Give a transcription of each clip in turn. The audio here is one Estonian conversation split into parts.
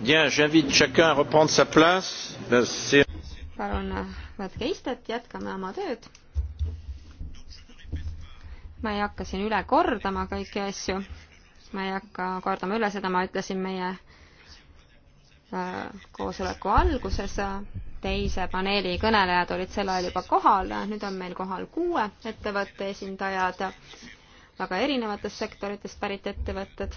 Bien, j'invite chacun à reprendre sa place. La séance palun äh, võtke istet, jätkame oma tööd. ma ei hakka siin üle kordama kõiki asju, ma ei hakka kordama üle seda, ma ütlesin meie äh, koosoleku alguses, teise paneeli kõnelejad olid sel ajal juba kohal, nüüd on meil kohal kuue ettevõtte esindajad, väga erinevatest sektoritest pärit ettevõtted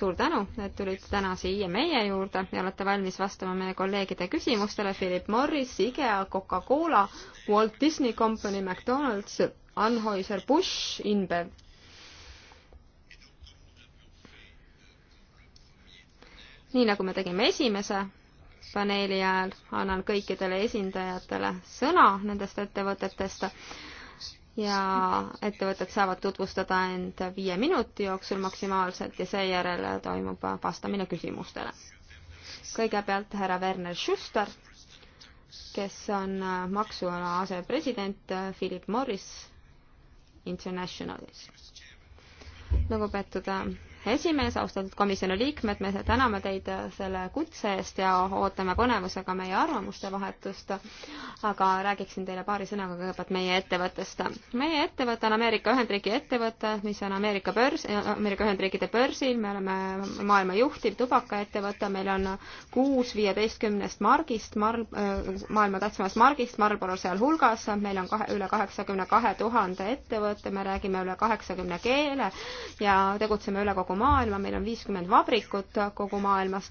suur tänu, et tulite täna siia meie juurde ja olete valmis vastama meie kolleegide küsimustele. Philip Morris, IKEA, Coca-Cola, Walt Disney Company, McDonalds, Anheuser-Busch, InBev. nii nagu me tegime esimese paneeli ajal, annan kõikidele esindajatele sõna nendest ettevõtetest ja ettevõtted saavad tutvustada end viie minuti jooksul maksimaalselt ja seejärel toimub vastamine küsimustele. kõigepealt härra Werner Schuster, kes on maksuala asepresident Philip Morris Internationalis. lugupeetud esimees, austatud komisjoni liikmed, me täname teid selle kutse eest ja ootame põnevusega meie arvamuste vahetust. aga räägiksin teile paari sõnaga kõigepealt meie ettevõttest. meie ettevõte on Ameerika Ühendriigi ettevõte, mis on Ameerika börs, Ameerika Ühendriikide börsil, me oleme maailma juhtiv tubakaettevõte, meil on kuus viieteistkümnest margist, mar-, maailma tähtsamast margist, Marlboro sealhulgas, meil on kahe, üle kaheksakümne kahe tuhande ettevõtte, me räägime üle kaheksakümne keele ja tegutseme üle kogu kogu maailma, meil on viiskümmend vabrikut kogu maailmas.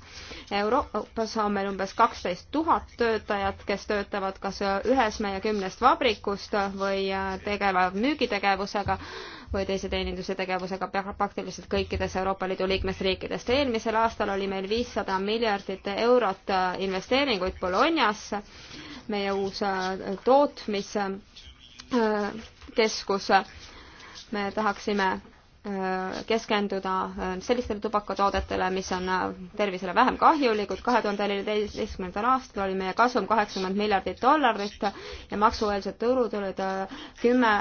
Euroopas on meil umbes kaksteist tuhat töötajat, kes töötavad kas ühes meie kümnest vabrikust või tegelevad müügitegevusega või teise teeninduse tegevusega praktiliselt kõikides Euroopa Liidu liikmesriikidest. eelmisel aastal oli meil viissada miljardit eurot investeeringuid Bolognasse, meie uus äh, tootmiskeskus. Äh, me tahaksime Äh, keskenduda äh, sellistele tubakatoodetele, mis on äh, tervisele vähem kahjulikud. kahe tuhande neljateistkümnendal aastal oli meie kasum kaheksakümmend miljardit dollarit ja maksueelsed tulud olid kümme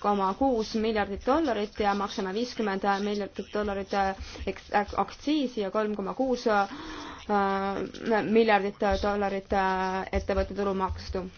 koma kuus miljardit dollarit ja maksame viiskümmend miljardit dollarit aktsiisi ja kolm koma kuus miljardit dollarit ettevõtte tulumaksu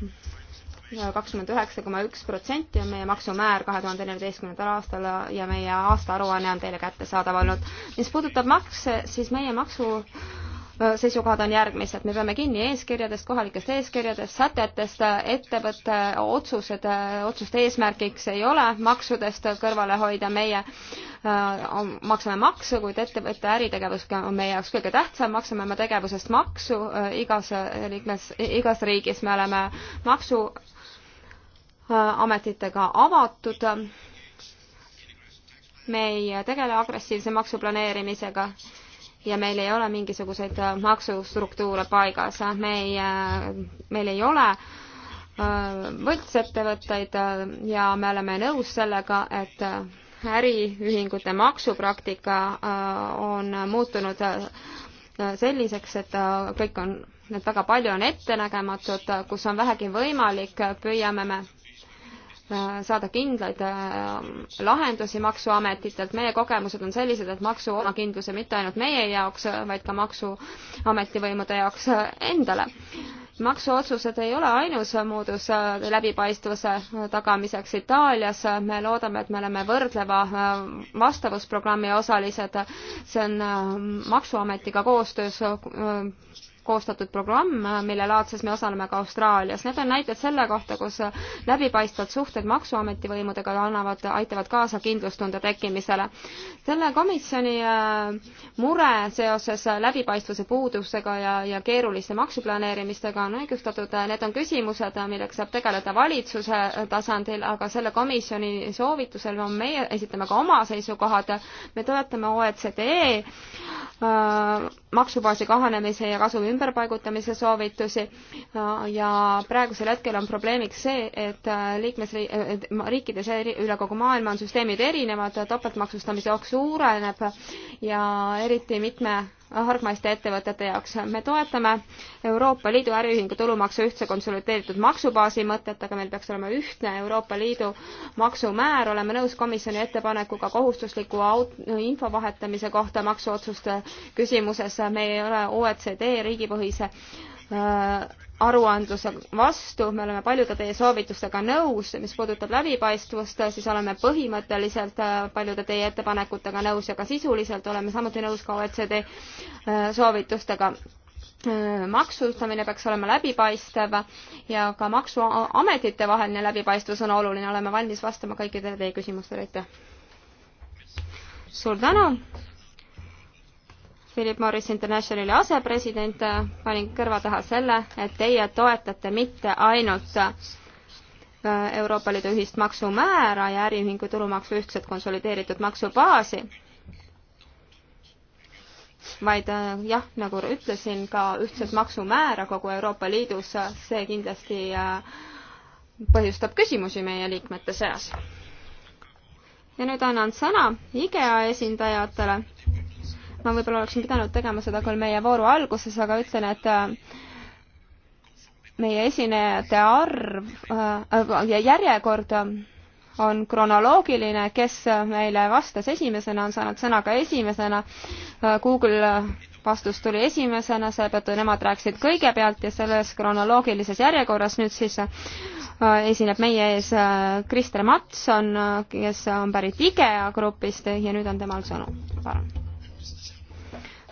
kakskümmend üheksa koma üks protsenti on meie maksumäär kahe tuhande neljateistkümnendal aastal ja meie aastaaruanne on teile kättesaadav olnud. mis puudutab makse, siis meie maksu äh, seisukohad on järgmised, me peame kinni eeskirjadest, kohalikest eeskirjadest, sätetest, ettevõtte otsused, äh, otsuste eesmärgiks ei ole maksudest kõrvale hoida, meie äh, maksame makse, kuid ettevõtte äritegevus on meie jaoks kõige tähtsam, maksame oma tegevusest maksu igas liikmes, igas riigis me oleme maksu Äh, ametitega avatud. me ei tegele agressiivse maksuplaneerimisega ja meil ei ole mingisuguseid äh, maksustruktuure paigas, me ei, äh, meil ei ole võltsettevõtteid ja me oleme nõus sellega, et äriühingute maksupraktika on muutunud selliseks, et kõik on, et väga palju on ettenägematud, kus on vähegi võimalik, püüame me Äh, saada kindlaid äh, lahendusi Maksuametitelt. meie kogemused on sellised, et maksu oma kindluse mitte ainult meie jaoks, vaid ka Maksuameti võimude jaoks äh, endale. maksuotsused ei ole ainus moodus läbipaistvuse tagamiseks Itaalias. me loodame, et me oleme võrdleva vastavusprogrammi osalised. see on Maksuametiga koostöös koostatud programm, mille laadses me osaleme ka Austraalias. Need on näited selle kohta, kus läbipaistvad suhted Maksuameti võimudega annavad, aitavad kaasa kindlustunde tekkimisele. selle komisjoni äh, mure seoses läbipaistvuse puudusega ja, ja keeruliste maksuplaneerimistega on õigustatud, need on küsimused, millega saab tegeleda valitsuse tasandil, aga selle komisjoni soovitusel on meie, esitame ka oma seisukohad, me toetame OECD äh, maksubaasi kahanemise ja kasumi ümberpaigutamise soovitusi ja praegusel hetkel on probleemiks see, et äh, liikmesriik, äh, riikides üle kogu maailma on süsteemid erinevad, topeltmaksustamise oht suureneb ja eriti mitme hargmaiste ettevõtete jaoks. me toetame Euroopa Liidu äriühingu tulumaksu ühtse konsolideeritud maksubaasi mõtet, aga meil peaks olema ühtne Euroopa Liidu maksumäär, oleme nõus komisjoni ettepanekuga kohustusliku info vahetamise kohta maksuotsuste küsimuses, me ei ole OECD riigipõhise äh, Äh, aruandluse vastu, me oleme paljude teie soovitustega nõus, mis puudutab läbipaistvust, siis oleme põhimõtteliselt äh, paljude teie ettepanekutega nõus ja ka sisuliselt oleme samuti nõus ka OECD äh, soovitustega maksustamine peaks olema läbipaistev ja ka maksuametite vaheline läbipaistvus on oluline, oleme valmis vastama kõikidele teie küsimustele, aitäh! suur tänu! Philip Morris Internationali asepresident, äh, panin kõrva taha selle, et teie toetate mitte ainult äh, Euroopa Liidu ühist maksumäära ja äriühingu tulumaksu ühtset konsolideeritud maksubaasi, vaid äh, jah, nagu ütlesin, ka ühtset maksumäära kogu Euroopa Liidus, see kindlasti põhjustab küsimusi meie liikmete seas. ja nüüd annan sõna IKEA esindajatele ma võib-olla oleksin pidanud tegema seda küll meie vooru alguses, aga ütlen, et äh, meie esinejate arv äh, ja järjekord on kronoloogiline, kes meile vastas esimesena, on saanud sõna ka esimesena. Äh, Google vastus tuli esimesena, seetõttu nemad rääkisid kõigepealt ja selles kronoloogilises järjekorras nüüd siis äh, esineb meie ees Krister Matson, kes on pärit IKEA grupist ja nüüd on temal sõnum. palun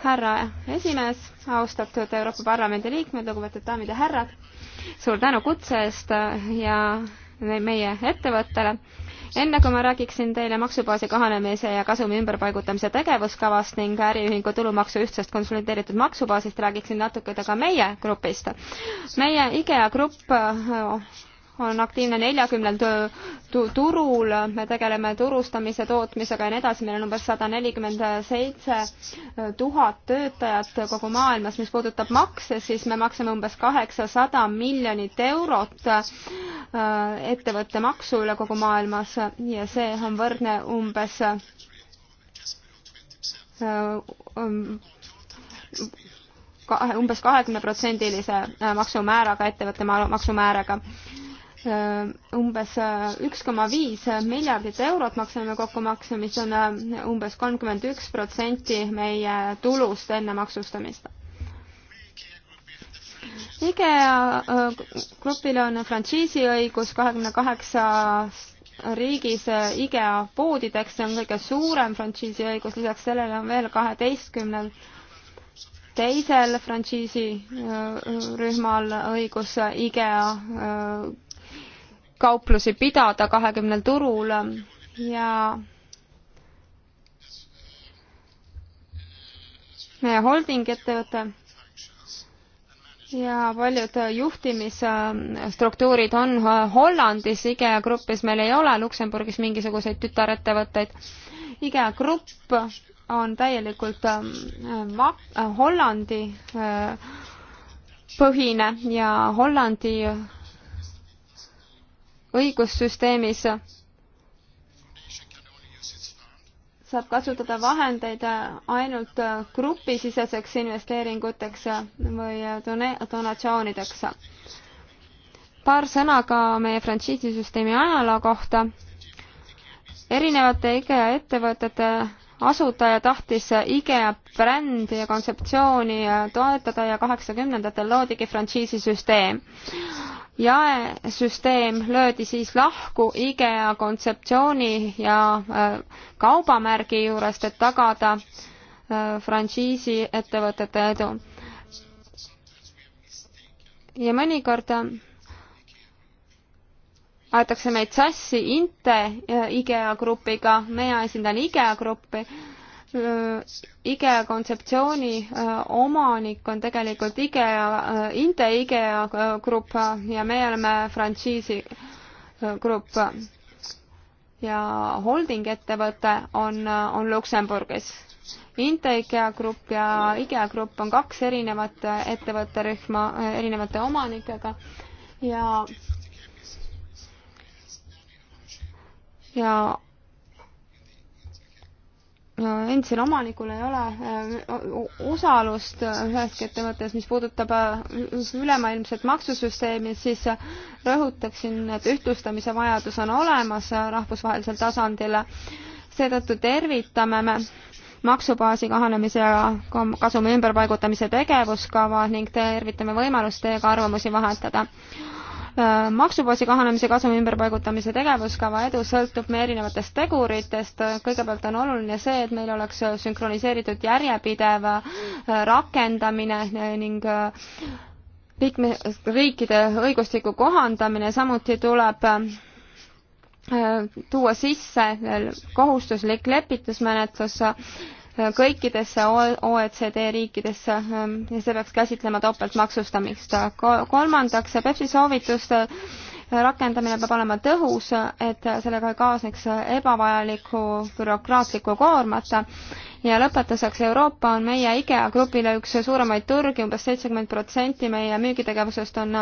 härra esimees, austatud Euroopa Parlamendi liikmed, lugupeetud daamid ja härrad, suur tänu kutse eest äh, ja meie ettevõttele. enne kui ma räägiksin teile maksubaasi kahanemise ja kasumi ümberpaigutamise tegevuskavast ning äriühingu tulumaksu ühtsest konsolideeritud maksubaasist, räägiksin natuke ka meie grupist. meie IKEA grupp äh, on aktiivne neljakümnel turul, me tegeleme turustamise, tootmisega ja nii edasi, meil on umbes sada nelikümmend seitse äh, tuhat töötajat kogu maailmas, mis puudutab makse, siis me maksame umbes kaheksasada miljonit eurot äh, ettevõtte maksu üle kogu maailmas ja see on võrdne umbes äh, um, umbes kahekümne protsendilise maksumääraga, ettevõtte maksumääraga. Äh, umbes äh, üks koma viis miljardit eurot maksame kokkumakse, mis on äh, umbes kolmkümmend üks protsenti meie tulust enne maksustamist. IKEA grupil on frantsiisiõigus kahekümne kaheksa riigis IKEA poodideks, see on kõige suurem frantsiisiõigus, lisaks sellele on veel kaheteistkümnel teisel frantsiisirühmal õigus IKEA kauplusi pidada kahekümnel turul ja meie holdingettevõte ja paljud juhtimisstruktuurid on Hollandis, IKEA grupis meil ei ole Luksemburgis mingisuguseid tütarettevõtteid. IKEA grupp on täielikult ähm, Hollandi äh, põhine ja Hollandi õigussüsteemis saab kasutada vahendeid ainult grupisiseseks investeeringuteks või donatsioonideks. paar sõna ka meie frantsiisisüsteemi ajaloo kohta. erinevate IKEA ettevõtete asutaja tahtis IKEA brändi ja kontseptsiooni toetada ja kaheksakümnendatel loodigi frantsiisisüsteem jaesüsteem löödi siis lahku IKEA kontseptsiooni ja äh, kaubamärgi juurest, et tagada äh, frantsiisiettevõtete edu. ja mõnikord äh, aetakse meid sassi Inte IKEA grupiga, mina esindan IKEA gruppi Äh, IKEA kontseptsiooni äh, omanik on tegelikult IKEA, äh, Inte IKEA grupp ja meie oleme frantsiisi grupp. ja holding ettevõte on, on Luksemburgis. Inte IKEA grupp ja IKEA grupp on kaks erinevat ettevõtterühma erinevate omanikega ja ja Äh, endisel omanikul ei ole äh, osalust äh, üheski ettevõttes, mis puudutab ülemaailmset maksusüsteemi, siis rõhutaksin, et ühtlustamise vajadus on olemas rahvusvahelisel tasandil. seetõttu tervitame me maksubaasi kahanemise ja kasumi ümberpaigutamise tegevuskava ning tervitame võimalust teiega arvamusi vahetada Äh, maksubaasi kahanemise kasumi ümberpaigutamise tegevuskava edu sõltub meie erinevatest teguritest. kõigepealt on oluline see, et meil oleks sünkroniseeritud järjepidev äh, rakendamine ning äh, liikme, riikide õigustiku kohandamine, samuti tuleb tuua sisse kohustuslik lepitusmenetlus kõikidesse OECD riikidesse ähm, ja see peaks käsitlema topeltmaksustamist. kolmandaks, Pepsi soovituste rakendamine peab olema tõhus, et sellega ei kaasneks ebavajalikku bürokraatlikku koormat. ja lõpetuseks, Euroopa on meie IKEA grupile üks suuremaid turgi umbes, umbes seitsekümmend protsenti meie müügitegevusest on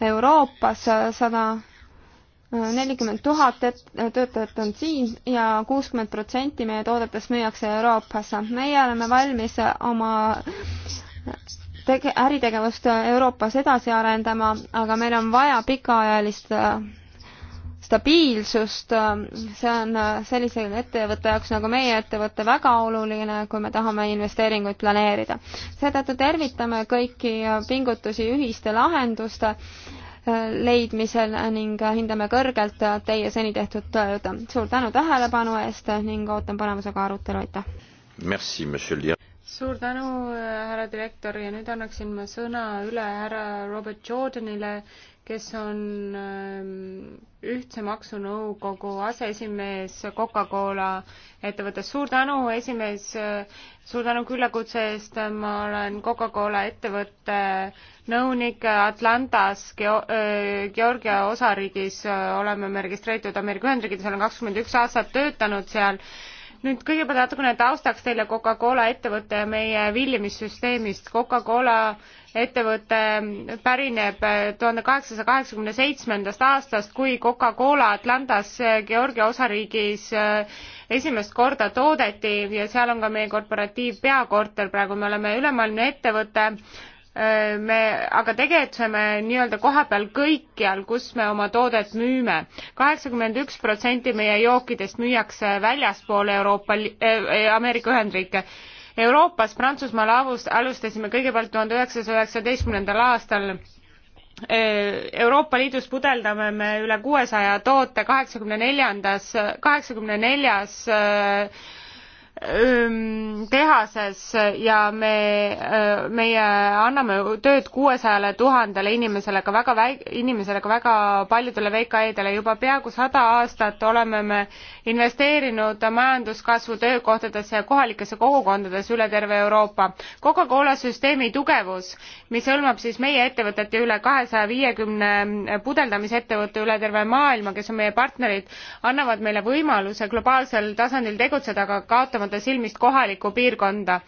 Euroopas, sada nelikümmend tuhat töötajat on siin ja kuuskümmend protsenti meie toodetest müüakse Euroopasse. meie oleme valmis oma tege-, äritegevust Euroopas edasi arendama, aga meil on vaja pikaajalist stabiilsust, see on sellise ettevõtte jaoks nagu meie ettevõte väga oluline, kui me tahame investeeringuid planeerida. seetõttu tervitame kõiki pingutusi ühiste lahenduste leidmisel ning hindame kõrgelt teie seni tehtud tööd. suur tänu tähelepanu eest ning ootan põnevusega arutelu, aitäh! suur tänu, härra direktor ja nüüd annaksin ma sõna üle härra Robert Jordanile, kes on ähm, ühtse maksunõukogu aseesimees Coca-Cola ettevõttes. suur tänu, esimees, äh, suur tänu küllakutse eest, ma olen Coca-Cola ettevõtte nõunik Atlantas, äh, Georgia osariigis oleme me registreeritud Ameerika Ühendriikides, olen kakskümmend üks aastat töötanud seal. nüüd kõigepealt natukene taustaks teile Coca-Cola ettevõtte ja meie villimissüsteemist. Coca-Cola ettevõte pärineb tuhande kaheksasaja kaheksakümne seitsmendast aastast, kui Coca-Cola Atlantas Georgia osariigis äh, esimest korda toodeti ja seal on ka meie korporatiivpeakorter praegu, me oleme ülemaailmne ettevõte, äh, me aga tegutseme nii-öelda kohapeal kõikjal, kus me oma toodet müüme. kaheksakümmend üks protsenti meie jookidest müüakse väljaspool Euroopa äh,, Ameerika Ühendriike Euroopas Prantsusmaal avust, alustasime kõigepealt tuhande üheksasaja üheksateistkümnendal aastal Euroopa Liidus pudeldame me üle kuuesaja toote kaheksakümne neljandas, kaheksakümne neljas tehases ja me, meie anname tööd kuuesajale tuhandele inimesele ka väga väik-, inimesele ka väga paljudele VKE-dele. juba peaaegu sada aastat oleme me investeerinud majanduskasvu töökohtadesse ja kohalikesse kogukondadesse üle terve Euroopa. Coca-Cola süsteemi tugevus, mis hõlmab siis meie ettevõtete üle kahesaja viiekümne pudeldamisettevõtte üle terve maailma, kes on meie partnerid, annavad meile võimaluse globaalsel tasandil tegutseda, aga kaotamata kaotada silmist kohalikku piirkonda.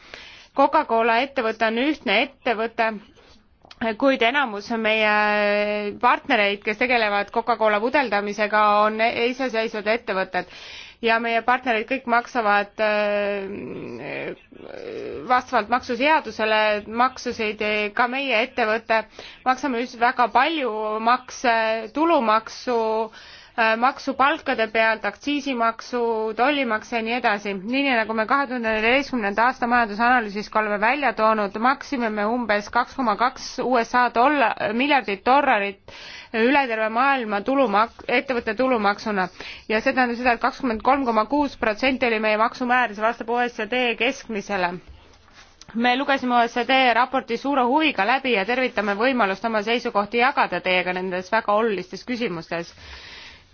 Coca-Cola ettevõte on ühtne ettevõte, kuid enamus meie partnereid, kes tegelevad Coca-Cola pudeldamisega, on iseseisvad ettevõtted ja meie partnerid kõik maksavad äh, vastavalt maksuseadusele maksusid, ka meie ettevõte, maksame väga palju makse, tulumaksu äh,, Äh, maksu palkade pealt, aktsiisimaksu, tollimakse ja nii edasi. nii nagu me kahe tuhande neljateistkümnenda aasta majandusanalüüsis ka oleme välja toonud, maksime me umbes kaks koma kaks USA dolla-, miljardit dollarit üle terve maailma tulumaks, ettevõtte tulumaksuna. ja see tähendab seda et, et kakskümmend kolm koma kuus protsenti oli meie maksumäär, see vastab OECD keskmisele me lugesime oecd raporti suure huviga läbi ja tervitame võimalust oma seisukohti jagada teiega nendes väga olulistes küsimustes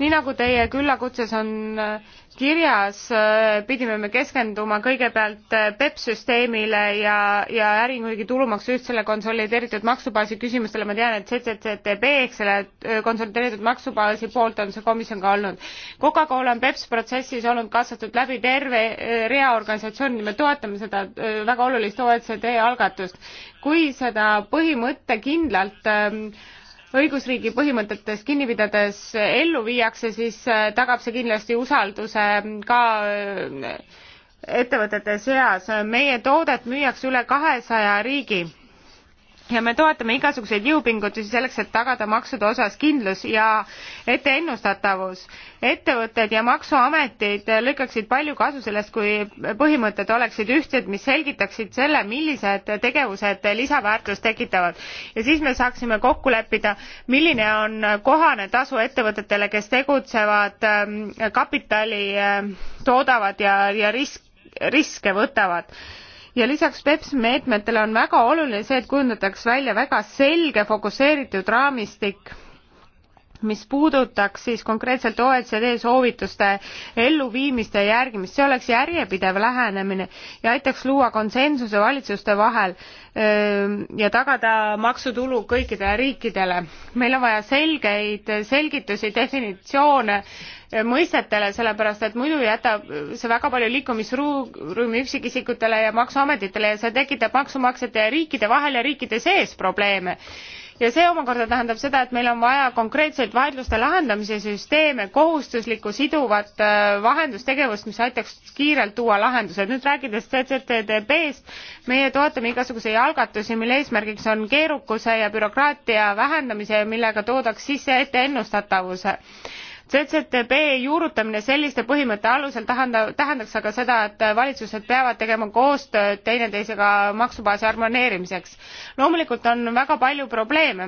nii nagu teie küllakutses on äh, kirjas, äh, pidime me keskenduma kõigepealt äh, PEP süsteemile ja, ja äriühingu tulumaksu ühtsele konsolideeritud maksubaasi küsimustele, ma tean, et CCCTB ehk selle konsolideeritud maksubaasi poolt on see komisjon ka olnud. Coca-Cola on PEPS protsessis olnud kaasatud läbi terve rea organisatsiooni, me toetame seda väga olulist OECD algatust. kui seda põhimõttekindlalt äh, õigusriigi põhimõtetest kinni pidades ellu viiakse, siis äh, tagab see kindlasti usalduse äh, ka äh, ettevõtete seas. meie toodet müüakse üle kahesaja riigi ja me toetame igasuguseid jõupingutusi selleks, et tagada maksude osas kindlus ja ette ennustatavus. ettevõtted ja maksuametid lõikaksid palju kasu sellest, kui põhimõtted oleksid ühtsed, mis selgitaksid selle, millised tegevused lisaväärtust tekitavad. ja siis me saaksime kokku leppida, milline on kohane tasu ettevõtetele, kes tegutsevad ähm, kapitali, äh, toodavad ja, ja risk, riske võtavad ja lisaks BEPS meetmetele on väga oluline see, et kujundataks välja väga selge fokusseeritud raamistik mis puudutaks siis konkreetselt OECD soovituste elluviimist ja järgimist, see oleks järjepidev lähenemine ja aitaks luua konsensuse valitsuste vahel ja tagada maksutulu kõikidele riikidele. meil on vaja selgeid selgitusi, definitsioone mõistetele, sellepärast et muidu jätab see väga palju liikumisruumi üksikisikutele ja maksuametitele ja see tekitab maksumaksjate ja riikide vahel ja riikide sees probleeme ja see omakorda tähendab seda, et meil on vaja konkreetseid vaidluste lahendamise süsteeme, kohustuslikku siduvat äh, vahendustegevust, mis aitaks kiirelt tuua lahendused. nüüd rääkides CCTB-st, meie toetame igasuguseid algatusi, mille eesmärgiks on keerukuse ja bürokraatia vähendamise ja millega toodaks sisse ette ennustatavuse cctb juurutamine selliste põhimõtete alusel tähendab tähendaks aga seda et valitsused peavad tegema koostööd teineteisega maksubaasi harmoneerimiseks loomulikult on väga palju probleeme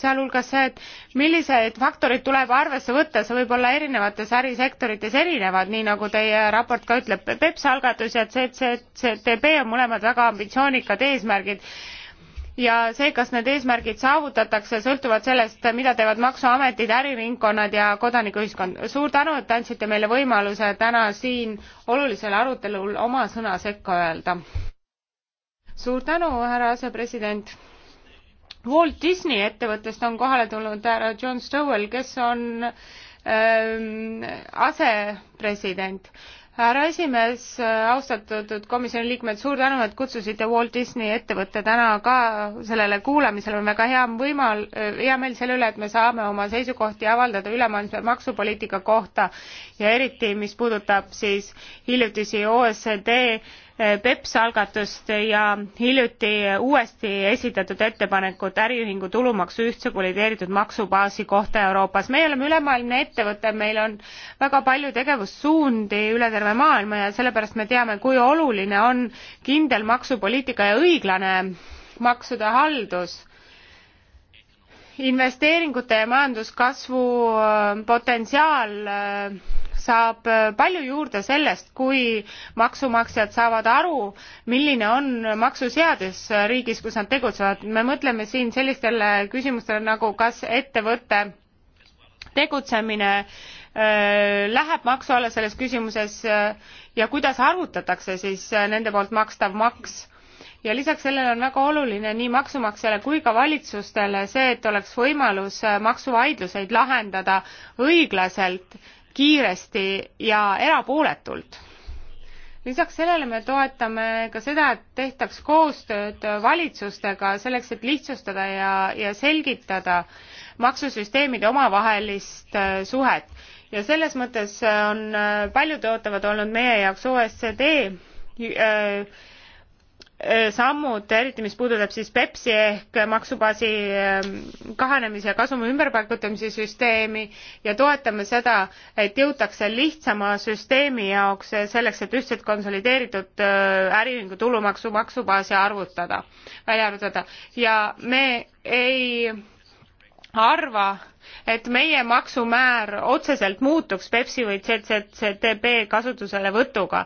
sealhulgas see et millised faktorid tuleb arvesse võtta see võib olla erinevates ärisektorites erinevad nii nagu teie raport ka ütleb peps algatus ja cctb on mõlemad väga ambitsioonikad eesmärgid ja see, kas need eesmärgid saavutatakse, sõltuvad sellest, mida teevad maksuametid, äriringkonnad ja kodanikuühiskond. suur tänu, et andsite meile võimaluse täna siin olulisel arutelul oma sõna sekka öelda. suur tänu, härra asepresident. Walt Disney ettevõttest on kohale tulnud härra John Stowell, kes on ähm, asepresident härra esimees, austatud komisjoni liikmed, suur tänu, et kutsusite Walt Disney ettevõtte täna ka sellele kuulamisele, on väga hea võimal-, hea meel selle üle, et me saame oma seisukohti avaldada ülemaailmse maksupoliitika kohta ja eriti, mis puudutab siis hiljutisi OECD peps algatust ja hiljuti uuesti esitatud ettepanekut äriühingu tulumaksu ühtse kolideeritud maksubaasi kohta euroopas meie oleme ülemaailmne ettevõte meil on väga palju tegevussuundi üle terve maailma ja sellepärast me teame kui oluline on kindel maksupoliitika ja õiglane maksude haldus investeeringute ja majanduskasvu äh, potentsiaal äh, saab äh, palju juurde sellest, kui maksumaksjad saavad aru, milline on maksuseadus riigis, kus nad tegutsevad. me mõtleme siin sellistele küsimustele nagu kas ettevõtte tegutsemine äh, läheb maksu alla selles küsimuses äh, ja kuidas arvutatakse siis nende poolt makstav maks ja lisaks sellele on väga oluline nii maksumaksjale kui ka valitsustele see, et oleks võimalus maksuvaidluseid lahendada õiglaselt kiiresti ja erapooletult. lisaks sellele me toetame ka seda, et tehtaks koostööd valitsustega selleks, et lihtsustada ja, ja selgitada maksusüsteemide omavahelist äh, suhet ja selles mõttes on äh, paljud ootavad olnud meie jaoks OSCD äh, Äh, sammud, eriti mis puudutab siis Pepsi ehk maksubaasi ähm, kahanemise ja kasumi ümberpaigutamise süsteemi ja toetame seda, et jõutakse lihtsama süsteemi jaoks äh, selleks, et ühtset konsolideeritud äh, äriühingu tulumaksu maksubaasi arvutada, välja arvutada ja me ei arva, et meie maksumäär otseselt muutuks Pepsi või CCCTB kasutuselevõtuga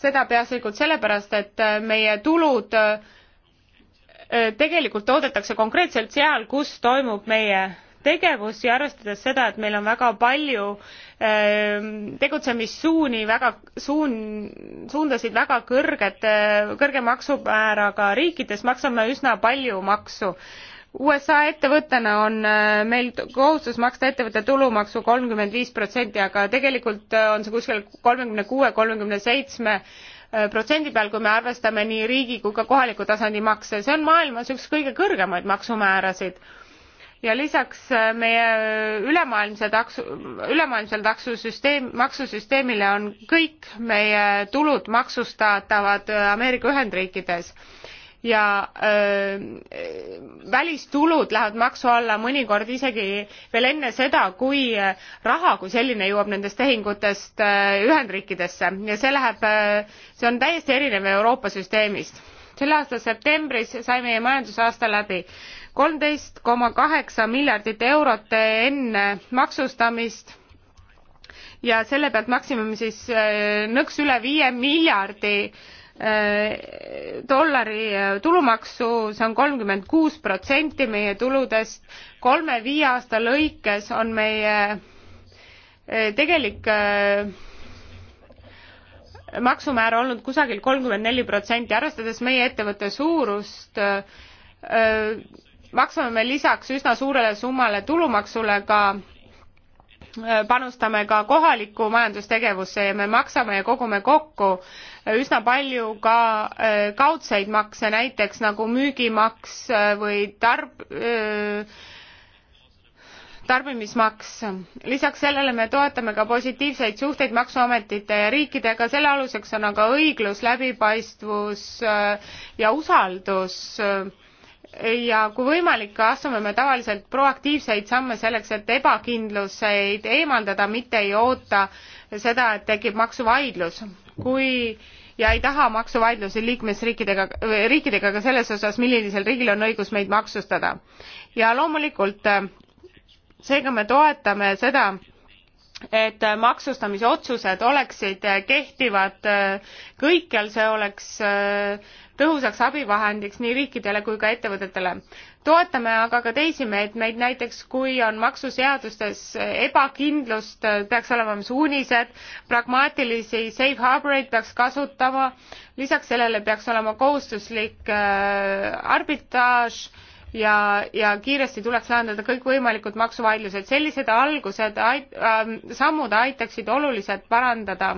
seda peaasjalikult sellepärast, et äh, meie tulud äh, tegelikult toodetakse konkreetselt seal, kus toimub meie tegevus ja arvestades seda, et meil on väga palju ähm, tegutsemissuuni, väga suun-, suundasid väga kõrgete, äh, kõrge maksumääraga riikides, maksame üsna palju maksu USA ettevõttena on äh, meil kohustus maksta ettevõtte tulumaksu kolmkümmend viis protsenti, aga tegelikult äh, on see kuskil kolmekümne kuue, kolmekümne seitsme äh, protsendi peal, kui me arvestame nii riigi kui ka kohaliku tasandi makse. see on maailmas üks kõige kõrgemaid maksumäärasid. ja lisaks meie ülemaailmse taksu, ülemaailmsel taksusüsteem, maksusüsteemile on kõik meie tulud maksustatavad Ameerika Ühendriikides ja öö, äh, välistulud lähevad maksu alla mõnikord isegi veel enne seda, kui äh, raha kui selline jõuab nendest tehingutest äh, Ühendriikidesse ja see läheb, see on täiesti erinev Euroopa süsteemist. selle aasta septembris sai meie majandusaasta läbi kolmteist koma kaheksa miljardit eurot enne maksustamist ja selle pealt maksime me siis nõks üle viie miljardi öö, Äh, dollari äh, tulumaksu, see on kolmkümmend kuus protsenti meie tuludest. kolme-viie aasta lõikes on meie äh, tegelik maksumäär olnud kusagil kolmkümmend neli protsenti, arvestades meie ettevõtte suurust maksame me lisaks üsna suurele summale tulumaksule ka Äh, panustame ka kohalikku majandustegevusse ja me maksame ja kogume kokku äh, üsna palju ka äh, kaudseid makse, näiteks nagu müügimaks või tarb-, tarbimismaks. lisaks sellele me toetame ka positiivseid suhteid maksuametite ja riikidega, selle aluseks on aga õiglus, läbipaistvus ja usaldus ja kui võimalik, astume me tavaliselt proaktiivseid samme selleks, et ebakindluseid eemaldada, mitte ei oota seda, et tekib maksuvaidlus. kui ja ei taha maksuvaidlusi liikmesriikidega, riikidega ka selles osas, millisel riigil on õigus meid maksustada. ja loomulikult äh, seega me toetame seda, et maksustamise otsused oleksid kehtivad äh, kõikjal, see oleks äh, tõhusaks abivahendiks nii riikidele kui ka ettevõtetele. toetame aga ka teisi meetmeid, näiteks kui on maksuseadustes ebakindlust, peaks olema suunised, pragmaatilisi safe harboreid peaks kasutama, lisaks sellele peaks olema kohustuslik äh, arbitraaž ja, ja kiiresti tuleks lahendada kõikvõimalikud maksuvaidlused. sellised algused ait, äh,, sammud aitaksid oluliselt parandada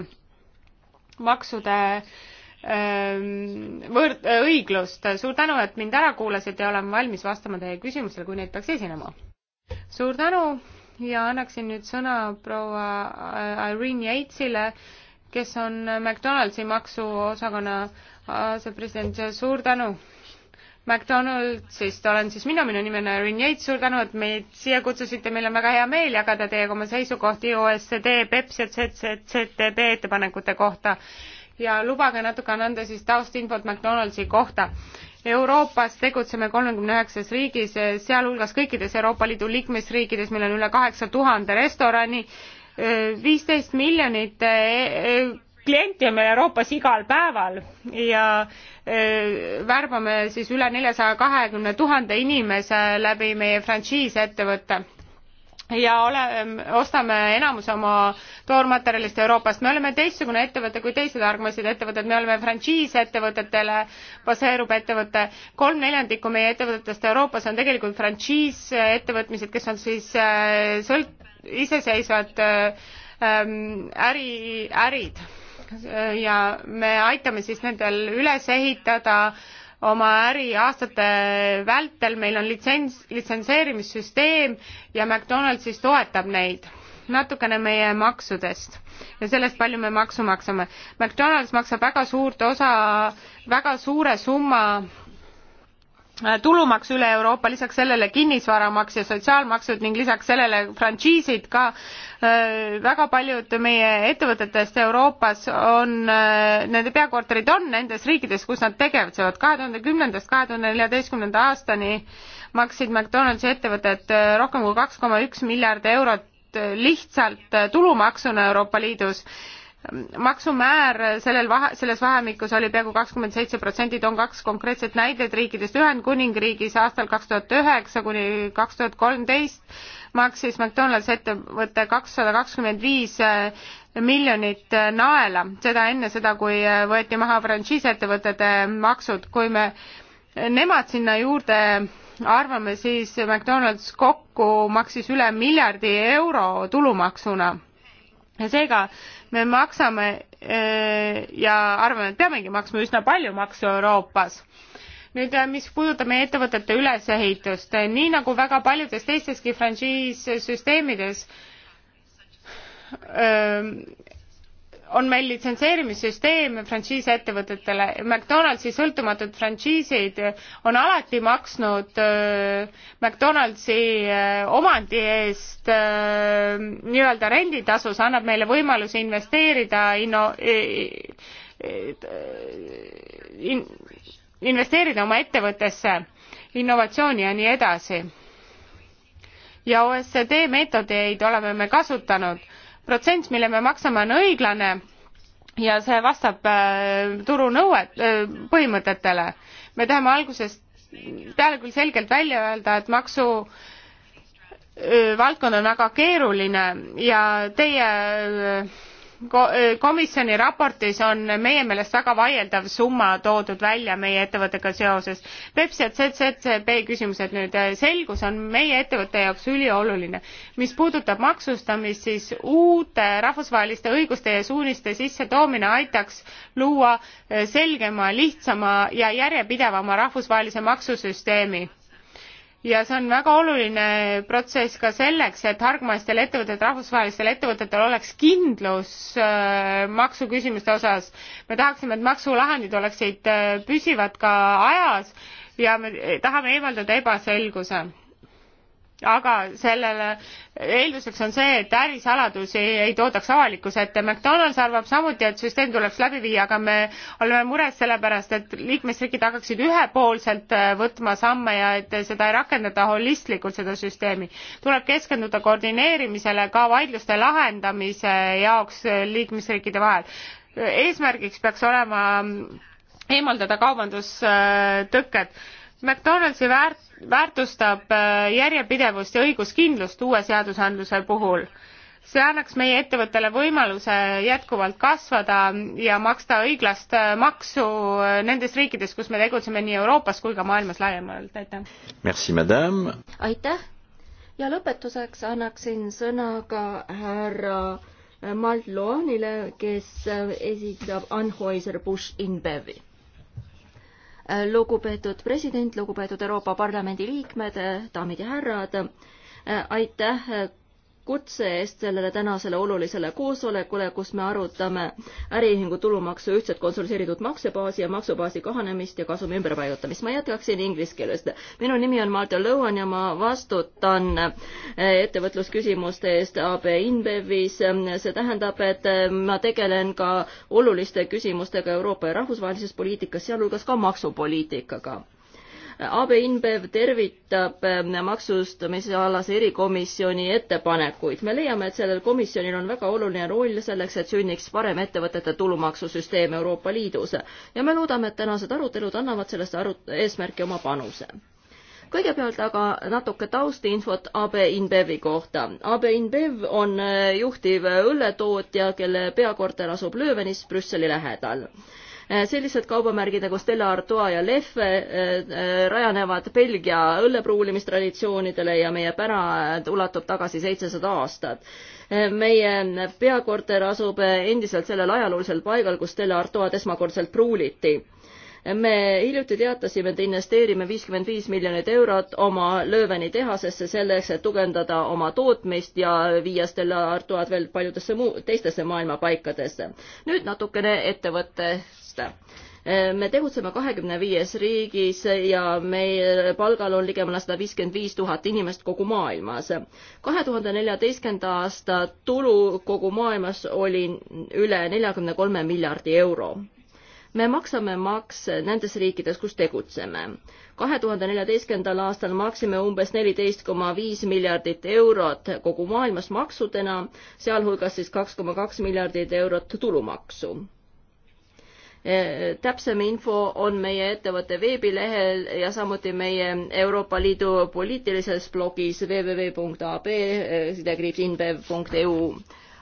maksude äh, Ehm, võrd-, äh, õiglust. suur tänu, et mind ära kuulasite ja olen valmis vastama teie küsimustele, kui neid peaks esinema. suur tänu ja annaksin nüüd sõna proua äh, Irene Yatesile, kes on McDonaldsi maksuosakonna asepresident. suur tänu! McDonaldsist olen siis mina, minu nimi on Irene Yates, suur tänu, et meid siia kutsusite, meil on väga hea meel jagada teiega oma seisukohti OECD, Pepsi ja ZZZTB ettepanekute kohta ja lubage natukene anda siis taustinfot McDonaldsi kohta. Euroopas tegutseme kolmekümne üheksas riigis, sealhulgas kõikides Euroopa Liidu liikmesriikides, meil on üle kaheksa tuhande restorani, viisteist miljonit eh, eh, klienti on meil Euroopas igal päeval ja eh, värbame siis üle neljasaja kahekümne tuhande inimese läbi meie frantsiisettevõtte ja ole, ostame enamuse oma toormaterjalist Euroopast. me oleme teistsugune ettevõte kui teised armasid ettevõtted, me oleme frantsiisettevõtetele baseerub ettevõte. kolm neljandikku meie ettevõtetest Euroopas on tegelikult frantsiisettevõtmised, kes on siis äh, sõlt-, iseseisvad äh, äri, ärid ja me aitame siis nendel üles ehitada äh, oma äri aastate vältel, meil on litsents, litsenseerimissüsteem ja McDonalds siis toetab neid. natukene meie maksudest ja sellest, palju me maksu maksame. McDonalds maksab väga suurt osa, väga suure summa Äh, tulumaks üle Euroopa, lisaks sellele kinnisvaramaks ja sotsiaalmaksud ning lisaks sellele frantsiisid ka äh, väga paljud meie ettevõtetest Euroopas on, äh, nende peakorterid on nendes riikides, kus nad tegutsevad. kahe tuhande kümnendast kahe tuhande neljateistkümnenda aastani maksid McDonaldsi ettevõtted rohkem kui kaks koma üks miljard eurot lihtsalt tulumaksuna Euroopa Liidus maksumäär sellel vahe, selles vahemikus oli peaaegu kakskümmend seitse protsenti, toon kaks konkreetset näidet riikidest. Ühendkuningriigis aastal kaks tuhat üheksa kuni kaks tuhat kolmteist maksis McDonalds ettevõte kakssada kakskümmend viis eh, miljonit eh, naela, seda enne seda, kui eh, võeti maha frantsiisettevõtete maksud. kui me nemad sinna juurde arvame, siis McDonalds kokku maksis üle miljardi euro tulumaksuna ja seega me maksame eh, ja arvame, et peamegi maksma üsna palju makse Euroopas nüüd eh, mis puudutab meie ettevõtete ülesehitust eh, nii nagu väga paljudes teisteski frantsiissüsteemides on meil litsenseerimissüsteem frantsiisettevõtetele. McDonaldsi sõltumatud frantsiisid on alati maksnud äh, McDonaldsi äh, omandi eest äh, nii-öelda renditasu, see annab meile võimaluse investeerida inno-, in, investeerida oma ettevõttesse, innovatsiooni ja nii edasi. ja OSCD meetodeid oleme me kasutanud protsent, mille me maksame, on õiglane ja see vastab äh, turu nõuet, äh, põhimõtetele. me tahame alguses peale küll selgelt välja öelda, et maksu äh, valdkond on väga keeruline ja teie Eh, komisjoni raportis on meie meelest väga vaieldav summa toodud välja meie ettevõttega seoses. Pepsi ja CCCB küsimused nüüd, eh, selgus on meie ettevõtte jaoks ülioluline. mis puudutab maksustamist, siis uute rahvusvaheliste õiguste ja suuniste sissetoomine aitaks luua eh, selgema, lihtsama ja järjepidevama rahvusvahelise maksusüsteemi ja see on väga oluline protsess ka selleks, et hargmaistel ettevõtetel, rahvusvahelistel ettevõtetel oleks kindlus äh, maksuküsimuste osas. me tahaksime, et maksulahendid oleksid äh, püsivad ka ajas ja me eh, tahame eemaldada ebaselguse aga sellele eelduseks on see, et ärisaladusi ei toodaks avalikkuse ette. McDonalds arvab samuti, et süsteem tuleks läbi viia, aga me oleme mures sellepärast, et liikmesriigid hakkaksid ühepoolselt äh, võtma samme ja et seda ei rakendata holistlikult, seda süsteemi. tuleb keskenduda koordineerimisele ka vaidluste lahendamise jaoks äh, liikmesriikide vahel. eesmärgiks peaks olema mm, eemaldada kaubandustõkked McDonaldsi väärt-, väärtustab äh, järjepidevust ja õiguskindlust uue seadusandluse puhul. see annaks meie ettevõttele võimaluse jätkuvalt kasvada ja maksta õiglast äh, maksu äh, nendes riikides, kus me tegutseme nii Euroopas kui ka maailmas laiemalt, aitäh! Merci, madame! aitäh! ja lõpetuseks annaksin sõna ka härra Malt Loanile, kes esitab Anheuser-Busch InBevi lugupeetud president, lugupeetud Euroopa Parlamendi liikmed, daamid ja härrad, aitäh kutse eest sellele tänasele olulisele koosolekule, kus me arutame äriühingu tulumaksu ühtset konsolideeritud maksebaasi ja maksubaasi kahanemist ja kasumi ümberpaigutamist. ma jätkaksin inglise keeles. minu nimi on Marta Lõuan ja ma vastutan eh, ettevõtlusküsimuste eest AB InBevis. see tähendab, et eh, ma tegelen ka oluliste küsimustega Euroopa ja rahvusvahelises poliitikas, sealhulgas ka maksupoliitikaga AB InBev tervitab äh, maksustamise alase erikomisjoni ettepanekuid. me leiame, et sellel komisjonil on väga oluline roll selleks, et sünniks parem ettevõtete tulumaksusüsteem Euroopa Liidus ja me loodame, et tänased arutelud annavad sellesse arut-, eesmärki oma panuse kõigepealt aga natuke taustinfot AB InBevi kohta. AB InBev on äh, juhtiv õlletootja, kelle peakorter asub Löövenis Brüsseli lähedal Eh, sellised kaubamärgid nagu Stella Artois ja Leffe eh, eh, rajanevad Belgia õllepruulimistraditsioonidele ja meie pärand ulatub tagasi seitsesada aastat. meie peakorter asub endiselt sellel ajaloolisel paigal, kus Stella Artois esmakordselt pruuliti me hiljuti teatasime, et investeerime viiskümmend viis miljonit eurot oma Lööveni tehasesse selleks, et tugevdada oma tootmist ja viia Stella Artois veel paljudesse muu, teistesse maailma paikadesse. nüüd natukene ettevõtte tegevust ehm, me tegutseme kahekümne viies riigis ja meie palgal on ligemale sada viiskümmend viis tuhat inimest kogu maailmas. kahe tuhande neljateistkümnenda aasta tulu kogu maailmas oli üle neljakümne kolme miljardi euro me maksame makse nendes riikides, kus tegutseme. kahe tuhande neljateistkümnendal aastal maksime umbes neliteist koma viis miljardit eurot kogu maailmas maksudena, sealhulgas siis kaks koma kaks miljardit eurot tulumaksu Eh, täpsem info on meie ettevõtte veebilehel ja samuti meie Euroopa Liidu poliitilises blogis www.ab-inbev.eu eh,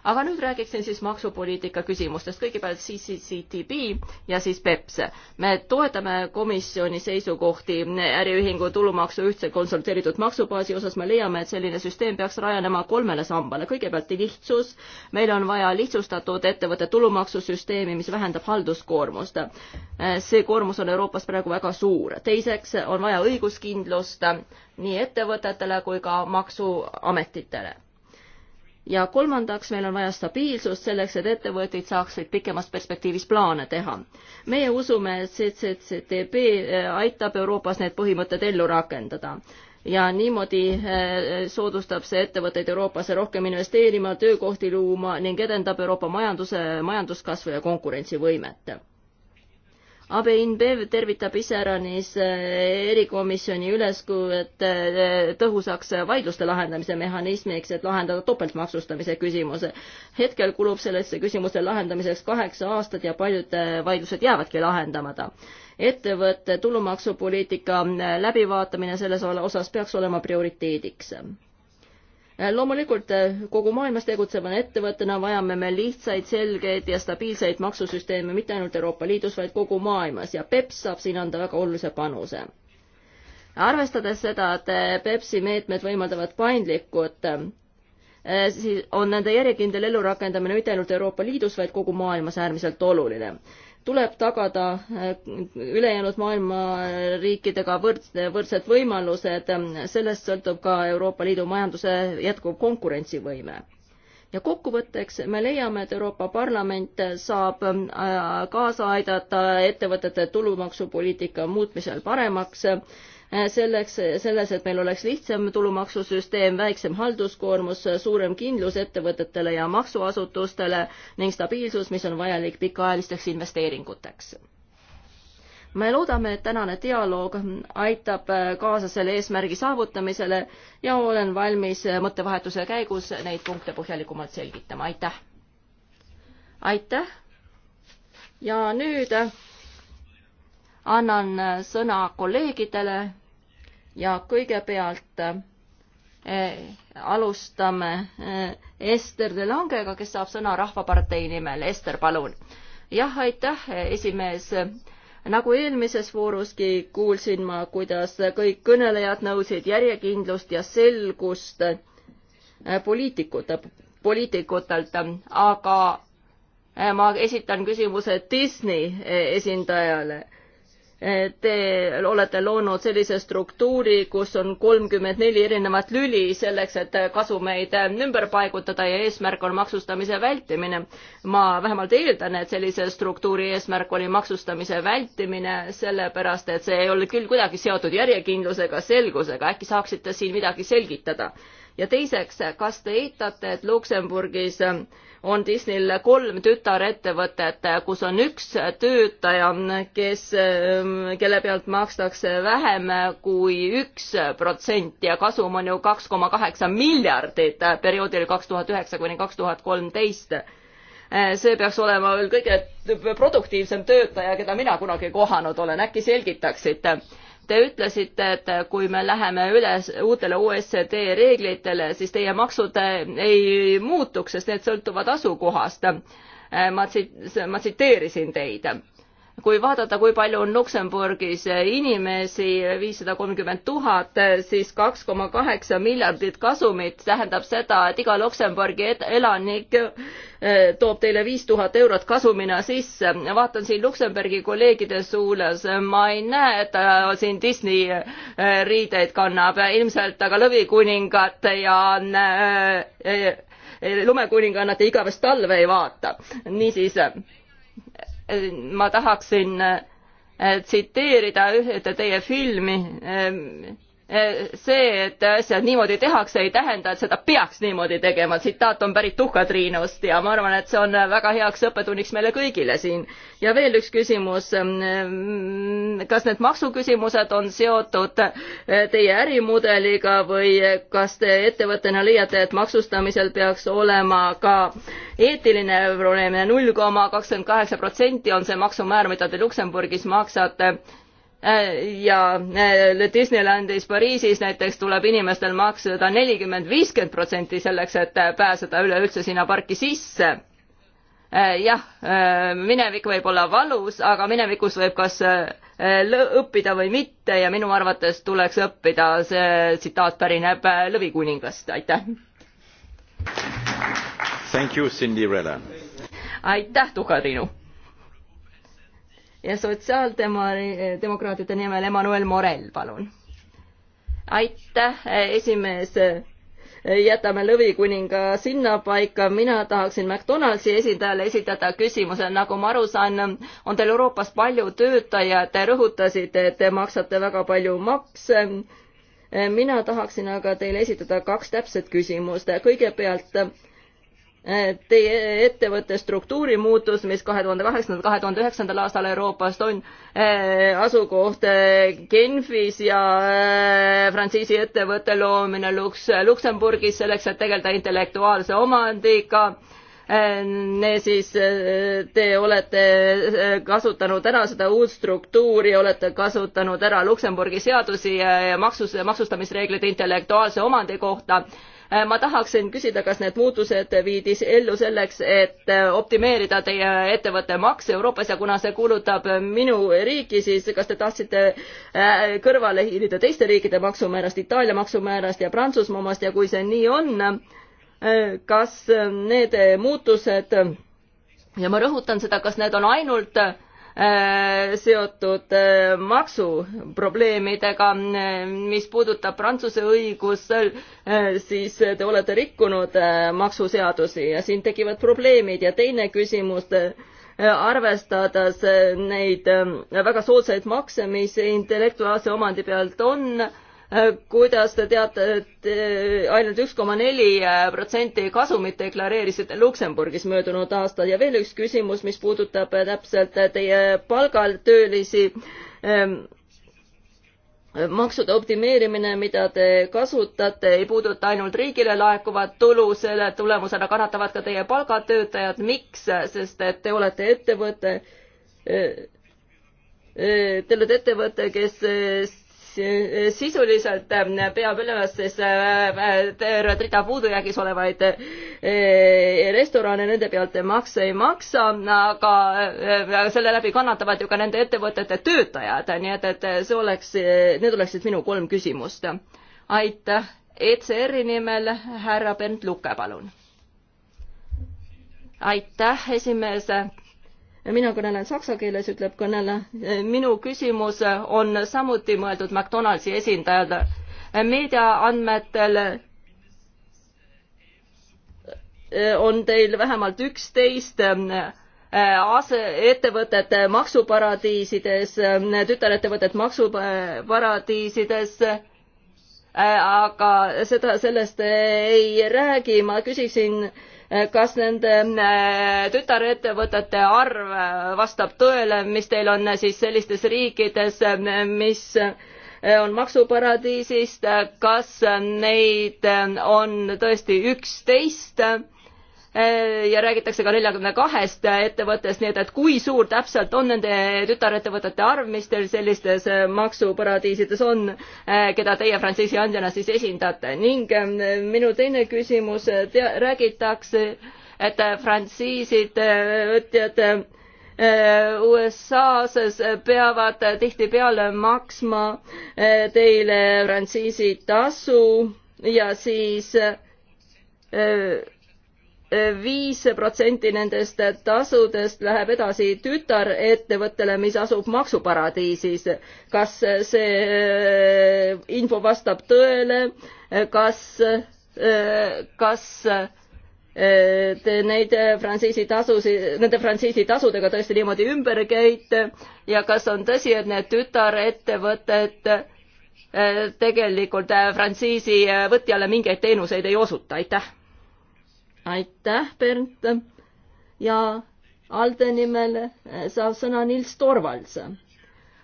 aga nüüd räägiksin siis maksupoliitika küsimustest, kõigepealt CCCTB ja siis PEPS. me toetame komisjoni seisukohti äriühingu tulumaksu ühtse konsulteeritud maksubaasi osas, me leiame, et selline süsteem peaks rajanema kolmele sambale, kõigepealt lihtsus, meil on vaja lihtsustatud ettevõtte tulumaksusüsteemi, mis vähendab halduskoormust. see koormus on Euroopas praegu väga suur, teiseks on vaja õiguskindlust nii ettevõtetele kui ka maksuametitele ja kolmandaks, meil on vaja stabiilsust selleks, et ettevõtted saaksid pikemas perspektiivis plaane teha. meie usume, et CCCTB äh, aitab Euroopas need põhimõtted ellu rakendada ja niimoodi äh, soodustab see ettevõtteid Euroopasse rohkem investeerima, töökohti luuma ning edendab Euroopa majanduse, majanduskasvu ja konkurentsivõimet ABINBEV tervitab iseäranis eh, erikomisjoni üleskuvet eh, tõhusaks vaidluste lahendamise mehhanismiks, et lahendada topeltmaksustamise küsimuse. hetkel kulub sellesse küsimuse lahendamiseks kaheksa aastat ja paljud eh, vaidlused jäävadki lahendamata ettevõtte tulumaksupoliitika läbivaatamine selles osas peaks olema prioriteediks Äh, loomulikult äh, kogu maailmas tegutseva ettevõttena vajame me lihtsaid, selgeid ja stabiilseid maksusüsteeme mitte ainult Euroopa Liidus, vaid kogu maailmas ja PEPS saab siin anda väga olulise panuse. arvestades seda, et äh, PEPS-i meetmed võimaldavad paindlikud siis on nende järjekindel ellurakendamine mitte ainult Euroopa Liidus, vaid kogu maailmas äärmiselt oluline tuleb tagada äh, ülejäänud maailma riikidega võrd-, võrdsed võimalused, sellest sõltub ka Euroopa Liidu majanduse jätkuv konkurentsivõime. ja kokkuvõtteks me leiame, et Euroopa Parlament saab äh, kaasa aidata ettevõtete tulumaksupoliitika muutmisel paremaks Äh, selleks, selles, et meil oleks lihtsam tulumaksusüsteem, väiksem halduskoormus, suurem kindlus ettevõtetele ja maksuasutustele ning stabiilsus, mis on vajalik pikaajalisteks investeeringuteks me loodame, et tänane dialoog aitab äh, kaasa selle eesmärgi saavutamisele ja olen valmis äh, mõttevahetuse käigus neid punkte põhjalikumalt selgitama, aitäh! aitäh! ja nüüd annan äh, sõna kolleegidele ja kõigepealt äh, alustame äh, Ester De Langega, kes saab sõna Rahvapartei nimel. Ester, palun. jah, aitäh, esimees nagu eelmises vooruski kuulsin ma, kuidas kõik kõnelejad nõusid järjekindlust ja selgust poliitikute, poliitikutelt, aga ma esitan küsimuse Disney esindajale. Te olete loonud sellise struktuuri, kus on kolmkümmend neli erinevat lüli selleks, et kasumeid ümber paigutada ja eesmärk on maksustamise vältimine. ma vähemalt eeldan, et sellise struktuuri eesmärk oli maksustamise vältimine, sellepärast et see ei olnud küll kuidagi seotud järjekindlusega, selgusega. äkki saaksite siin midagi selgitada? ja teiseks, kas te eitate, et Luksemburgis äh, on Disneyl kolm tütarettevõtet, kus on üks töötaja, kes, ähm, kelle pealt makstakse vähem kui üks protsent ja kasum on ju kaks koma kaheksa miljardit perioodil kaks tuhat üheksa kuni kaks tuhat kolmteist äh, see peaks olema veel kõige produktiivsem töötaja, keda mina kunagi kohanud olen, äkki selgitaksite? Te ütlesite, et kui me läheme üle uutele OSCD reeglitele, siis teie maksud äh, ei muutuks, sest need sõltuvad asukohast. Äh, ma tsit-, ma tsiteerisin teid kui vaadata, kui palju on Luksemburgis inimesi, viissada kolmkümmend tuhat, siis kaks koma kaheksa miljardit kasumit tähendab seda, et iga Luksemburgi elanik eh, toob teile viis tuhat eurot kasumina sisse. vaatan siin Luksemburgi kolleegide suunas, ma ei näe, et ta eh, siin Disney eh, riideid kannab, ilmselt aga lõvikuningat ja lumekuningannat ja igavest talve ei vaata. niisiis ma tahaksin äh, tsiteerida ühte teie filmi ähm, see, et asjad niimoodi tehakse, ei tähenda, et seda peaks niimoodi tegema. tsitaat on pärit Tuhkatriinust ja ma arvan, et see on väga heaks õppetunniks meile kõigile siin. ja veel üks küsimus. kas need maksuküsimused on seotud teie ärimudeliga või kas te ettevõttena leiate, et maksustamisel peaks olema ka eetiline probleem ja null koma kakskümmend kaheksa protsenti on see maksumäär, mida te Luksemburgis maksate Äh, ja äh, Disneylandis Pariisis näiteks tuleb inimestel maksta nelikümmend, viiskümmend protsenti selleks, et äh, pääseda üleüldse sinna parki sisse. jah, minevik võib olla valus, aga minevikus võib kas õppida või mitte ja minu arvates tuleks õppida, see tsitaat pärineb Lõvikuningast, aitäh. aitäh, Tuka-Triinu ja sotsiaaldemokraatide nimel Emmanuel Morel, palun. aitäh, esimees. jätame Lõvikuninga sinnapaika, mina tahaksin McDonaldsi esindajale esitada küsimuse, nagu ma aru saan, on teil Euroopas palju töötajaid, te rõhutasite, et te maksate väga palju makse mina tahaksin aga teile esitada kaks täpset küsimust. kõigepealt, teie ettevõtte struktuurimuutus, mis kahe tuhande kaheksandal, kahe tuhande üheksandal aastal Euroopas on eh, asukoht eh, Genfis ja eh, frantsiisi ettevõtte loomine Lux, Luksemburgis selleks, et tegeleda intellektuaalse omandiga. siis te olete kasutanud ära seda uut struktuuri, olete kasutanud ära Luksemburgi seadusi ja maksus, maksustamisreeglid intellektuaalse omandi kohta Äh, ma tahaksin küsida, kas need muutused viidis ellu selleks, et äh, optimeerida teie ettevõtte makse Euroopas ja kuna see kuulutab minu riiki, siis kas te tahtsite äh, kõrvale hiilida teiste riikide maksumäärast, Itaalia maksumäärast ja Prantsusmaa omast ja kui see nii on, kas need muutused ja ma rõhutan seda, kas need on ainult Äh, seotud äh, maksuprobleemidega, äh, mis puudutab Prantsuse õigust, siis te olete rikkunud maksuseadusi ja siin tekivad probleemid ja teine küsimus, arvestades neid väga soodsaid makse, mis intellektuaalse omandi pealt on, Äh, kuidas te teate, et äh, ainult üks koma neli äh, protsenti kasumit deklareerisite Luksemburgis möödunud aastal ja veel üks küsimus, mis puudutab täpselt teie palgal töölisi ähm, maksude optimeerimine, mida te kasutate, ei puuduta ainult riigile laekuvat tulu, selle tulemusena kannatavad ka teie palgatöötajad. miks? sest et te olete ettevõte, te olete ettevõte, kes sisuliselt peab ülemas siis äh, äh, tervet rida puudujäägis olevaid äh, restorane, nende pealt makse ei maksa, aga selle läbi kannatavad ju ka nende ettevõtete töötajad, nii et, et see oleks, need oleksid minu kolm küsimust. aitäh, ECR-i nimel härra Bernt Luke, palun. aitäh, esimees mina kõnelen saksa keeles, ütleb kõneleja. E, minu küsimus on samuti mõeldud McDonaldsi esindajale. E, meediaandmetel e, on teil vähemalt üksteist ase, ettevõtet maksuparadiisides, tütarettevõtet maksuparadiisides, aga seda, sellest ei räägi, ma küsiksin äh, Eh, kas nende eh, tütarettevõtete arv eh, vastab tõele, mis teil on siis sellistes riikides, mis on maksuparadiisist, kas neid on tõesti üksteist? Äh, ja räägitakse ka neljakümne kahest ettevõttest, nii et, et kui suur täpselt on nende tütarettevõtete arv, mis teil sellistes äh, maksuparadiisides on, äh, keda teie frantsiisi andjana siis esindate ning ähm, minu teine küsimus, räägitakse, et frantsiisid, võtjad USA-s peavad tihtipeale maksma teile frantsiisi tasu ja siis viis protsenti nendest tasudest läheb edasi tütarettevõttele, mis asub maksuparadiisis. kas see äh, info vastab tõele, kas, äh, kas äh, te neid frantsiisitasusid, nende frantsiisitasudega tõesti niimoodi ümber käite ja kas on tõsi, et need tütarettevõtted tegelikult frantsiisi võtjale mingeid teenuseid ei osuta, aitäh aitäh, Bernt. ja Alde nimel äh, saab sõna Nils Torvalds.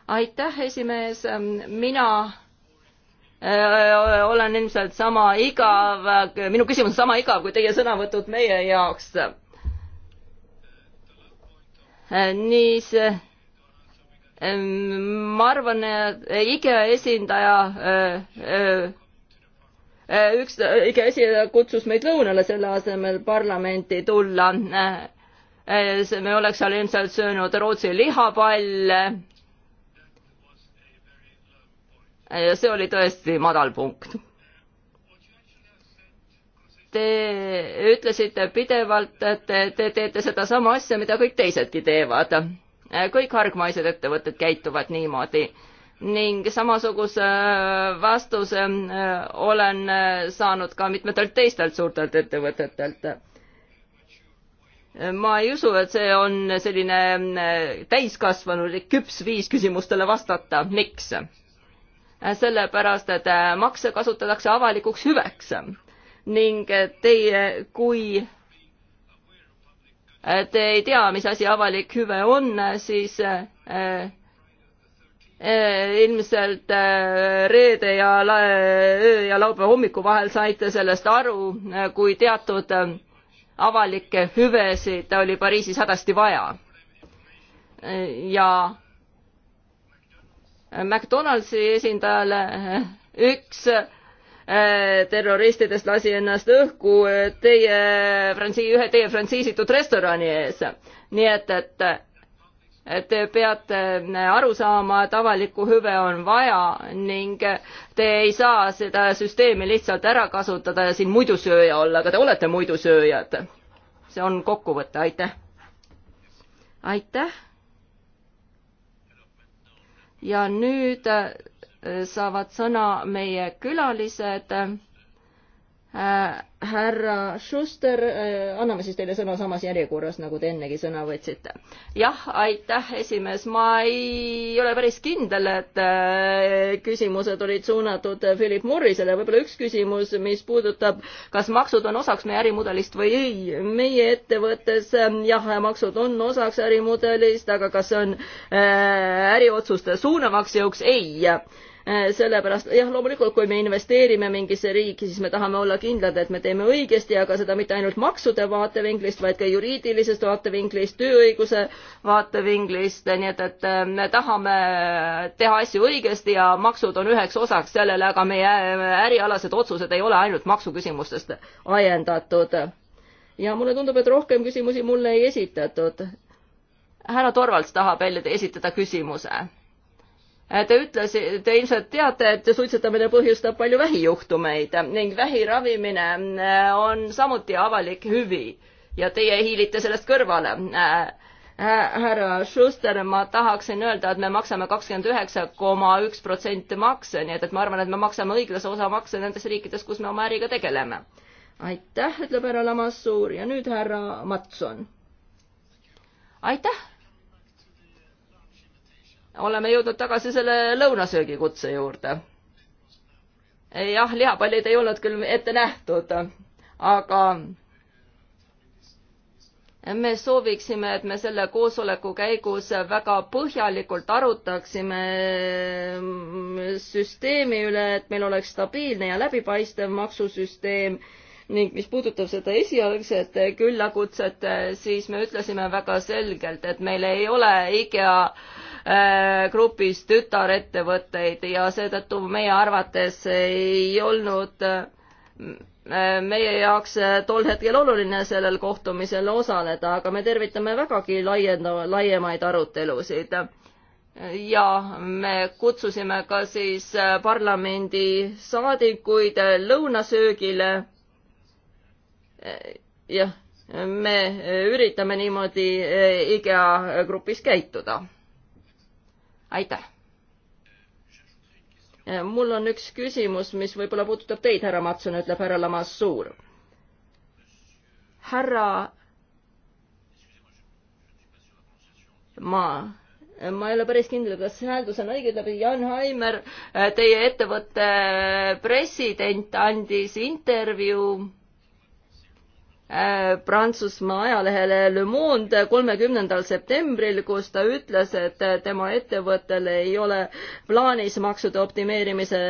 aitäh, esimees, mina äh, olen ilmselt sama igav, minu küsimus on sama igav kui teie sõnavõtud meie jaoks. Äh, niis ma arvan, et IKEA esindaja Äh, üks äh, käsija kutsus meid lõunale selle asemel parlamenti tulla. Äh, me oleks seal ilmselt söönud Rootsi lihapalle. ja see oli tõesti madalpunkt te ütlesite pidevalt, et te teete sedasama asja, mida kõik teisedki teevad. kõik hargmaised ettevõtted käituvad niimoodi ning samasuguse äh, vastuse äh, olen äh, saanud ka mitmetelt teistelt suurtelt ettevõtetelt. ma ei usu, et see on selline täiskasvanud küps viis küsimustele vastata, miks? sellepärast, et makse kasutatakse avalikuks hüveks ning teie kui te ei tea, mis asi avalik hüve on, siis Eh, ilmselt eh, reede ja öö ja laupäeva hommiku vahel saite sellest aru, eh, kui teatud avalikke hüvesid oli Pariisis hädasti vaja. ja McDonaldsi esindajale üks terroristidest lasi ennast õhku teie, ühe teie frantsiisitud restorani ees. nii et, et Te peate aru saama, et avalikku hüve on vaja ning te ei saa seda süsteemi lihtsalt ära kasutada ja siin muidusööja olla, aga te olete muidusööjad. see on kokkuvõte, aitäh. aitäh. ja nüüd saavad sõna meie külalised Äh, härra Schuster, äh, anname siis teile sõna samas järjekorras, nagu te ennegi sõna võtsite. jah, aitäh, esimees, ma ei ole päris kindel, et äh, küsimused olid suunatud Philip Morrisele, võib-olla üks küsimus, mis puudutab, kas maksud on osaks meie ärimudelist või ei. meie ettevõttes jah, maksud on osaks ärimudelist, aga kas see on äriotsuste suunavaks jõuks? ei Äh, sellepärast jah, loomulikult, kui me investeerime mingisse riiki, siis me tahame olla kindlad, et me teeme õigesti, aga seda mitte ainult maksude vaatevinklist, vaid ka juriidilisest vaatevinklist, tööõiguse vaatevinklist, nii et, et äh, me tahame teha asju õigesti ja maksud on üheks osaks sellele, aga meie äh, ärialased otsused ei ole ainult maksuküsimustest ajendatud. ja mulle tundub, et rohkem küsimusi mulle ei esitatud. härra Torvalds tahab jälle esitada küsimuse Äh, te ütlesite, te ilmselt teate, et suitsetamine põhjustab palju vähijuhtumeid ning vähi ravimine äh, on samuti avalik hüvi ja teie hiilite sellest kõrvale äh, härra Schuster, ma tahaksin öelda, et me maksame kakskümmend üheksa koma üks protsenti makse, nii et, et ma arvan, et me maksame õiglase osa makse nendes riikides, kus me oma äriga tegeleme. aitäh, ütleb härra Lamassuur ja nüüd härra Matson. aitäh, oleme jõudnud tagasi selle lõunasöögi kutse juurde. jah, lihapallid ei olnud küll ette nähtud, aga me sooviksime, et me selle koosoleku käigus väga põhjalikult arutaksime süsteemi üle, et meil oleks stabiilne ja läbipaistev maksusüsteem ning mis puudutab seda esialgset küllakutset, siis me ütlesime väga selgelt, et meil ei ole IKEA Äh, grupis tütarettevõtteid ja seetõttu meie arvates ei olnud äh, meie jaoks äh, tol hetkel oluline sellel kohtumisel osaleda, aga me tervitame vägagi laienda, laiemaid arutelusid. ja me kutsusime ka siis parlamendi saadikuid lõunasöögile. jah, me üritame niimoodi IKEA grupis käituda aitäh! Äh, mul on üks küsimus, mis võib-olla puudutab teid, härra Matson, ütleb härra Lamassuur. härra ma, ma ei ole päris kindel, kas hääldus on õige, ütleb Jan Haimer, äh, teie ettevõtte president andis intervjuu Äh, Prantsusmaa ajalehele Le Monde kolmekümnendal septembril, kus ta ütles, et tema ettevõttel ei ole plaanis maksude optimeerimise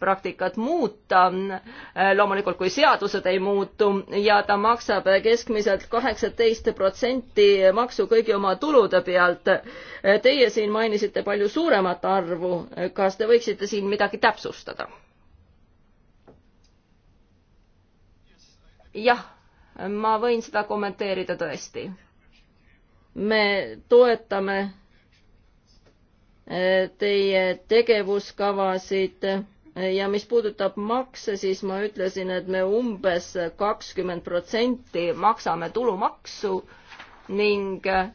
praktikat muuta. Äh, loomulikult, kui seadused ei muutu ja ta maksab keskmiselt kaheksateist protsenti maksu kõigi oma tulude pealt. Äh, teie siin mainisite palju suuremat arvu, kas te võiksite siin midagi täpsustada? jah ma võin seda kommenteerida tõesti. me toetame eh, teie tegevuskavasid eh, ja mis puudutab makse, siis ma ütlesin, et me umbes kakskümmend protsenti maksame tulumaksu ning eh,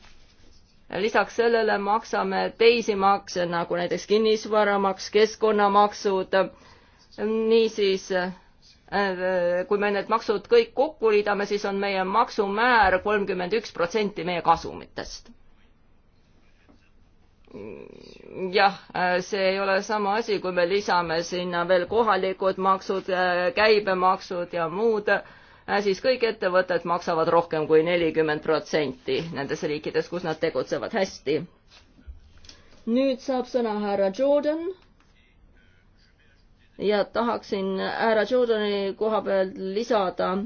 lisaks sellele maksame teisi makse, nagu näiteks kinnisvaramaks, keskkonnamaksud, niisiis Äh, kui me need maksud kõik kokku liidame, siis on meie maksumäär kolmkümmend üks protsenti meie kasumitest. jah, äh, see ei ole sama asi, kui me lisame sinna veel kohalikud maksud, äh, käibemaksud ja muud, siis kõik ettevõtted maksavad rohkem kui nelikümmend protsenti nendes riikides, kus nad tegutsevad hästi. nüüd saab sõna härra Jordan ja tahaksin härra Jordani koha peal lisada,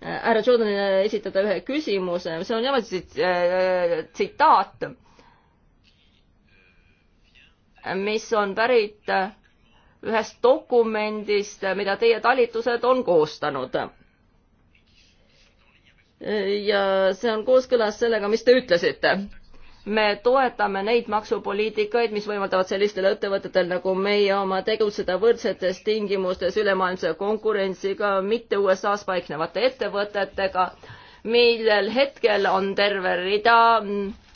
härra Jordanile esitada ühe küsimuse, see on niimoodi äh, tsitaat, mis on pärit ühest dokumendist, mida teie talitused on koostanud. ja see on kooskõlas sellega, mis te ütlesite me toetame neid maksupoliitikaid, mis võimaldavad sellistel ettevõtetel nagu meie oma tegutseda võrdsetes tingimustes ülemaailmse konkurentsiga, mitte USA-s paiknevate ettevõtetega, millel hetkel on terve rida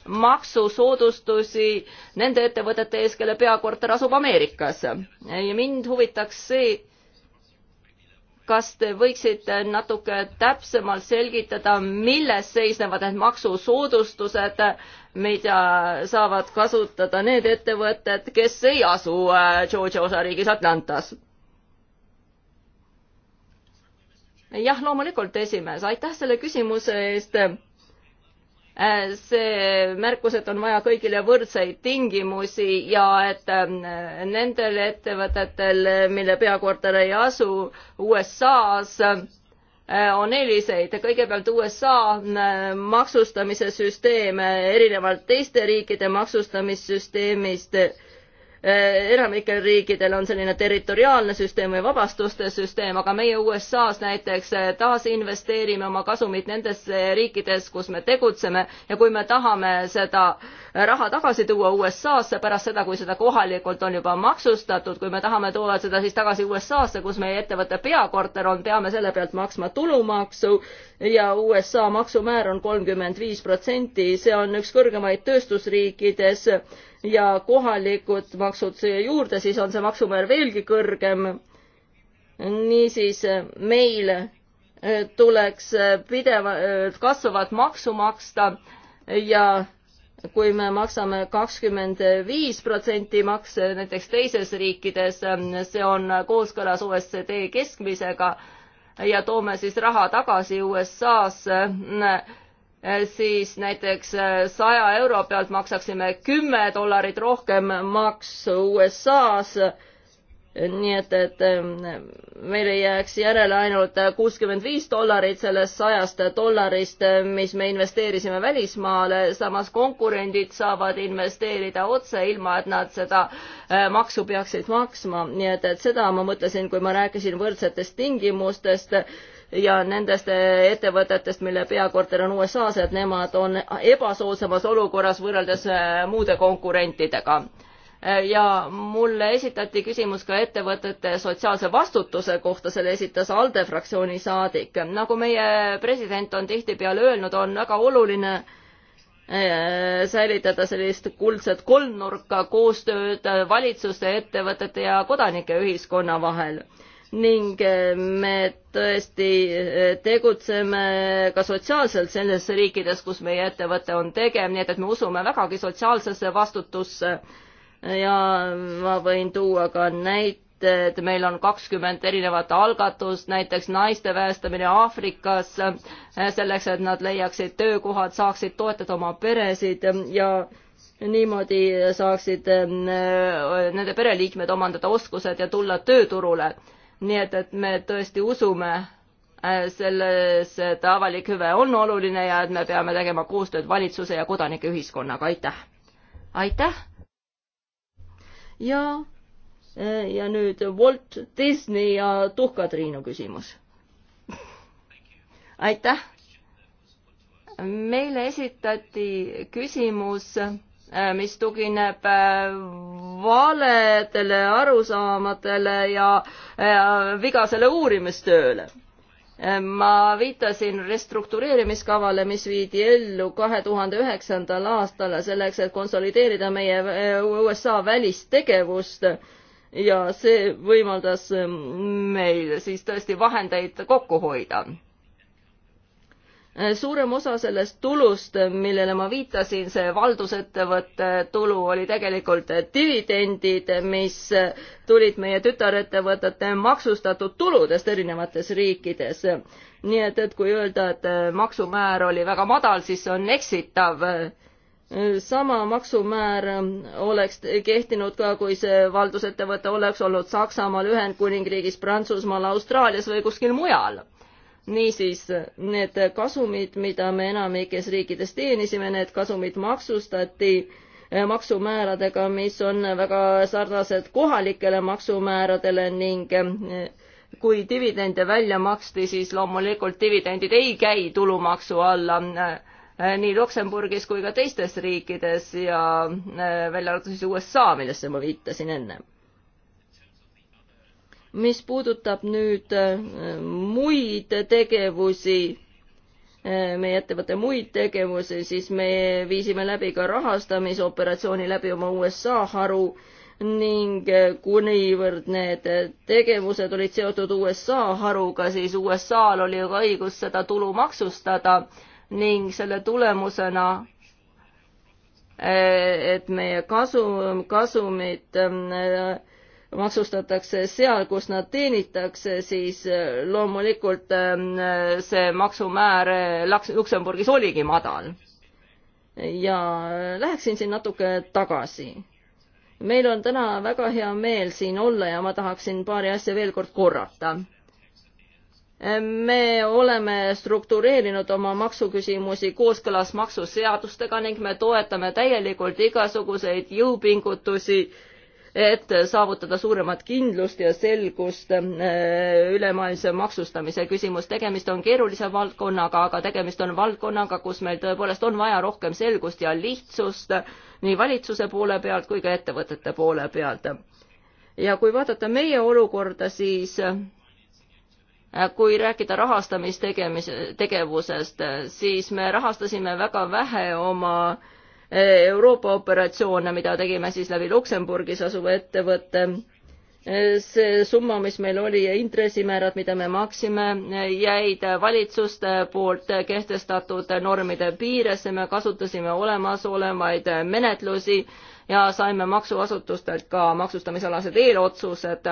maksusoodustusi nende ettevõtete ees, kelle peakorter asub Ameerikas. ja mind huvitaks see, kas te võiksite natuke täpsemalt selgitada, milles seisnevad need maksusoodustused, mida saavad kasutada need ettevõtted, kes ei asu äh, Georgia osariigis Atlantas. jah, loomulikult, esimees, aitäh selle küsimuse eest äh, see märkus, et on vaja kõigile võrdseid tingimusi ja et äh, nendel ettevõtetel, mille peakorter ei asu USA-s, Äh, on eeliseid. kõigepealt USA äh, maksustamise süsteem äh, erinevalt teiste riikide maksustamissüsteemist Äh, enamikel riikidel on selline territoriaalne süsteem või vabastuste süsteem, aga meie USA-s näiteks äh, taasinvesteerime oma kasumit nendesse riikides, kus me tegutseme ja kui me tahame seda raha tagasi tuua USA-sse pärast seda, kui seda kohalikult on juba maksustatud, kui me tahame tuua seda siis tagasi USA-sse, kus meie ettevõtte peakorter on, peame selle pealt maksma tulumaksu ja USA maksumäär on kolmkümmend viis protsenti, see on üks kõrgemaid tööstusriikides ja kohalikud maksud siia juurde, siis on see maksumäär veelgi kõrgem. niisiis meil eh, tuleks eh, pidevalt eh, kasvavat maksu maksta ja kui me maksame kakskümmend viis protsenti makse näiteks teises riikides, see on kooskõlas OSCD keskmisega ja toome siis raha tagasi USA-sse Äh, siis näiteks äh, saja euro pealt maksaksime kümme dollarit rohkem maksu USA-s. nii et, et ähm, meil ei jääks järele ainult kuuskümmend viis dollarit sellest sajast dollarist, mis me investeerisime välismaale, samas konkurendid saavad investeerida otse, ilma et nad seda äh, maksu peaksid maksma, nii et, et seda ma mõtlesin, kui ma rääkisin võrdsetest tingimustest ja nendest ettevõtetest, mille peakorter on USA-s, et nemad on ebasoodsamas olukorras võrreldes äh, muude konkurentidega äh, ja mulle esitati küsimus ka ettevõtete sotsiaalse vastutuse kohta, selle esitas ALDE fraktsiooni saadik. nagu meie president on tihtipeale öelnud, on väga oluline äh, säilitada sellist kuldset kolmnurka koostööd valitsuste, ettevõtete ja kodanike ühiskonna vahel ning eh, me tõesti eh, tegutseme ka sotsiaalselt selles riikides, kus meie ettevõte on tegev, nii et, et me usume vägagi sotsiaalsesse vastutusse. ja ma võin tuua ka näite, et meil on kakskümmend erinevat algatust, näiteks naiste päästamine Aafrikas, eh, selleks, et nad leiaksid töökohad, saaksid toetada oma peresid ja niimoodi saaksid nende pereliikmed omandada oskused ja tulla tööturule nii et, et me tõesti usume äh, selles, et avalik hüve on oluline ja et me peame tegema koostööd valitsuse ja kodanikeühiskonnaga, aitäh! aitäh! ja, äh, ja nüüd Walt Disney ja Tuhka-Triinu küsimus. aitäh! meile esitati küsimus Äh, mis tugineb äh, valedele arusaamadele ja äh, vigasele uurimistööle. ma viitasin restruktureerimiskavale, mis viidi ellu kahe tuhande üheksandal aastal selleks, et konsolideerida meie USA välistegevust ja see võimaldas meil siis tõesti vahendeid kokku hoida Äh, suurem osa sellest tulust, millele ma viitasin, see valdusettevõtte tulu oli tegelikult dividendid, mis tulid meie tütarettevõtete maksustatud tuludest erinevates riikides. nii et, et kui öelda, et äh, maksumäär oli väga madal, siis see on eksitav äh, sama maksumäär oleks kehtinud ka, kui see valdusettevõte oleks olnud Saksamaal, Ühendkuningriigis, Prantsusmaal, Austraalias või kuskil mujal niisiis need kasumid, mida me enamikes riikides teenisime, need kasumid maksustati eh, maksumääradega, mis on väga sarnased kohalikele maksumääradele ning eh, kui dividende välja maksti, siis loomulikult dividendid ei käi tulumaksu alla eh, nii Luksemburgis kui ka teistes riikides ja välja arvatud siis USA, millesse ma viitasin ennem mis puudutab nüüd äh, muid tegevusi, äh, meie ettevõtte muid tegevusi, siis me viisime läbi ka rahastamisoperatsiooni läbi oma USA haru ning äh, kuivõrd need tegevused olid seotud USA haruga, siis USA-l oli ju ka õigus seda tulu maksustada ning selle tulemusena et meie kasum, kasumid äh, maksustatakse seal, kus nad teenitakse, siis äh, loomulikult ähm, see maksumäär äh, Luksemburgis oligi madal. ja äh, läheksin siin natuke tagasi. meil on täna väga hea meel siin olla ja ma tahaksin paari asja veel kord korrata me oleme struktureerinud oma maksuküsimusi kooskõlas maksuseadustega ning me toetame täielikult igasuguseid jõupingutusi äh, et saavutada suuremat kindlust ja selgust äh, ülemaailmse maksustamise küsimus. tegemist on keerulise valdkonnaga, aga tegemist on valdkonnaga, kus meil tõepoolest on vaja rohkem selgust ja lihtsust nii valitsuse poole pealt kui ka ettevõtete poole pealt. ja kui vaadata meie olukorda, siis äh, kui rääkida rahastamistegemis-, tegevusest, äh, siis me rahastasime väga vähe oma äh, Euroopa operatsioone, mida tegime siis läbi Luksemburgis asuva ettevõtte. see summa, mis meil oli ja intressimäärad, mida me maksime, jäid valitsuste poolt kehtestatud normide piiresse, me kasutasime olemasolevaid menetlusi ja saime maksuasutustelt ka maksustamisalased eelotsused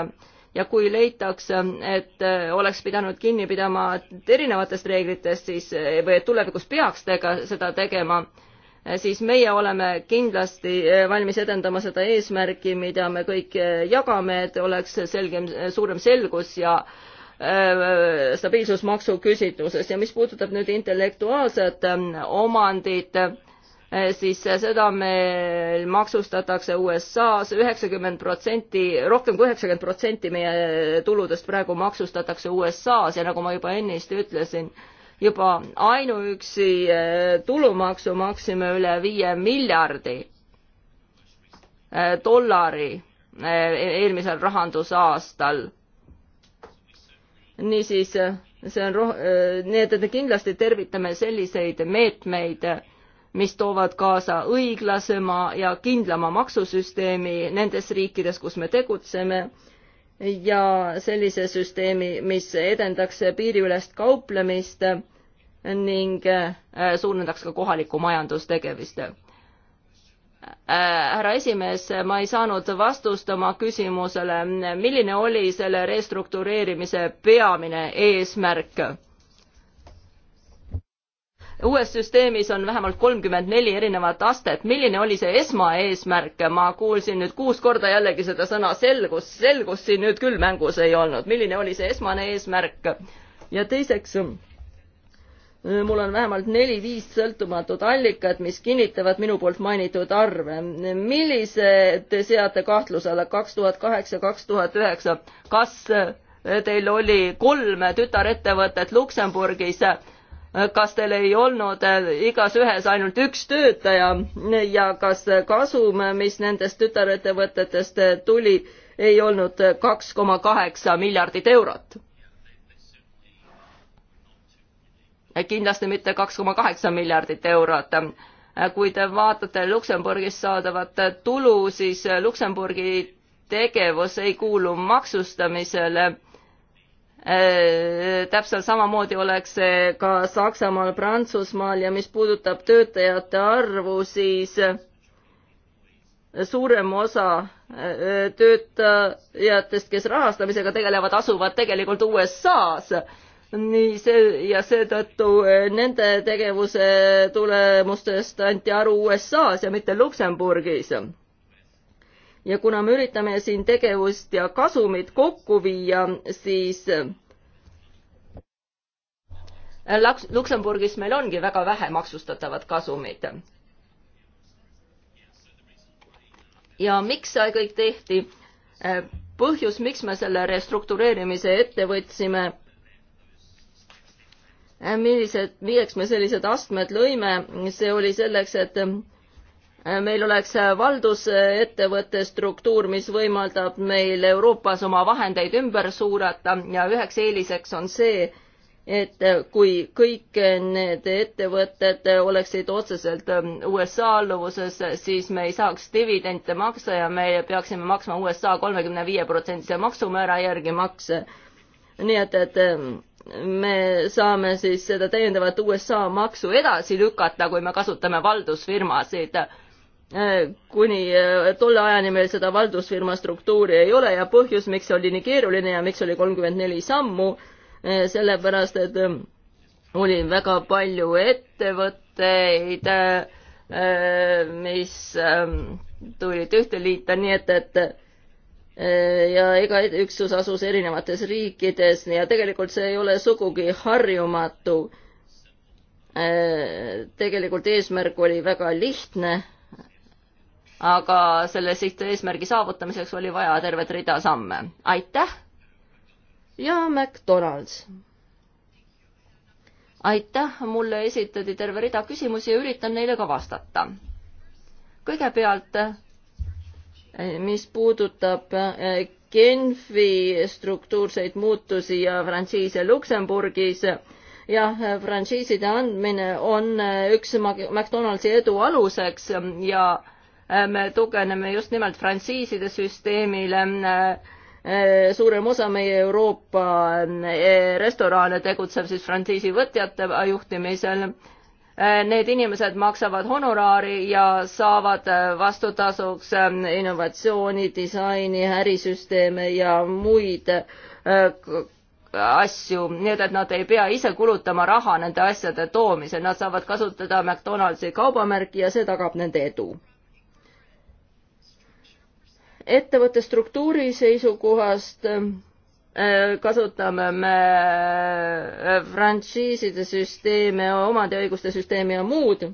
ja kui leitakse, et oleks pidanud kinni pidama erinevatest reeglitest, siis või et tulevikus peaks tega, seda tegema, Eh, siis meie oleme kindlasti eh, valmis edendama seda eesmärki, mida me kõik eh, jagame, et oleks selgem, suurem selgus ja stabiilsusmaksu küsitluses ja mis puudutab nüüd intellektuaalset omandit, siis seda meil maksustatakse USA-s üheksakümmend protsenti, rohkem kui üheksakümmend protsenti meie tuludest praegu maksustatakse USA-s ja nagu ma juba ennist ütlesin, juba ainuüksi eh, tulumaksu maksime üle viie miljardi eh, dollari eh, eelmisel rahandusaastal. niisiis, see on roh-, nii et, et me kindlasti tervitame selliseid meetmeid, mis toovad kaasa õiglasema ja kindlama maksusüsteemi nendes riikides, kus me tegutseme ja sellise süsteemi, mis edendaks piiriülest kauplemist ning äh, suurendaks ka kohalikku majandustegevust. Äh, härra esimees, ma ei saanud vastust oma küsimusele, milline oli selle restruktureerimise peamine eesmärk? uues süsteemis on vähemalt kolmkümmend neli erinevat astet, milline oli see esmaeesmärk, ma kuulsin nüüd kuus korda jällegi seda sõna selgus, selgus siin nüüd küll mängus ei olnud, milline oli see esmane eesmärk ja teiseks mul on vähemalt neli-viis sõltumatut allikat, mis kinnitavad minu poolt mainitud arve. millise te seate kahtluse alla kaks tuhat kaheksa, kaks tuhat üheksa, kas teil oli kolm tütarettevõtet Luksemburgis, kas teil ei olnud igas ühes ainult üks töötaja ja kas kasum, mis nendest tütarettevõtetest tuli, ei olnud kaks koma kaheksa miljardit eurot? Eh, kindlasti mitte kaks koma kaheksa miljardit eurot. Eh, kui te vaatate Luksemburgist saadavat tulu, siis Luksemburgi tegevus ei kuulu maksustamisele. Eh, täpselt samamoodi oleks see ka Saksamaal, Prantsusmaal ja mis puudutab töötajate arvu, siis suurem osa töötajatest, kes rahastamisega tegelevad, asuvad tegelikult USA-s nii see ja seetõttu eh, nende tegevuse tulemustest anti aru USA-s ja mitte Luksemburgis. ja kuna me üritame siin tegevust ja kasumit kokku viia, siis eh, Laks-, Luksemburgis meil ongi väga vähe maksustatavad kasumid. ja miks see kõik tehti? Eh, põhjus, miks me selle restruktureerimise ette võtsime Äh, millised, milleks me sellised astmed lõime, see oli selleks, et äh, meil oleks valdusettevõtte struktuur, mis võimaldab meil Euroopas oma vahendeid ümber suunata ja üheks eeliseks on see, et äh, kui kõik need ettevõtted oleksid otseselt USA alluvuses, siis me ei saaks dividende maksta ja me peaksime maksma USA kolmekümne viie protsendise maksumäära järgi makse. nii et, et me saame siis seda täiendavat USA maksu edasi lükata, kui me kasutame valdusfirmasid. Äh, kuni äh, tolle ajani meil seda valdusfirma struktuuri ei ole ja põhjus, miks see oli nii keeruline ja miks oli kolmkümmend neli sammu, äh, sellepärast et oli väga palju ettevõtteid, mis tulid ühte liita, nii et, et Äh, ja igaüks asus erinevates riikides ja tegelikult see ei ole sugugi harjumatu. Äh, tegelikult eesmärk oli väga lihtne, aga selle sihteesmärgi saavutamiseks oli vaja tervet rida samme. aitäh! ja McDonalds. aitäh, mulle esitati terve rida küsimusi ja üritan neile ka vastata. kõigepealt mis puudutab äh, Genfi struktuurseid muutusi ja frantsiise Luksemburgis, jah, frantsiiside andmine on äh, üks McDonaldsi edu aluseks ja äh, me tugevneme just nimelt frantsiiside süsteemile. suurem osa meie Euroopa restorane tegutseb siis frantsiisivõtjate juhtimisel Äh, need inimesed maksavad honoraari ja saavad äh, vastutasuks ähm, innovatsiooni, disaini, ärisüsteeme ja muid äh, asju, nii et, et nad ei pea ise kulutama raha nende asjade toomisel, nad saavad kasutada McDonaldsi kaubamärki ja see tagab nende edu ettevõtte struktuuri seisukohast ähm, Äh, kasutame me äh, frantsiiside süsteeme, omandiõiguste süsteemi ja muud.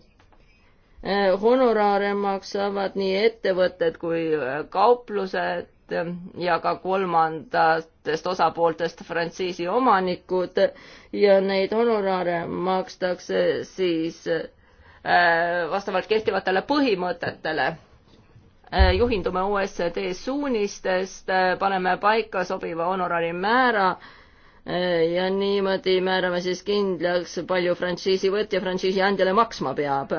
Äh, honoraare maksavad nii ettevõtted kui kauplused ja ka kolmandatest osapooltest frantsiisi omanikud ja neid honoraare makstakse siis vastavalt kehtivatele põhimõtetele Äh, juhindume OSCD suunistest, äh, paneme paika sobiva honorari määra äh, ja niimoodi määrame siis kindlaks, palju frantsiisivõtja frantsiisi andjale maksma peab.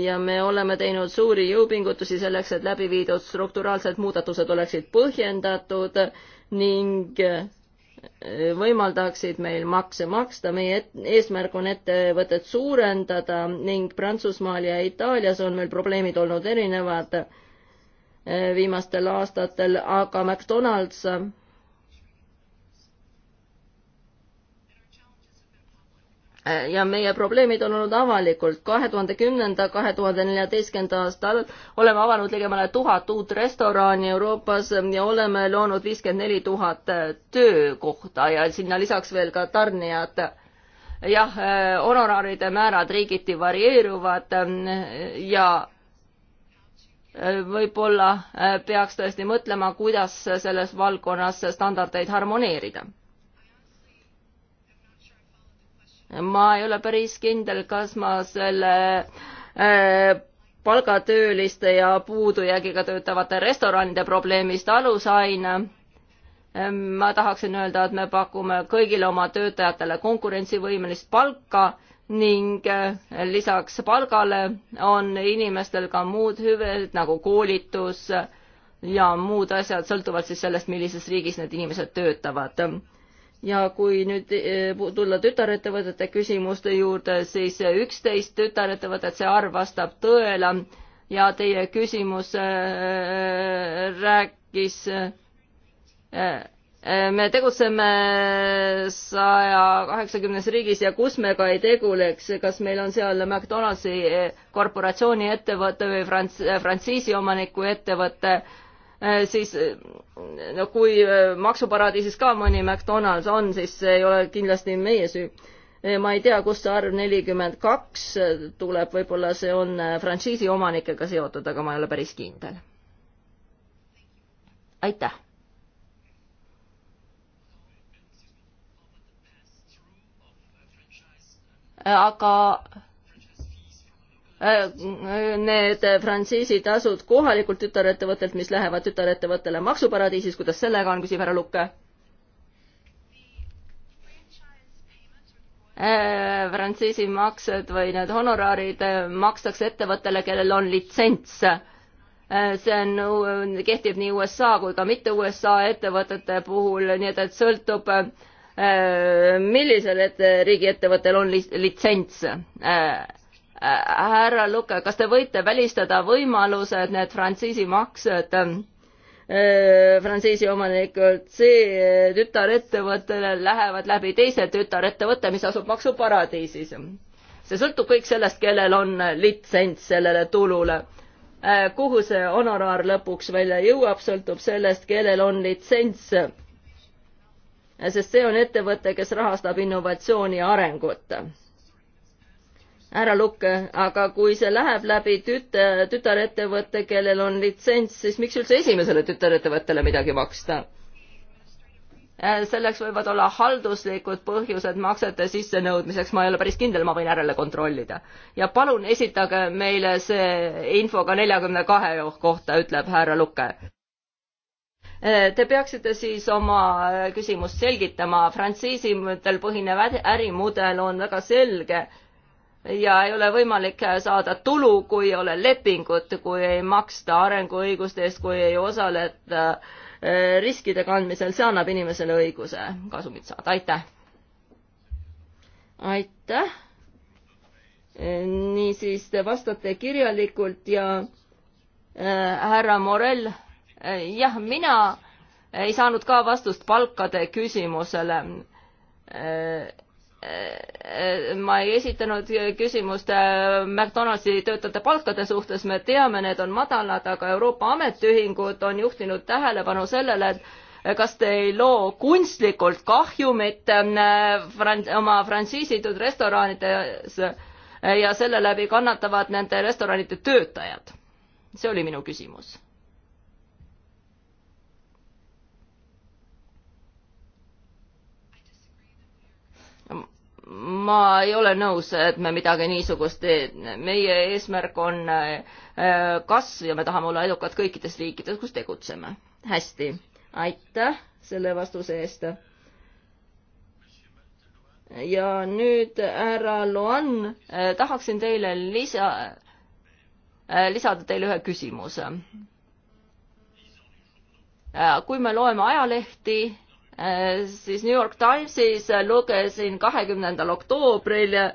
ja me oleme teinud suuri jõupingutusi selleks, et läbi viidud strukturaalsed muudatused oleksid põhjendatud ning võimaldaksid meil makse maksta, meie eesmärk on ettevõtet suurendada ning Prantsusmaal ja Itaalias on meil probleemid olnud erinevad eh, viimastel aastatel, aga McDonalds ja meie probleemid on olnud avalikult. kahe tuhande kümnenda, kahe tuhande neljateistkümnenda aastal oleme avanud ligemale tuhat uut restorani Euroopas ja oleme loonud viiskümmend neli tuhat töökohta ja sinna lisaks veel ka tarnijad. jah, honoraaride määrad riigiti varieeruvad ja võib-olla peaks tõesti mõtlema, kuidas selles valdkonnas standardeid harmoneerida ma ei ole päris kindel, kas ma selle äh, palgatööliste ja puudujäägiga töötavate restoranide probleemist aru sain äh, ma tahaksin öelda, et me pakume kõigile oma töötajatele konkurentsivõimelist palka ning äh, lisaks palgale on inimestel ka muud hüved nagu koolitus ja muud asjad, sõltuvalt siis sellest, millises riigis need inimesed töötavad ja kui nüüd eh, tulla tütarettevõtete küsimuste juurde, siis üksteist tütarettevõtet, see arv vastab tõele ja teie küsimus eh, rääkis, eh, me tegutseme saja kaheksakümnes riigis ja kus me ka ei teguleks, kas meil on seal McDonaldsi korporatsiooni ettevõte või frantsiisi omaniku ettevõte Äh, siis äh, no kui äh, maksuparadiisis ka mõni McDonalds on, siis see ei ole kindlasti meie süü. ma ei tea, kust see arv nelikümmend kaks tuleb, võib-olla see on frantsiisi omanikega seotud, aga ma ei ole päris kindel. aitäh. aga Äh, need frantsiisi tasud kohalikult tütarettevõttelt, mis lähevad tütarettevõttele maksuparadiisis, kuidas sellega on, küsib härra Lukke. Äh, frantsiisi maksed või need honoraarid makstakse ettevõttele, kellel on litsents. Äh, see on, kehtib nii USA kui ka mitte USA ettevõtete puhul, nii et, et sõltub millisel et, riigiettevõttel on litsents härra Luke, kas te võite välistada võimaluse, et need frantsiisi maksed äh, frantsiisi omanikult C äh, tütarettevõttele lähevad läbi teise tütarettevõtte, mis asub maksuparadiisis? see sõltub kõik sellest, kellel on litsents sellele tulule. Äh, kuhu see honoraar lõpuks välja jõuab, sõltub sellest, kellel on litsents. sest see on ettevõte, kes rahastab innovatsiooni ja arengut härra Lukke, aga kui see läheb läbi tüte, tütarettevõtte, kellel on litsents, siis miks üldse esimesele tütarettevõttele midagi maksta? Äh, selleks võivad olla halduslikud põhjused maksete sissenõudmiseks, ma ei ole päris kindel, ma võin järele kontrollida. ja palun esitage meile see info ka neljakümne kahe kohta, ütleb härra Lukke. Äh, te peaksite siis oma äh, küsimust selgitama, frantsiisimudel põhinev ärimudel on väga selge ja ei ole võimalik saada tulu, kui ei ole lepingut, kui ei maksta arenguõiguste eest, kui ei osaleta eh, riskide kandmisel, see annab inimesele õiguse kasumit saada, aitäh. aitäh. niisiis, te vastate kirjalikult ja äh, härra Morell, eh, jah, mina ei saanud ka vastust palkade küsimusele äh, ma ei esitanud küsimust äh, McDonaldsi töötajate palkade suhtes, me teame, need on madalad, aga Euroopa ametiühingud on juhtinud tähelepanu sellele, et äh, kas te ei loo kunstlikult kahjumit äh, oma frantsiisitud restoranides ja selle läbi kannatavad nende restoranide töötajad. see oli minu küsimus ma ei ole nõus, et me midagi niisugust teeme. meie eesmärk on äh, kasv ja me tahame olla edukad kõikides riikides, kus tegutseme. hästi, aitäh selle vastuse eest. ja nüüd härra Loan, äh, tahaksin teile lisa, äh, lisada teile ühe küsimuse. kui me loeme ajalehti Äh, siis New York Timesis äh, lugesin kahekümnendal oktoobril äh,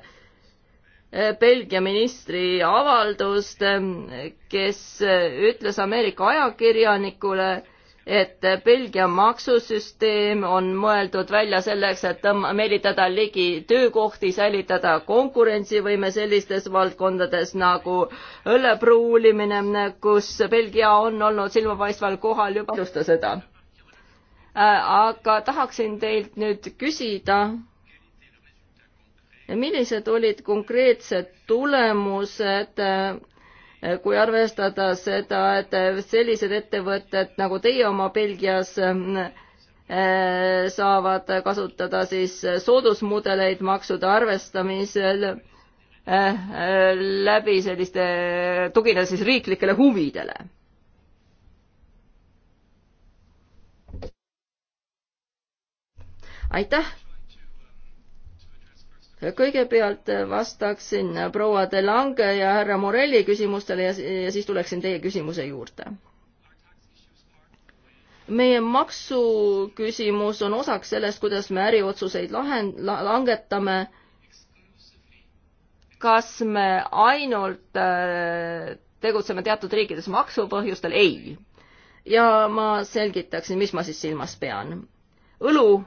Belgia ministri avaldust, kes ütles Ameerika ajakirjanikule, et Belgia maksusüsteem on mõeldud välja selleks, et meelitada ligi töökohti, säilitada konkurentsivõime sellistes valdkondades nagu õllepruulimine, kus Belgia on olnud silmapaistval kohal juba, alusta seda Äh, aga tahaksin teilt nüüd küsida, millised olid konkreetsed tulemused, äh, kui arvestada seda, et sellised ettevõtted nagu teie oma Belgias äh, saavad kasutada siis soodusmudeleid maksude arvestamisel läbi selliste, tuginedes siis riiklikele huvidele aitäh! kõigepealt vastaksin proua De Lange ja härra Morelli küsimustele ja, ja siis tuleksin teie küsimuse juurde. meie maksuküsimus on osaks sellest, kuidas me äriotsuseid lahen- la,, langetame. kas me ainult äh, tegutseme teatud riikides maksupõhjustel? ei. ja ma selgitaksin, mis ma siis silmas pean. õlu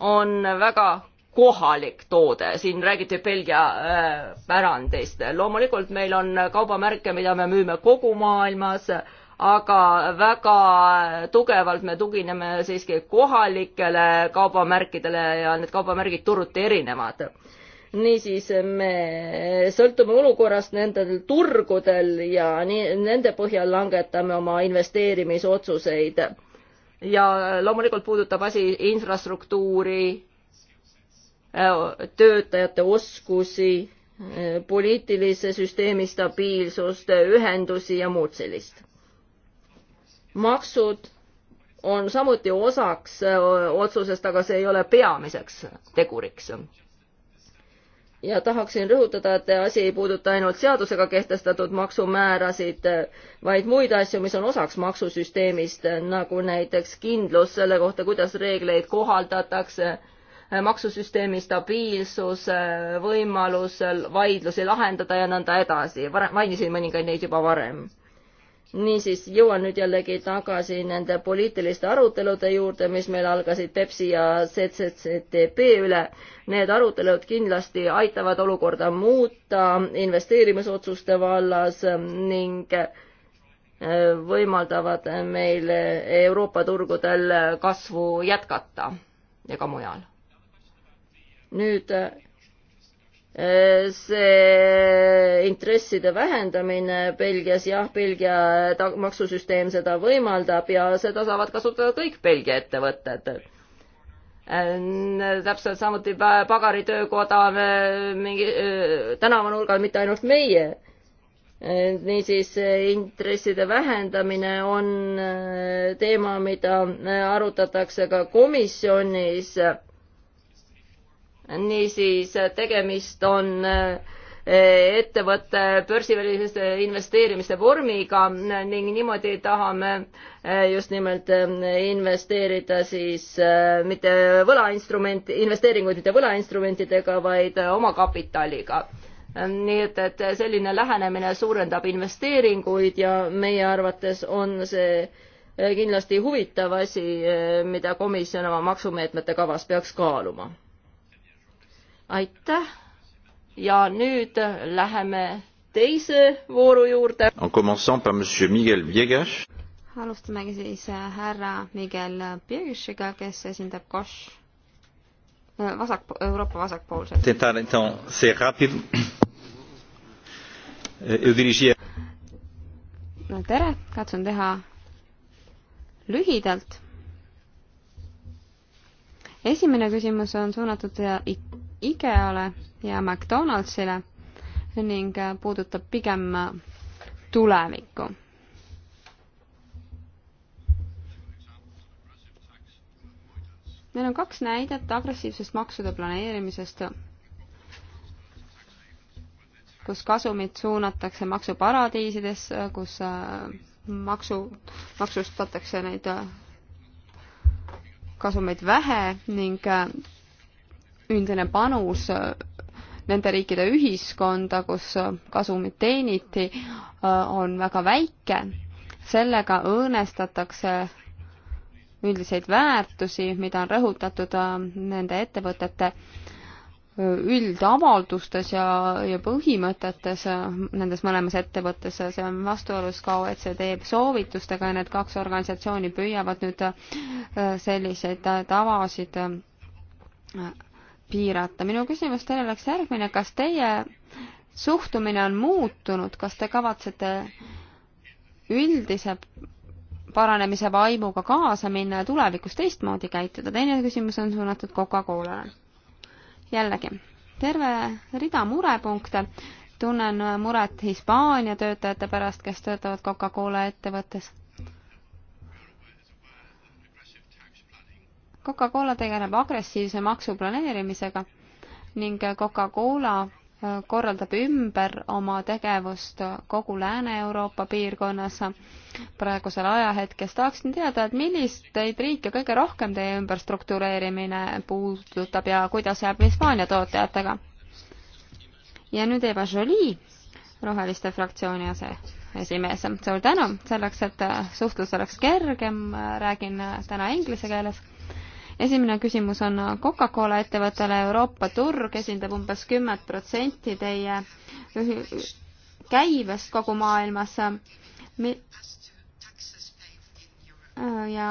on väga kohalik toode, siin räägiti Belgia äh, pärandist. loomulikult meil on kaubamärke, mida me müüme kogu maailmas, aga väga tugevalt me tugineme siiski kohalikele kaubamärkidele ja need kaubamärgid turuti erinevad. niisiis me sõltume olukorrast nendel turgudel ja nii, nende põhjal langetame oma investeerimisotsuseid ja loomulikult puudutab asi infrastruktuuri, äh, töötajate oskusi, äh, poliitilise süsteemi stabiilsust, ühendusi ja muud sellist. maksud on samuti osaks äh, otsusest, aga see ei ole peamiseks teguriks ja tahaksin rõhutada, et asi ei puuduta ainult seadusega kehtestatud maksumäärasid, vaid muid asju, mis on osaks maksusüsteemist, nagu näiteks kindlus selle kohta, kuidas reegleid kohaldatakse, maksusüsteemi stabiilsus, võimalus vaidlusi lahendada ja nõnda edasi. mainisin mõningaid neid juba varem niisiis jõuan nüüd jällegi tagasi nende poliitiliste arutelude juurde, mis meil algasid Pepsi ja CCCTB üle. Need arutelud kindlasti aitavad olukorda muuta investeerimisotsuste vallas ning äh, võimaldavad meil Euroopa turgudel kasvu jätkata ja ka mujal. nüüd äh, Äh, see intresside vähendamine Belgias, jah, Belgia maksusüsteem seda võimaldab ja seda saavad kasutada kõik Belgia ettevõtted. Äh, täpselt samuti pagaritöökoda äh, mingi tänavanurgal, mitte ainult meie. niisiis intresside vähendamine on teema, mida arutatakse ka komisjonis niisiis tegemist on eh, ettevõtte börsivälise investeerimise vormiga ning niimoodi tahame eh, just nimelt eh, investeerida siis mitte võlainstrument, investeeringuid mitte võlainstrumentidega, vaid omakapitaliga. nii et, et selline lähenemine suurendab investeeringuid ja meie arvates on see kindlasti huvitav asi, mida komisjon oma maksumeetmete kavas peaks kaaluma aitäh ja nüüd läheme teise vooru juurde. alustamegi siis äh, härra Miguel Piegusiga, kes esindab Koš äh, vasak, Euroopa vasakpoolset. Euh, no tere, katsun teha lühidalt. esimene küsimus on suunatud It äh, IKEA-le ja McDonaldsile ning puudutab pigem tulevikku. meil on kaks näidet agressiivsest maksude planeerimisest, kus kasumid suunatakse maksuparadiisidesse, kus äh, maksu, maksustatakse neid äh, kasumeid vähe ning äh, üldine panus äh, nende riikide ühiskonda, kus äh, kasumit teeniti, äh, on väga väike, sellega õõnestatakse üldiseid väärtusi, mida on rõhutatud nende ettevõtete üldavaldustes ja, ja põhimõtetes nendes mõlemas ettevõttes, see on vastuolus ka OECD soovitustega ja need kaks organisatsiooni püüavad nüüd selliseid tavasid piirata. minu küsimus teile oleks järgmine, kas teie suhtumine on muutunud, kas te kavatsete üldise paranemise vaimuga kaasa minna ja tulevikus teistmoodi käituda? teine küsimus on suunatud Coca-Colale. jällegi, terve rida murepunkte, tunnen muret Hispaania töötajate pärast, kes töötavad Coca-Cola ettevõttes Coca-Cola tegeleb agressiivse maksuplaneerimisega ning Coca-Cola äh, korraldab ümber oma tegevust kogu Lääne-Euroopa piirkonnas praegusel ajahetkes. tahaksin teada, et millisteid riike kõige rohkem teie ümber struktureerimine puudutab ja kuidas jääb Hispaania tootjatega? ja nüüd Eva Jolie, Roheliste fraktsiooni aseesimees. suur tänu, selleks, et suhtlus oleks kergem, räägin täna inglise keeles esimene küsimus on Coca-Cola ettevõttele Euroopa turg esindab umbes kümmet protsenti teie käibest kogu maailmas. ja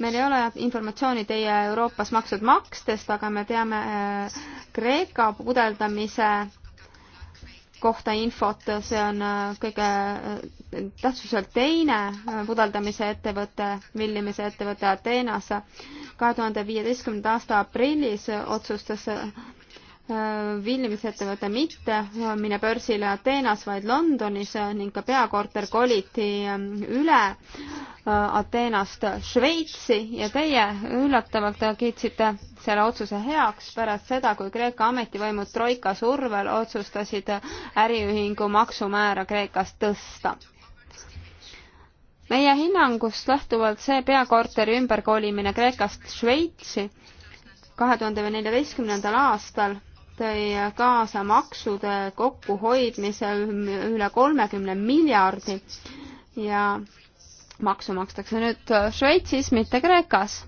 meil ei ole informatsiooni teie Euroopas maksud makstest, aga me teame äh, Kreeka pudeldamise kohta infot, see on äh, kõige äh, tähtsuselt teine pudeldamise ettevõte, villimise ettevõte Ateenas kahe tuhande viieteistkümnenda aasta aprillis otsustas Williamsi äh, ettevõte mitte mine börsile Ateenas, vaid Londonis ning ka peakorter koliti ähm, üle äh, Ateenast Šveitsi ja teie üllatavalt kiitsite selle otsuse heaks pärast seda, kui Kreeka ametivõimud Troika survel otsustasid äriühingu maksumäära Kreekas tõsta meie hinnangust lähtuvalt see peakorteri ümberkolimine Kreekast Šveitsi kahe tuhande neljateistkümnendal aastal tõi kaasa maksude kokkuhoidmise üle kolmekümne miljardi ja maksu makstakse nüüd Šveitsis, mitte Kreekas.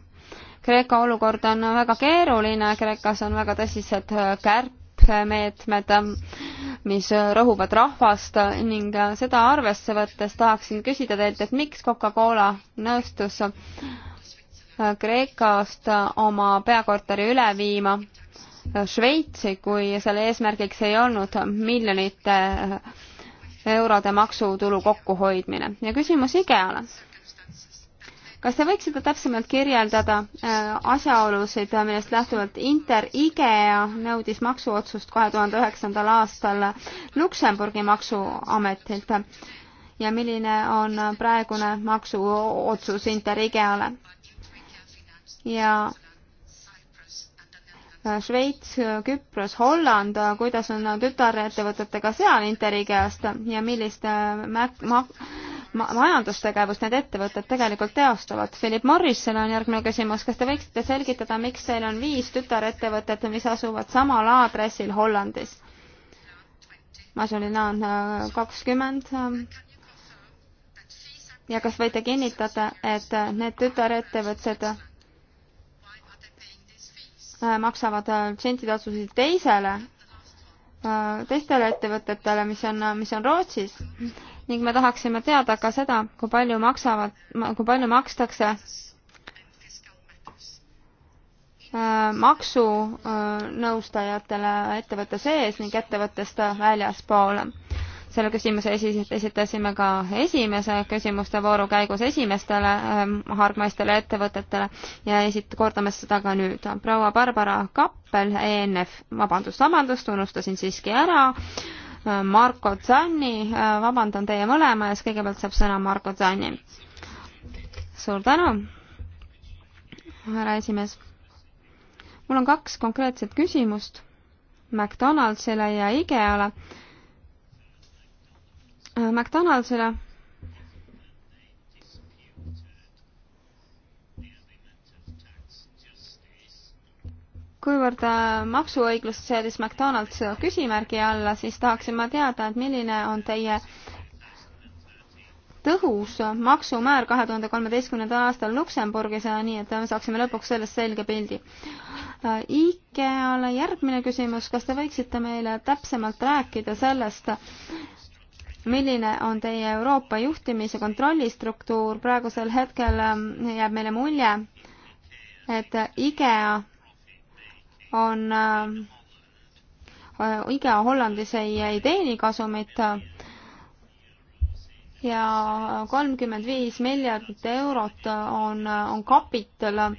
Kreeka olukord on väga keeruline, Kreekas on väga tõsised kärp-, meetmed, mis rõhuvad rahvast ning seda arvesse võttes tahaksin küsida teilt, et miks Coca-Cola nõustus Kreekast oma peakorteri üle viima Šveitsi, kui selle eesmärgiks ei olnud miljonite eurode maksutulu kokkuhoidmine ja küsimus IKEA-le kas te võiksite täpsemalt kirjeldada äh, asjaolusid, millest lähtuvalt Inter IKEA nõudis maksuotsust kahe tuhande üheksandal aastal Luksemburgi maksuametilt ja milline on praegune maksuotsus Inter IKEA-le? ja äh, Šveits, Küpros, Holland, kuidas on tütarettevõtetega seal Inter IKEA-st ja millist äh, märk-, ma majandustegevust need ettevõtted tegelikult teostavad. Philip Morrisel on järgmine küsimus, kas te võiksite selgitada, miks teil on viis tütarettevõtet, mis asuvad samal aadressil Hollandis? Masolina on kakskümmend ja kas võite kinnitada, et need tütarettevõtted äh, maksavad tsentitasusid äh, teisele, äh, teistele ettevõtetele, mis on, mis on Rootsis ning me tahaksime teada ka seda, kui palju maksavad, kui palju makstakse äh, maksunõustajatele ettevõtte sees ning ettevõttest väljaspool. selle küsimuse esi-, esitasime ka esimese küsimuste vooru käigus esimestele äh, hargmaistele ettevõtetele ja esit-, kordame seda ka nüüd. proua Barbara Kappel, ENF, vabandust, vabandust, unustasin siiski ära Marko Zanni, vabandan teie mõlema ees, kõigepealt saab sõna Marko Zanni. suur tänu, härra esimees. mul on kaks konkreetset küsimust McDonaldsile ja IKEA-le. McDonaldsile kuivõrd äh, maksuõiglust seadis McDonalds küsimärgi alla, siis tahaksin ma teada, et milline on teie tõhus maksumäär kahe tuhande kolmeteistkümnendal aastal Luksemburgis ja äh, nii, et me äh, saaksime lõpuks sellest selge pildi. IKEA-le järgmine küsimus, kas te võiksite meile täpsemalt rääkida sellest, milline on teie Euroopa juhtimise kontrollistruktuur, praegusel hetkel jääb meile mulje, et IKEA on äh, IKEA Hollandis ei, ei teeni kasumit ja kolmkümmend viis miljardit eurot on, on kapital. Äh,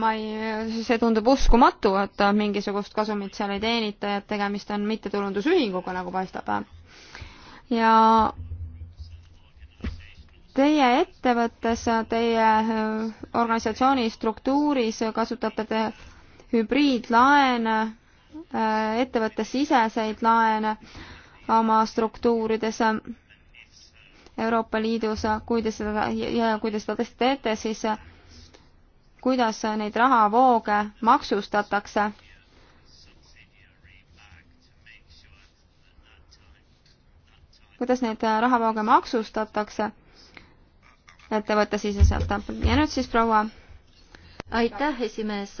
ma ei, see tundub uskumatu, et mingisugust kasumit seal ei teenita ja et tegemist on mittetulundusühinguga, nagu paistab. ja teie ettevõttes, teie äh, organisatsiooni struktuuris kasutate te hübriidlaene, äh, ettevõttesiseseid laene oma struktuurides Euroopa Liidus, kui te seda ja kui te seda tõesti teete, siis kuidas neid rahavooge maksustatakse. kuidas neid rahavooge maksustatakse ettevõttesiseselt ja nüüd siis proua. aitäh, esimees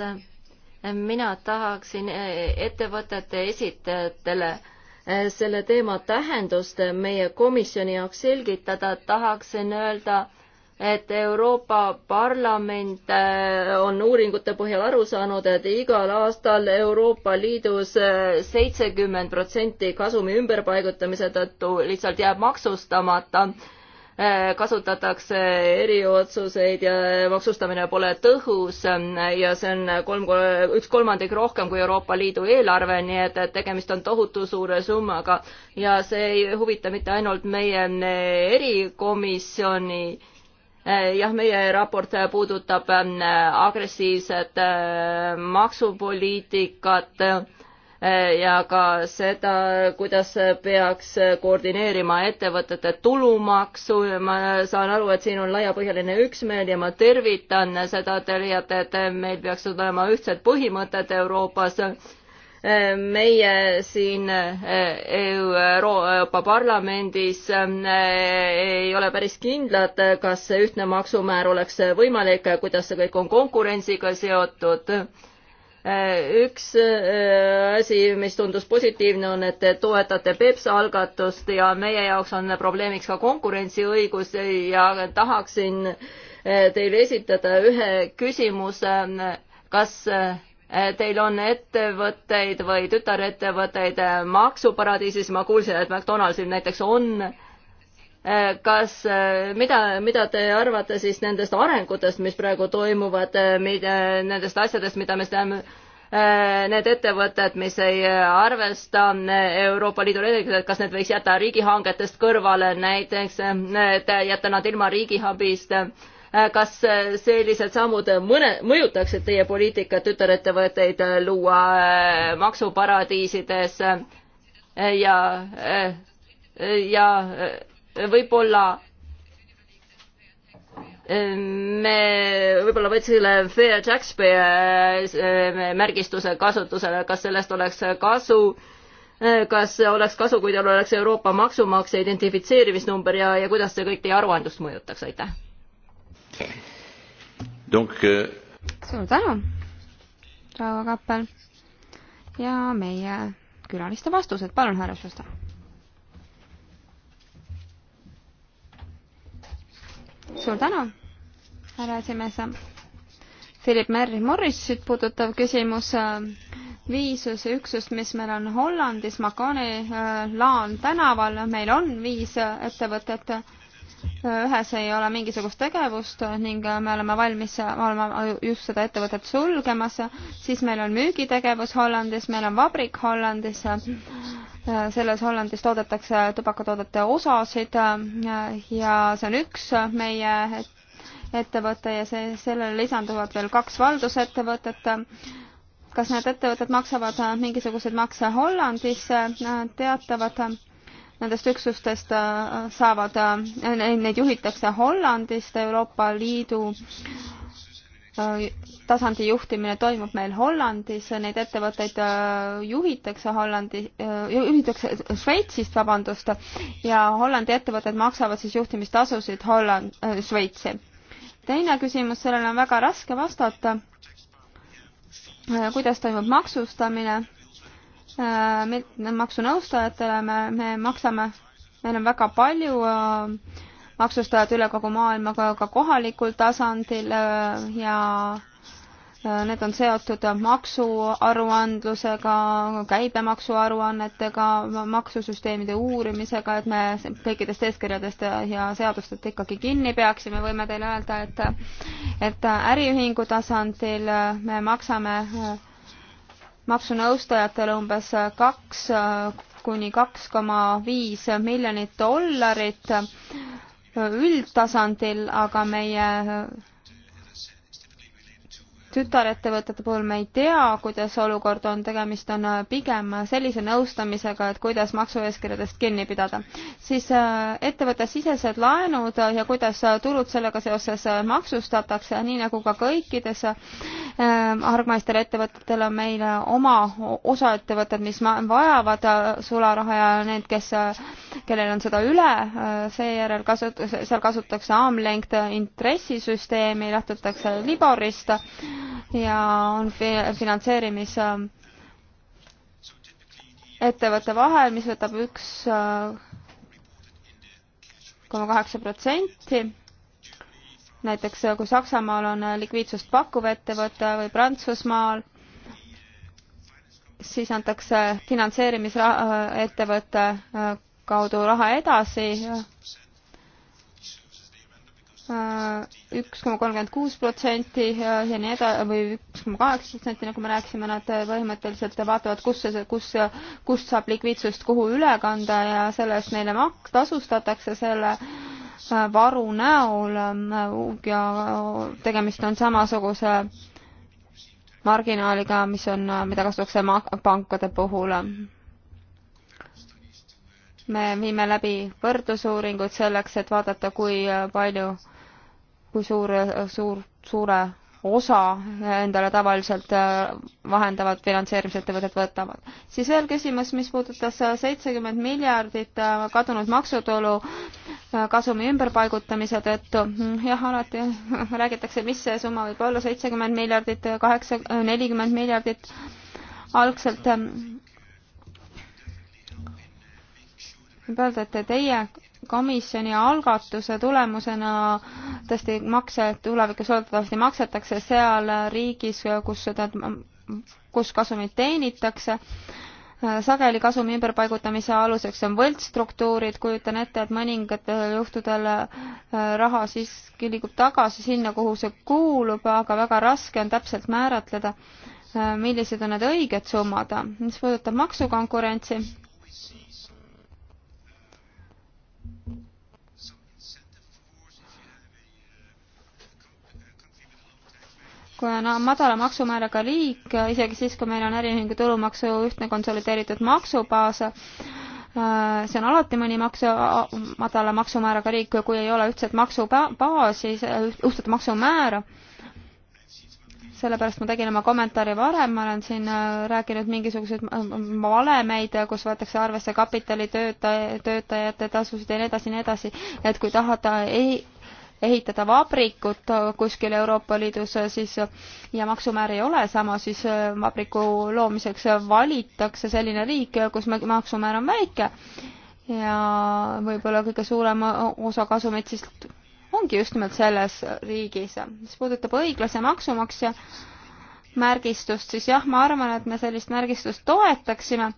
mina tahaksin e, ettevõtete esitajatele e, selle teema tähendust meie komisjoni jaoks selgitada, tahaksin öelda, et Euroopa Parlament e, on uuringute põhjal aru saanud, et igal aastal Euroopa Liidus seitsekümmend protsenti kasumi ümberpaigutamise tõttu lihtsalt jääb maksustamata Äh, kasutatakse eriotsuseid ja maksustamine pole tõhus äh, ja see on kolm, üks kolmandik rohkem kui Euroopa Liidu eelarve, nii et, et tegemist on tohutu suure summaga ja see ei huvita mitte ainult meie äh, erikomisjoni jah, meie raport puudutab agressiivset maksupoliitikat Eh, ja ka seda, kuidas peaks koordineerima ettevõtete tulumaksu. ma saan aru, et siin on laiapõhjaline üksmeel ja ma tervitan seda, te leiate, et meil peaksid olema ühtsed põhimõtted Euroopas eh, meie siin eh, Euroopa Parlamendis ei ole päris kindlad, kas ühtne maksumäär oleks võimalik, kuidas see kõik on konkurentsiga seotud Äh, üks äh, asi, mis tundus positiivne, on, et te toetate Pepsa algatust ja meie jaoks on probleemiks ka konkurentsiõigus ja tahaksin äh, teile esitada ühe küsimuse. kas teil on ettevõtteid või tütarettevõtteid maksuparadiisis, ma kuulsin, et McDonaldsil näiteks on Äh, kas, äh, mida, mida te arvate siis nendest arengutest, mis praegu toimuvad, äh, nendest asjadest, mida me teame, need ettevõtted, mis ei arvesta Euroopa Liidu reeglitega, kas need võiks jätta riigihangetest kõrvale näiteks, et jätta nad ilma riigiabist, kas sellised sammud mõne, mõjutaksid teie poliitikat tütarettevõtteid luua maksuparadiisides ja, ja võib-olla me võib-olla võtsime Fair Taxpayer eh, märgistuse kasutusele, kas sellest oleks kasu, eh, kas oleks kasu, kui tal oleks Euroopa maksumaksja identifitseerimisnumber ja, ja kuidas see kõik teie aruandlust mõjutaks, aitäh! Euh... suur tänu, Rauvo Kappel ja meie külaliste vastused, palun, härra Šusta suur tänu, härra esimees. Philip Merri Morrisit puudutav küsimus viisus üksust, mis meil on Hollandis, Maconi äh, laan tänaval, meil on viis äh, ettevõtet ühes ei ole mingisugust tegevust ning me oleme valmis, me oleme just seda ettevõtet sulgemas, siis meil on müügitegevus Hollandis, meil on vabrik Hollandis, selles Hollandis toodetakse tubakatoodete osasid ja see on üks meie ettevõte ja see, sellele lisanduvad veel kaks valdusettevõtet kas need ettevõtted maksavad mingisuguseid makse Hollandis, teatavad nendest üksustest äh, saavad, äh, neid juhitakse Hollandist, Euroopa Liidu äh, tasandi juhtimine toimub meil Hollandis, neid ettevõtteid juhitakse Hollandi, juhitakse Šveitsist, vabandust, ja Hollandi ettevõtted maksavad siis juhtimistasusid Holland-, Šveitsi. teine küsimus, sellele on väga raske vastata. kuidas toimub maksustamine? Äh, maksunõustajatele me, me maksame, meil on väga palju äh, maksustajad üle kogu maailma, ka kohalikul tasandil äh, ja Need on seotud maksuaruandlusega, käibemaksuaruannetega, maksusüsteemide uurimisega, et me kõikidest eeskirjadest ja seadustest ikkagi kinni peaksime, võime teile öelda, et et äriühingu tasandil me maksame maksunõustajatele umbes kaks kuni kaks koma viis miljonit dollarit üldtasandil, aga meie tütarettevõtete puhul me ei tea, kuidas olukord on, tegemist on äh, pigem sellise nõustamisega, et kuidas maksueeskirjadest kinni pidada. siis äh, ettevõttesisesed laenud ja kuidas äh, tulud sellega seoses maksustatakse, nii nagu ka kõikides hargmaistel ettevõtetel on meil oma osaettevõtted, mis vajavad sularaha ja need, kes kellel on seda üle, äh, seejärel kasut-, seal kasutatakse armlength intressisüsteemi, lähtutakse Liborist ja on fi-, finantseerimis ettevõtte vahel, mis võtab üks äh, koma kaheksa protsenti näiteks äh, kui Saksamaal on likviidsust pakkuv ettevõte või Prantsusmaal, siis antakse finantseerimisettevõte kaudu raha edasi üks koma kolmkümmend kuus protsenti ja nii edasi või üks koma kaheksa protsenti, nagu me rääkisime, nad äh, põhimõtteliselt vaatavad, kus see, kus, kust saab likviidsust kuhu üle kanda ja selle eest neile mak-, tasustatakse selle äh, varu näol ja tegemist on samasuguse marginaaliga, mis on, äh, mida kasutatakse pankade puhul me viime läbi võrdlusuuringuid selleks, et vaadata, kui palju, kui suur, suur, suure osa endale tavaliselt äh, vahendavad finantseerimisettevõtted võtavad. siis veel küsimus, mis puudutas seitsekümmend miljardit äh, kadunud maksutulu äh, kasumi ümberpaigutamise tõttu. jah, alati räägitakse, mis see summa võib olla, seitsekümmend miljardit, kaheksa, nelikümmend miljardit algselt võib öelda, et teie komisjoni algatuse tulemusena tõesti makse tulevikus loodetavasti maksetakse seal riigis, kus seda, kus kasumit teenitakse. sageli kasumi ümberpaigutamise aluseks on võltsstruktuurid, kujutan ette, et mõningatel juhtudel raha siiski liigub tagasi sinna, kuhu see kuulub, aga väga raske on täpselt määratleda, millised on need õiged summad. mis puudutab maksukonkurentsi, kui on madala maksumääraga liik, isegi siis, kui meil on äriühingu tulumaksu ühtne konsolideeritud maksubaas, äh, see on alati mõni maksu, madala maksumääraga riik, kui ei ole ühtset maksubaasi, ühtset maksumäära. sellepärast ma tegin oma kommentaari varem, ma olen siin äh, rääkinud mingisuguseid valemeid, kus võetakse arvesse kapitali, töötaja, töötajate tasusid ja nii edasi, nii edasi, et kui tahada ei ehitada vabrikut kuskil Euroopa Liidus, äh, siis ja maksumäär ei ole sama, siis äh, vabriku loomiseks valitakse selline riik, kus maksumäär on väike ja võib-olla kõige suurem osa kasumit siis ongi just nimelt selles riigis. mis puudutab õiglase maksumaksja märgistust, siis jah, ma arvan, et me sellist märgistust toetaksime,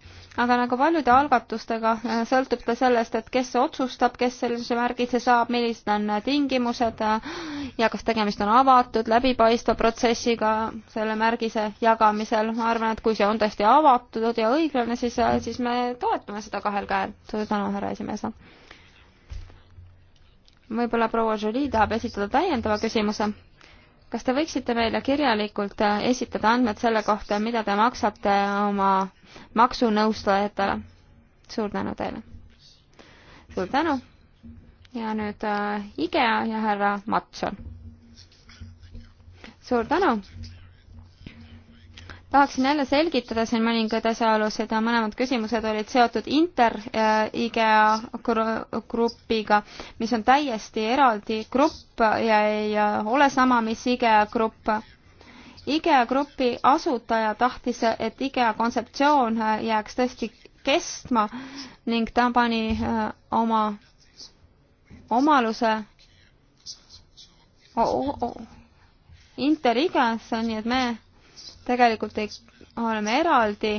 aga nagu paljude algatustega äh, sõltub ta sellest, et kes otsustab, kes sellise märgise saab, millised on tingimused äh, ja kas tegemist on avatud, läbipaistva protsessiga selle märgise jagamisel. ma arvan, et kui see on tõesti avatud ja õiglane, siis, äh, siis me toetame seda kahel käel. suur tänu, härra esimees. võib-olla proua Jolie tahab esitada täiendava küsimuse kas te võiksite meile kirjalikult äh, esitada andmed selle kohta, mida te maksate oma maksunõustajatele? suur tänu teile! suur tänu! ja nüüd äh, IKEA ja härra Matson. suur tänu! tahaksin jälle selgitada siin mõningaid asjaolusid, mõlemad küsimused olid seotud inter-IGA grupiga, mis on täiesti eraldi grupp ja ei ole sama, mis IGA grupp. IGA grupi asutaja tahtis, et IGA kontseptsioon jääks tõesti kestma ning ta pani äh, oma omaluse oh, oh, oh. inter-IGA-sse, nii et me tegelikult ei, oleme eraldi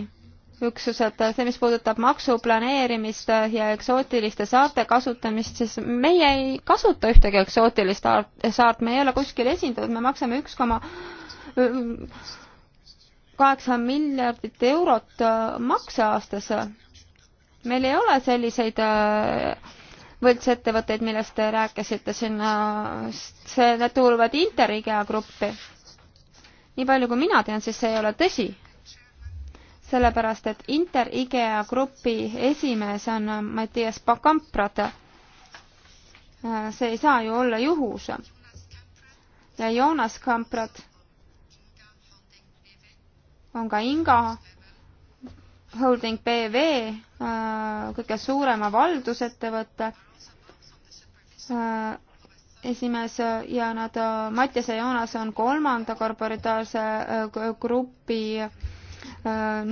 üksused, see, mis puudutab maksuplaneerimist ja eksootiliste saarte kasutamist, siis meie ei kasuta ühtegi eksootilist saart, me ei ole kuskil esindatud, me maksame üks koma kaheksa miljardit eurot makse aastas. meil ei ole selliseid äh, võltsettevõtteid, millest te rääkisite siin, äh, see, need kuuluvad Interigea gruppi nii palju kui mina tean, siis see ei ole tõsi. sellepärast, et Inter-IGEA grupi esimees on äh, Mattias Pakamprad. Äh, see ei saa ju olla juhus. ja Joonas Kamprad on ka Inga Holding BV äh, kõige suurema valdusettevõte esimees äh, ja nad, äh, Mattias ja Joonas on kolmanda korporitaarse äh, grupi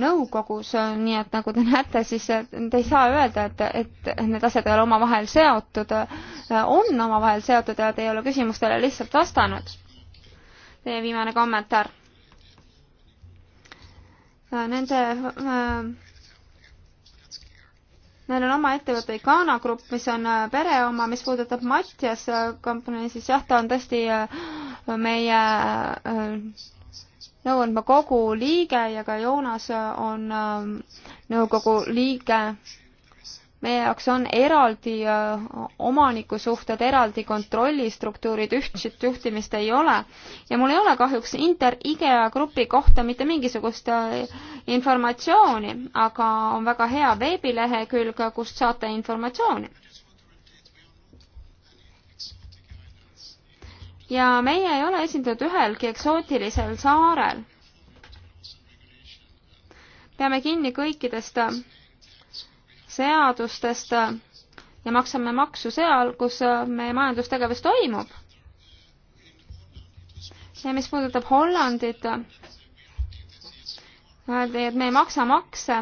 nõukogus, nii et nagu te näete, siis te ei saa öelda, et, et need asjad ei ole omavahel seotud, on omavahel seotud ja te ei ole küsimustele lihtsalt vastanud. Teie viimane kommentaar. Nende Neil on oma ettevõte Ghana Grupp, mis on äh, pere oma, mis puudutab Mattias äh, kompanii, siis jah, ta on tõesti äh, meie nõuandva kogu liige ja ka Joonas on nõukogu liige meie jaoks on eraldi äh, omanikusuhted, eraldi kontrollistruktuurid, ühtset juhtimist ei ole ja mul ei ole kahjuks Inter-IGEA grupi kohta mitte mingisugust äh, informatsiooni, aga on väga hea veebilehekülg, kust saate informatsiooni. ja meie ei ole esindatud ühelgi eksootilisel saarel. peame kinni kõikidest äh, seadustest ja maksame maksu seal, kus äh, meie majandustegevus toimub. ja mis puudutab Hollandit, öeldi, äh, et me ei maksa makse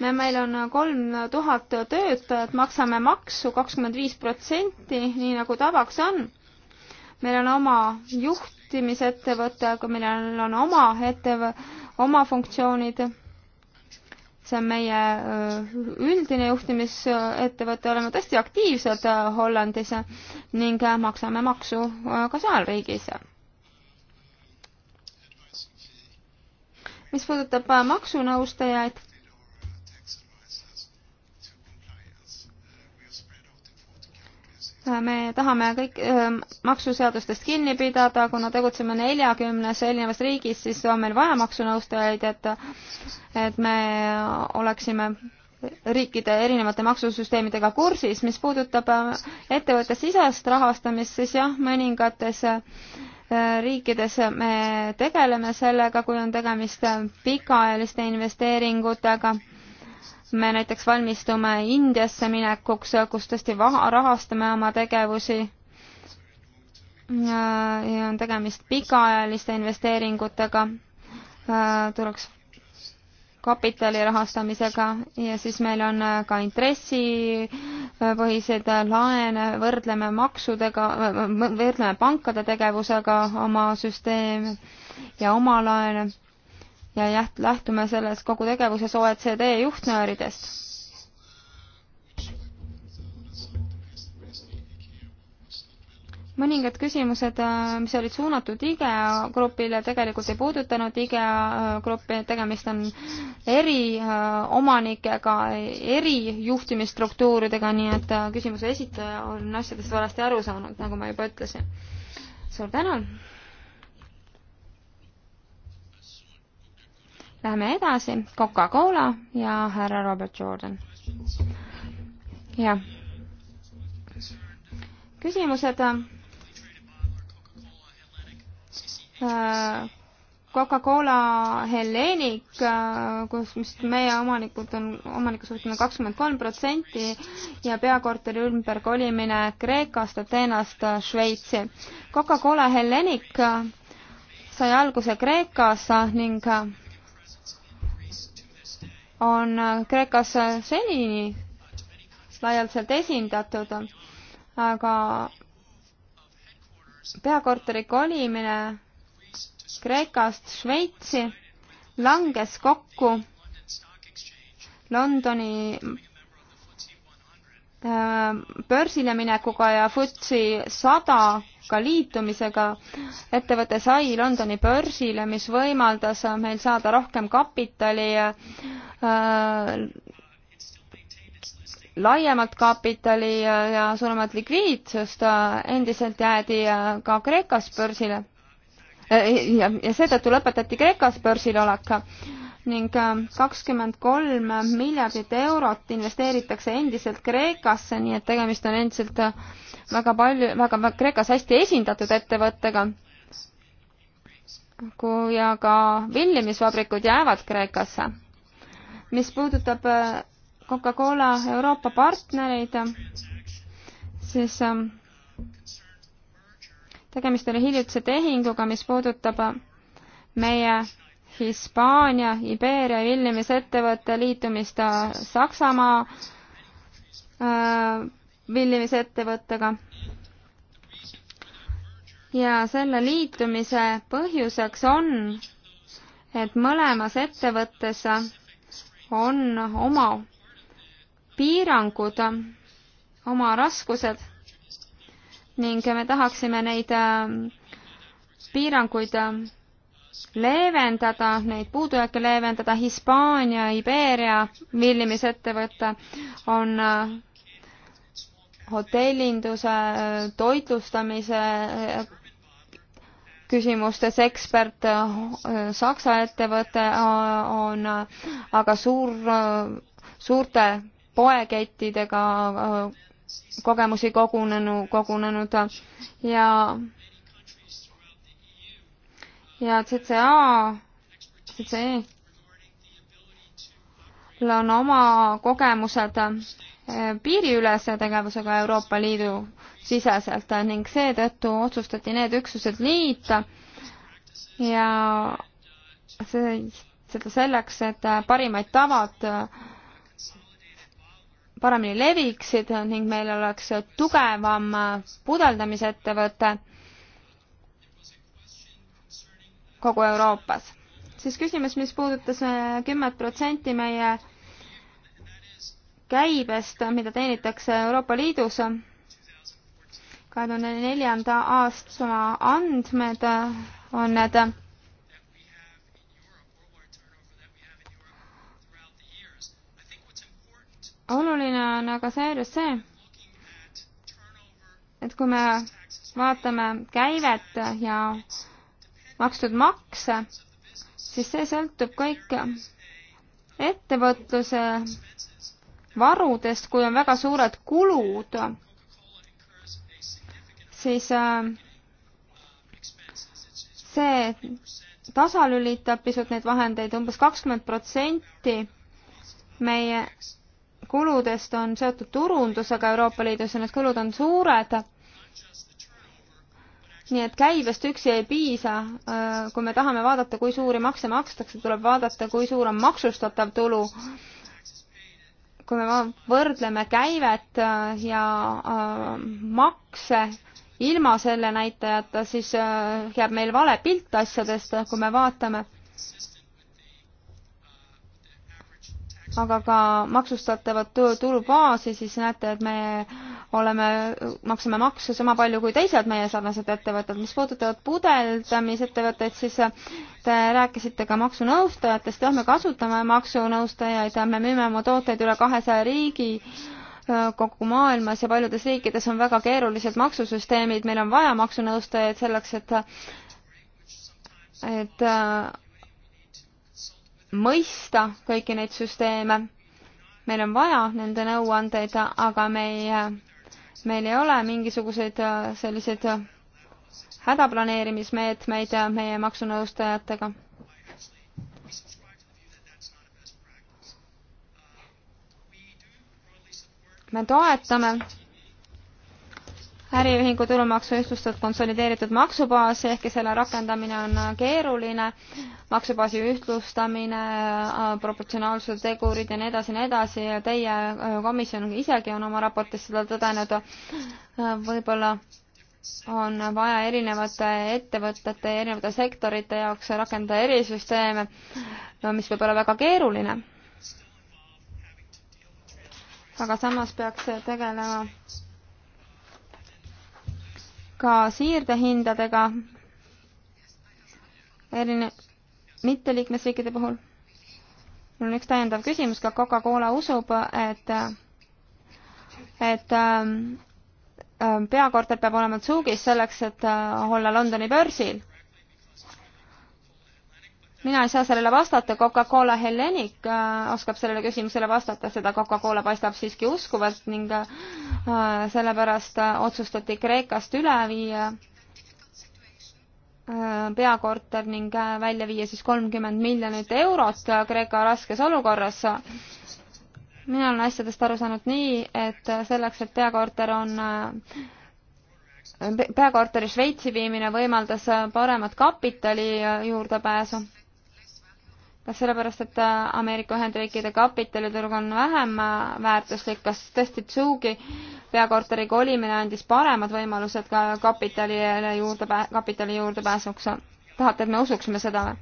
me, meil on kolm tuhat töötajat, maksame maksu kakskümmend viis protsenti, nii nagu tavaks on. meil on oma juhtimisettevõte, aga meil on, on oma ettevõ-, oma funktsioonid see on meie äh, üldine juhtimisettevõte, oleme tõesti aktiivsed äh, Hollandis ning äh, maksame maksu ka seal riigis. mis puudutab maksunõustajaid, me tahame kõik öö, ähm, maksuseadustest kinni pidada, kuna tegutseme neljakümnes erinevas riigis, siis on meil vaja maksunõustajaid, et et me oleksime riikide erinevate maksusüsteemidega kursis. mis puudutab äh, ettevõtte sisest rahastamist, siis jah, mõningates äh, riikides me tegeleme sellega, kui on tegemist äh, pikaajaliste investeeringutega me näiteks valmistume Indiasse minekuks, kus tõesti rahastame oma tegevusi ja, ja on tegemist pikaajaliste investeeringutega, äh, tuleks kapitali rahastamisega ja siis meil on äh, ka intressipõhised äh, laene, võrdleme maksudega, võrdleme pankade tegevusega oma süsteeme ja oma laene ja jah, lähtume selles kogu tegevuses OECD juhtnööridest. mõningad küsimused, mis olid suunatud IGEA grupile, tegelikult ei puudutanud IGEA gruppi, tegemist on eriomanikega, äh, erijuhtimisstruktuuridega, nii et äh, küsimuse esitaja on asjadest valesti aru saanud, nagu ma juba ütlesin. suur tänu! Läheme edasi, Coca-Cola ja härra Robert Jordan. jah. küsimused äh,. Coca-Cola Hellenic, äh, kus, mis meie omanikud on, omanikusuhted on kakskümmend kolm protsenti ja peakorteri ümber kolimine Kreekast, Ateenast Šveitsi. Coca-Cola Hellenic äh, sai alguse Kreekas ning äh, on Kreekas senini laialdaselt esindatud, aga peakorteri kolimine Kreekast Šveitsi langes kokku Londoni Äh, börsile minekuga ja FTSE sadaga liitumisega ettevõte sai Londoni börsile, mis võimaldas meil saada rohkem kapitali äh,, laiemalt kapitali ja, ja suuremat likviidsust. Äh, endiselt jäädi äh, ka Kreekas börsile ja, ja seetõttu lõpetati Kreekas börsil olek ning ähm, kakskümmend kolm miljardit eurot investeeritakse endiselt Kreekasse, nii et tegemist on endiselt äh, väga palju, väga, väga Kreekas hästi esindatud ettevõttega. kui ja ka villimisvabrikud jäävad Kreekasse. mis puudutab äh, Coca-Cola Euroopa partnereid, siis ähm, tegemist oli hiljutise tehinguga, mis puudutab äh, meie Hispaania, Iberia ühinemisettevõtte liitumist Saksamaa ühinemisettevõttega. Äh, ja selle liitumise põhjuseks on, et mõlemas ettevõttes on oma piirangud, oma raskused ning me tahaksime neid äh, piiranguid äh, leevendada, neid puudujääke leevendada, Hispaania, Iberia villimisettevõte on äh, hotellinduse, äh, toitlustamise äh, küsimustes ekspert, Saksa ettevõte on aga suur, suurte poekettidega kogemusi kogunenud, kogunenud ja ja CCA, CCE-l on oma kogemused eh, piiriülese tegevusega Euroopa Liidu siseselt ning seetõttu otsustati need üksused liita ja see, seda selleks, et parimaid tavad paremini leviksid ning meil oleks tugevam pudeldamise ettevõte kogu Euroopas. siis küsimus, mis puudutas äh, kümmet protsenti meie käibest, mida teenitakse Euroopa Liidus. kahe tuhande neljanda aasta andmed on need oluline on aga seejuures see, et kui me vaatame käivet ja makstud makse, siis see sõltub kõik ettevõtluse varudest, kui on väga suured kulud, siis äh, see tasalülitab pisut neid vahendeid umbes, umbes kakskümmend protsenti meie kuludest on seotud turundusega Euroopa Liidus ja need kulud on suured nii et käibest üksi ei piisa. Äh, kui me tahame vaadata, kui suuri makse makstakse, tuleb vaadata, kui suur on maksustatav tulu. kui me võrdleme käivet äh, ja äh, makse ilma selle näitajata, siis jääb meil vale pilt asjadest, kui me vaatame. aga ka maksustatavat tulubaasi, siis näete, et me oleme, maksame makse sama palju kui teised meie sarnased ettevõtted. mis puudutavad pudeldamisettevõtteid, siis te rääkisite ka maksunõustajatest, jah, me kasutame maksunõustajaid ja me müüme oma tooteid üle kahesaja riigi äh, kogu maailmas ja paljudes riikides on väga keerulised maksusüsteemid, meil on vaja maksunõustajaid selleks, et et äh, mõista kõiki neid süsteeme. meil on vaja nende nõuandeid, aga me ei äh, meil ei ole mingisuguseid äh, selliseid äh, hädaplaneerimismeetmeid äh, meie maksunõustajatega. me toetame äriühingu tulumaksu ühtlustatud konsolideeritud maksubaasi, ehkki selle rakendamine on keeruline, maksubaasi ühtlustamine, proportsionaalsuse tegurid ja nii edasi ja nii edasi ja teie äh, komisjon isegi on oma raportis seda tõdenud, võib-olla on vaja erinevate ettevõtete ja erinevate sektorite jaoks rakendada erisüsteeme, mis võib olla väga keeruline. aga samas peaks tegelema ka siirdehindadega erine-, mitteliikmesriikide puhul. mul on üks täiendav küsimus, ka Coca-Cola usub, et, et ähm, peakorter peab olema Zugis selleks, et äh, olla Londoni börsil mina ei saa sellele vastata, Coca-Cola Hellenic äh, oskab sellele küsimusele vastata, seda Coca-Cola paistab siiski uskuvat ning äh, sellepärast äh, otsustati Kreekast üle viia peakorter ning välja viia siis kolmkümmend miljonit eurot Kreeka raskes olukorras. mina olen asjadest aru saanud nii, et selleks, et peakorter on peakorteri Šveitsi viimine võimaldas paremat kapitali juurdepääsu kas sellepärast, et äh, Ameerika Ühendriikide kapitaliturg on vähem äh, väärtuslik, kas tõesti Tsugi peakorteri kolimine andis paremad võimalused ka kapitalile juurde, kapitali juurdepääsuks? tahate, et me usuksime seda või?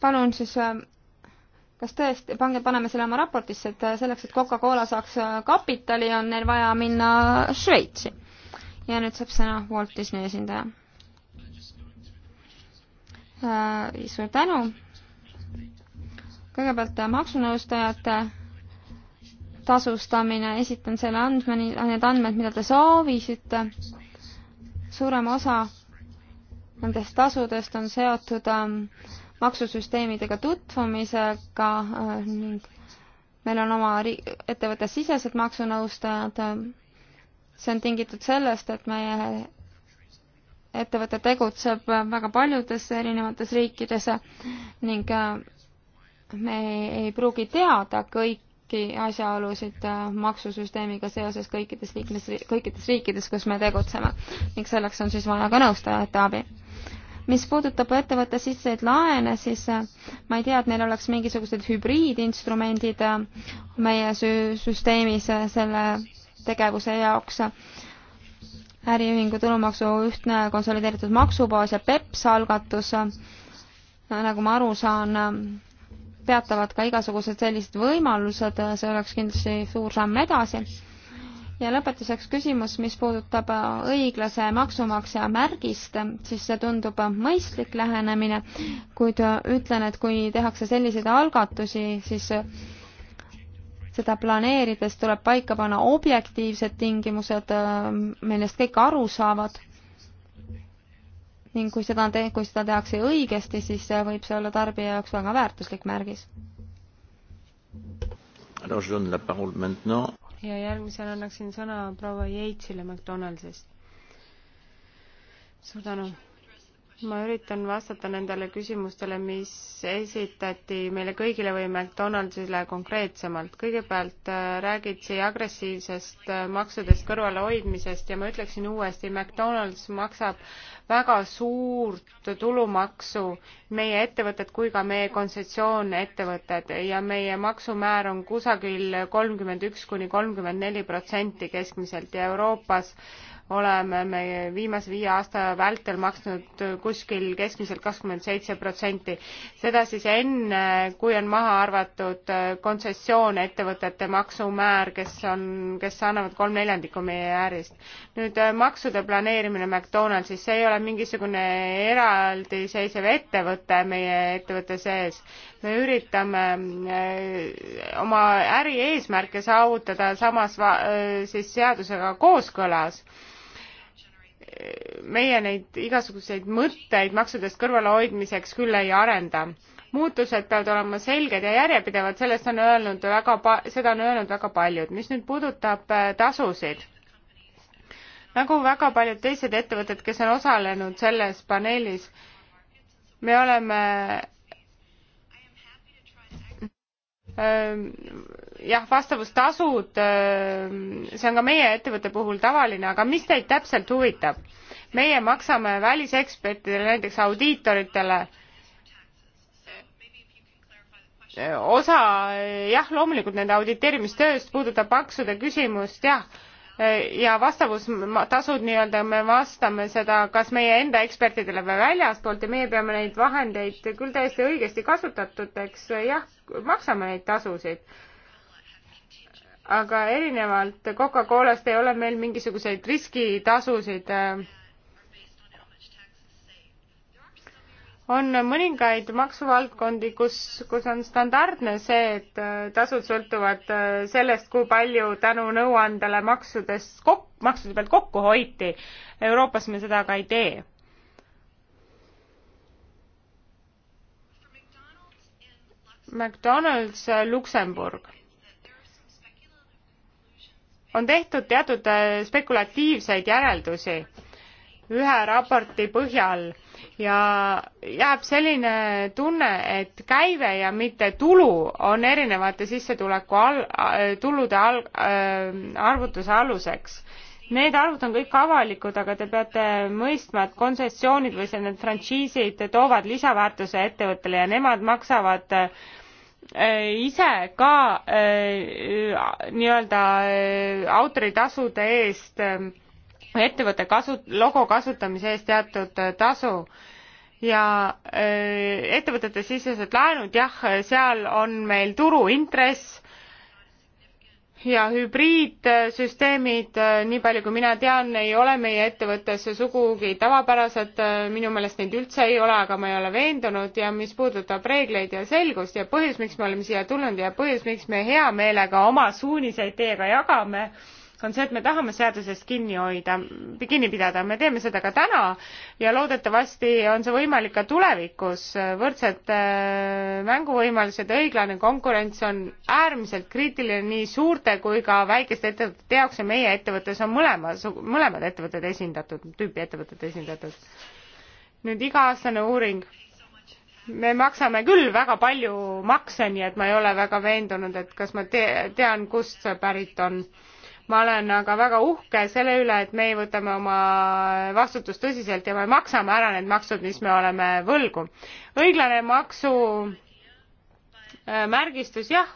palun siis äh, kas tõesti, pange, paneme selle oma raportisse, et äh, selleks, et Coca-Cola saaks äh, kapitali, on neil vaja minna Šveitsi. ja nüüd saab sõna Walt Disney esindaja. Äh, suur tänu. kõigepealt maksunõustajate tasustamine, esitan selle andme, need andmed, mida te soovisite. suurem osa nendest tasudest on seotud äh, maksusüsteemidega tutvumisega äh, ning meil on oma ettevõtte sisesed maksunõustajad. see on tingitud sellest, et meie ettevõte tegutseb väga paljudes erinevates riikides ning äh, me ei pruugi teada kõiki asjaolusid äh, maksusüsteemiga seoses kõikides liikmes, kõikides riikides, kus me tegutseme ning selleks on siis vaja ka nõustajate abi mis puudutab ettevõtte sisseid laene, siis äh, ma ei tea, et neil oleks mingisugused hübriidinstrumendid äh, meie süsteemis äh, selle tegevuse jaoks äriühingu tulumaksu ühtne konsolideeritud maksubaas ja PEPS algatus, nagu ma aru saan, peatavad ka igasugused sellised võimalused, see oleks kindlasti suur samm edasi ja lõpetuseks küsimus, mis puudutab äh, õiglase maksumaksja märgist, siis see tundub äh, mõistlik lähenemine, kuid äh, ütlen, et kui tehakse selliseid algatusi, siis seda planeerides tuleb paika panna objektiivsed tingimused, millest kõik aru saavad. ning kui seda te-, kui seda tehakse õigesti, siis võib see olla tarbija jaoks väga väärtuslik märgis. Alors je donne la parole maintenant ja järgmisena annaksin sõna proua Jeitsile McDonaldsist. suur tänu ma üritan vastata nendele küsimustele, mis esitati meile kõigile või McDonaldsile konkreetsemalt. kõigepealt äh, räägiti agressiivsest äh, maksudest kõrvalehoidmisest ja ma ütleksin uuesti, McDonalds maksab väga suurt tulumaksu, meie ettevõtted kui ka meie kontsessioonettevõtted ja meie maksumäär on kusagil kolmkümmend üks kuni kolmkümmend neli protsenti keskmiselt ja Euroopas oleme me viimase viie aasta vältel maksnud kuskil keskmiselt kakskümmend seitse protsenti. seda siis enne, kui on maha arvatud äh, kontsessioon ettevõtete maksumäär, kes on, kes annavad kolm neljandikku meie äärist. nüüd äh, maksude planeerimine McDonaldsis, see ei ole mingisugune eraldiseisev ettevõte meie ettevõtte sees. me üritame äh, oma äri eesmärke saavutada samas siis seadusega kooskõlas meie neid igasuguseid mõtteid maksudest kõrvalehoidmiseks küll ei arenda. muutused peavad olema selged ja järjepidevad, sellest on öelnud väga pa-, seda on öelnud väga paljud. mis nüüd puudutab äh, tasusid, nagu väga paljud teised ettevõtted, kes on osalenud selles paneelis, me oleme Ehm, jah, vastavustasud, ehm, see on ka meie ettevõtte puhul tavaline, aga mis teid täpselt huvitab? meie maksame välisekspertidele, näiteks audiitoritele osa jah, loomulikult nende auditeerimistööst puudutab maksude küsimust, jah ja vastavustasud nii-öelda, me vastame seda kas meie enda ekspertidele või väljaspoolt ja meie peame neid vahendeid küll täiesti õigesti kasutatuteks, jah, maksame neid tasusid. aga erinevalt Coca-Colast ei ole meil mingisuguseid riskitasusid äh, on mõningaid maksuvaldkondi, kus, kus on standardne see, et äh, tasud sõltuvad äh, sellest, kui palju tänu nõuandele maksudest kok-, maksude pealt kokku hoiti. Euroopas me seda aga ei tee. McDonalds äh, Luksemburg on tehtud teatud spekulatiivseid järeldusi ühe raporti põhjal ja jääb selline tunne, et käive ja mitte tulu on erinevate sissetuleku al-, tulude al-, äh, arvutuse aluseks. Need arvud on kõik avalikud, aga te peate mõistma, et kontsessioonid või see, need frantsiisid toovad lisaväärtuse ettevõttele ja nemad maksavad äh, ise ka äh, nii-öelda autoritasude eest ettevõtte kasu-, logo kasutamise eest teatud äh, tasu ja äh, ettevõtete sisesed laenud, jah, seal on meil turuintress ja hübriidsüsteemid, äh, nii palju kui mina tean, ei ole meie ettevõttesse sugugi tavapärased, minu meelest neid üldse ei ole, aga ma ei ole veendunud ja mis puudutab reegleid ja selgust ja põhjus, miks me oleme siia tulnud ja põhjus, miks me hea meelega oma suuniseid teiega jagame, on see, et me tahame seadusest kinni hoida, kinni pidada, me teeme seda ka täna ja loodetavasti on see võimalik ka tulevikus. võrdsed äh, mänguvõimalused, õiglane konkurents on äärmiselt kriitiline nii suurte kui ka väikeste ettevõtete jaoks ja meie ettevõttes on mõlema, mõlemad ettevõtted esindatud, tüüpi ettevõtted esindatud. nüüd iga-aastane uuring me maksame küll väga palju makse, nii et ma ei ole väga veendunud, et kas ma te tean, kust see pärit on ma olen aga väga uhke selle üle, et meie võtame oma vastutust tõsiselt ja me maksame ära need maksud, mis me oleme võlgu. õiglane maksu äh, märgistus, jah,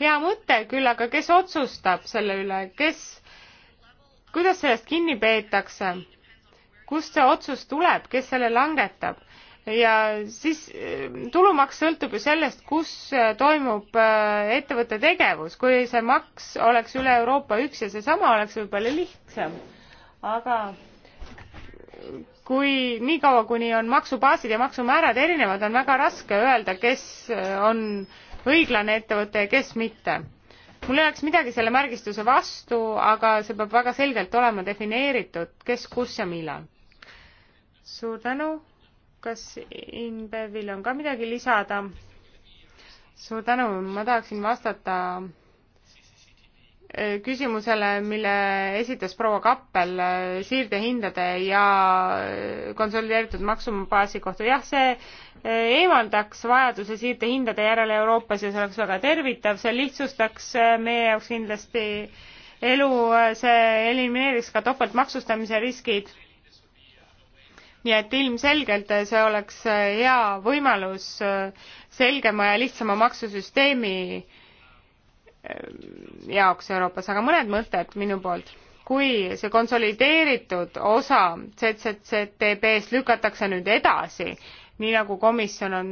hea mõte küll, aga kes otsustab selle üle, kes, kuidas sellest kinni peetakse? kust see otsus tuleb, kes selle langetab? ja siis eh, tulumaks sõltub ju sellest, kus eh, toimub eh, ettevõtte tegevus, kui see maks oleks üle Euroopa üks ja seesama, oleks võib-olla lihtsam. aga kui niikaua, kuni on maksubaasid ja maksumäärad erinevad, on väga raske öelda, kes on õiglane ettevõte ja kes mitte. mul ei oleks midagi selle märgistuse vastu, aga see peab väga selgelt olema defineeritud, kes, kus ja millal. suur tänu kas Inbevil on ka midagi lisada? suur tänu, ma tahaksin vastata äh, küsimusele, mille esitas proua Kappel äh, siirdehindade ja äh, konsolideeritud maksubaasi kohta. jah, see eemaldaks vajaduse siirdehindade järele Euroopas ja see oleks väga tervitav, see lihtsustaks meie jaoks kindlasti elu, see elimineeriks ka topeltmaksustamise riskid nii et ilmselgelt see oleks hea võimalus selgema ja lihtsama maksusüsteemi ähm, jaoks Euroopas, aga mõned mõtted minu poolt. kui see konsolideeritud osa CCCTB-st lükatakse nüüd edasi, nii nagu komisjon on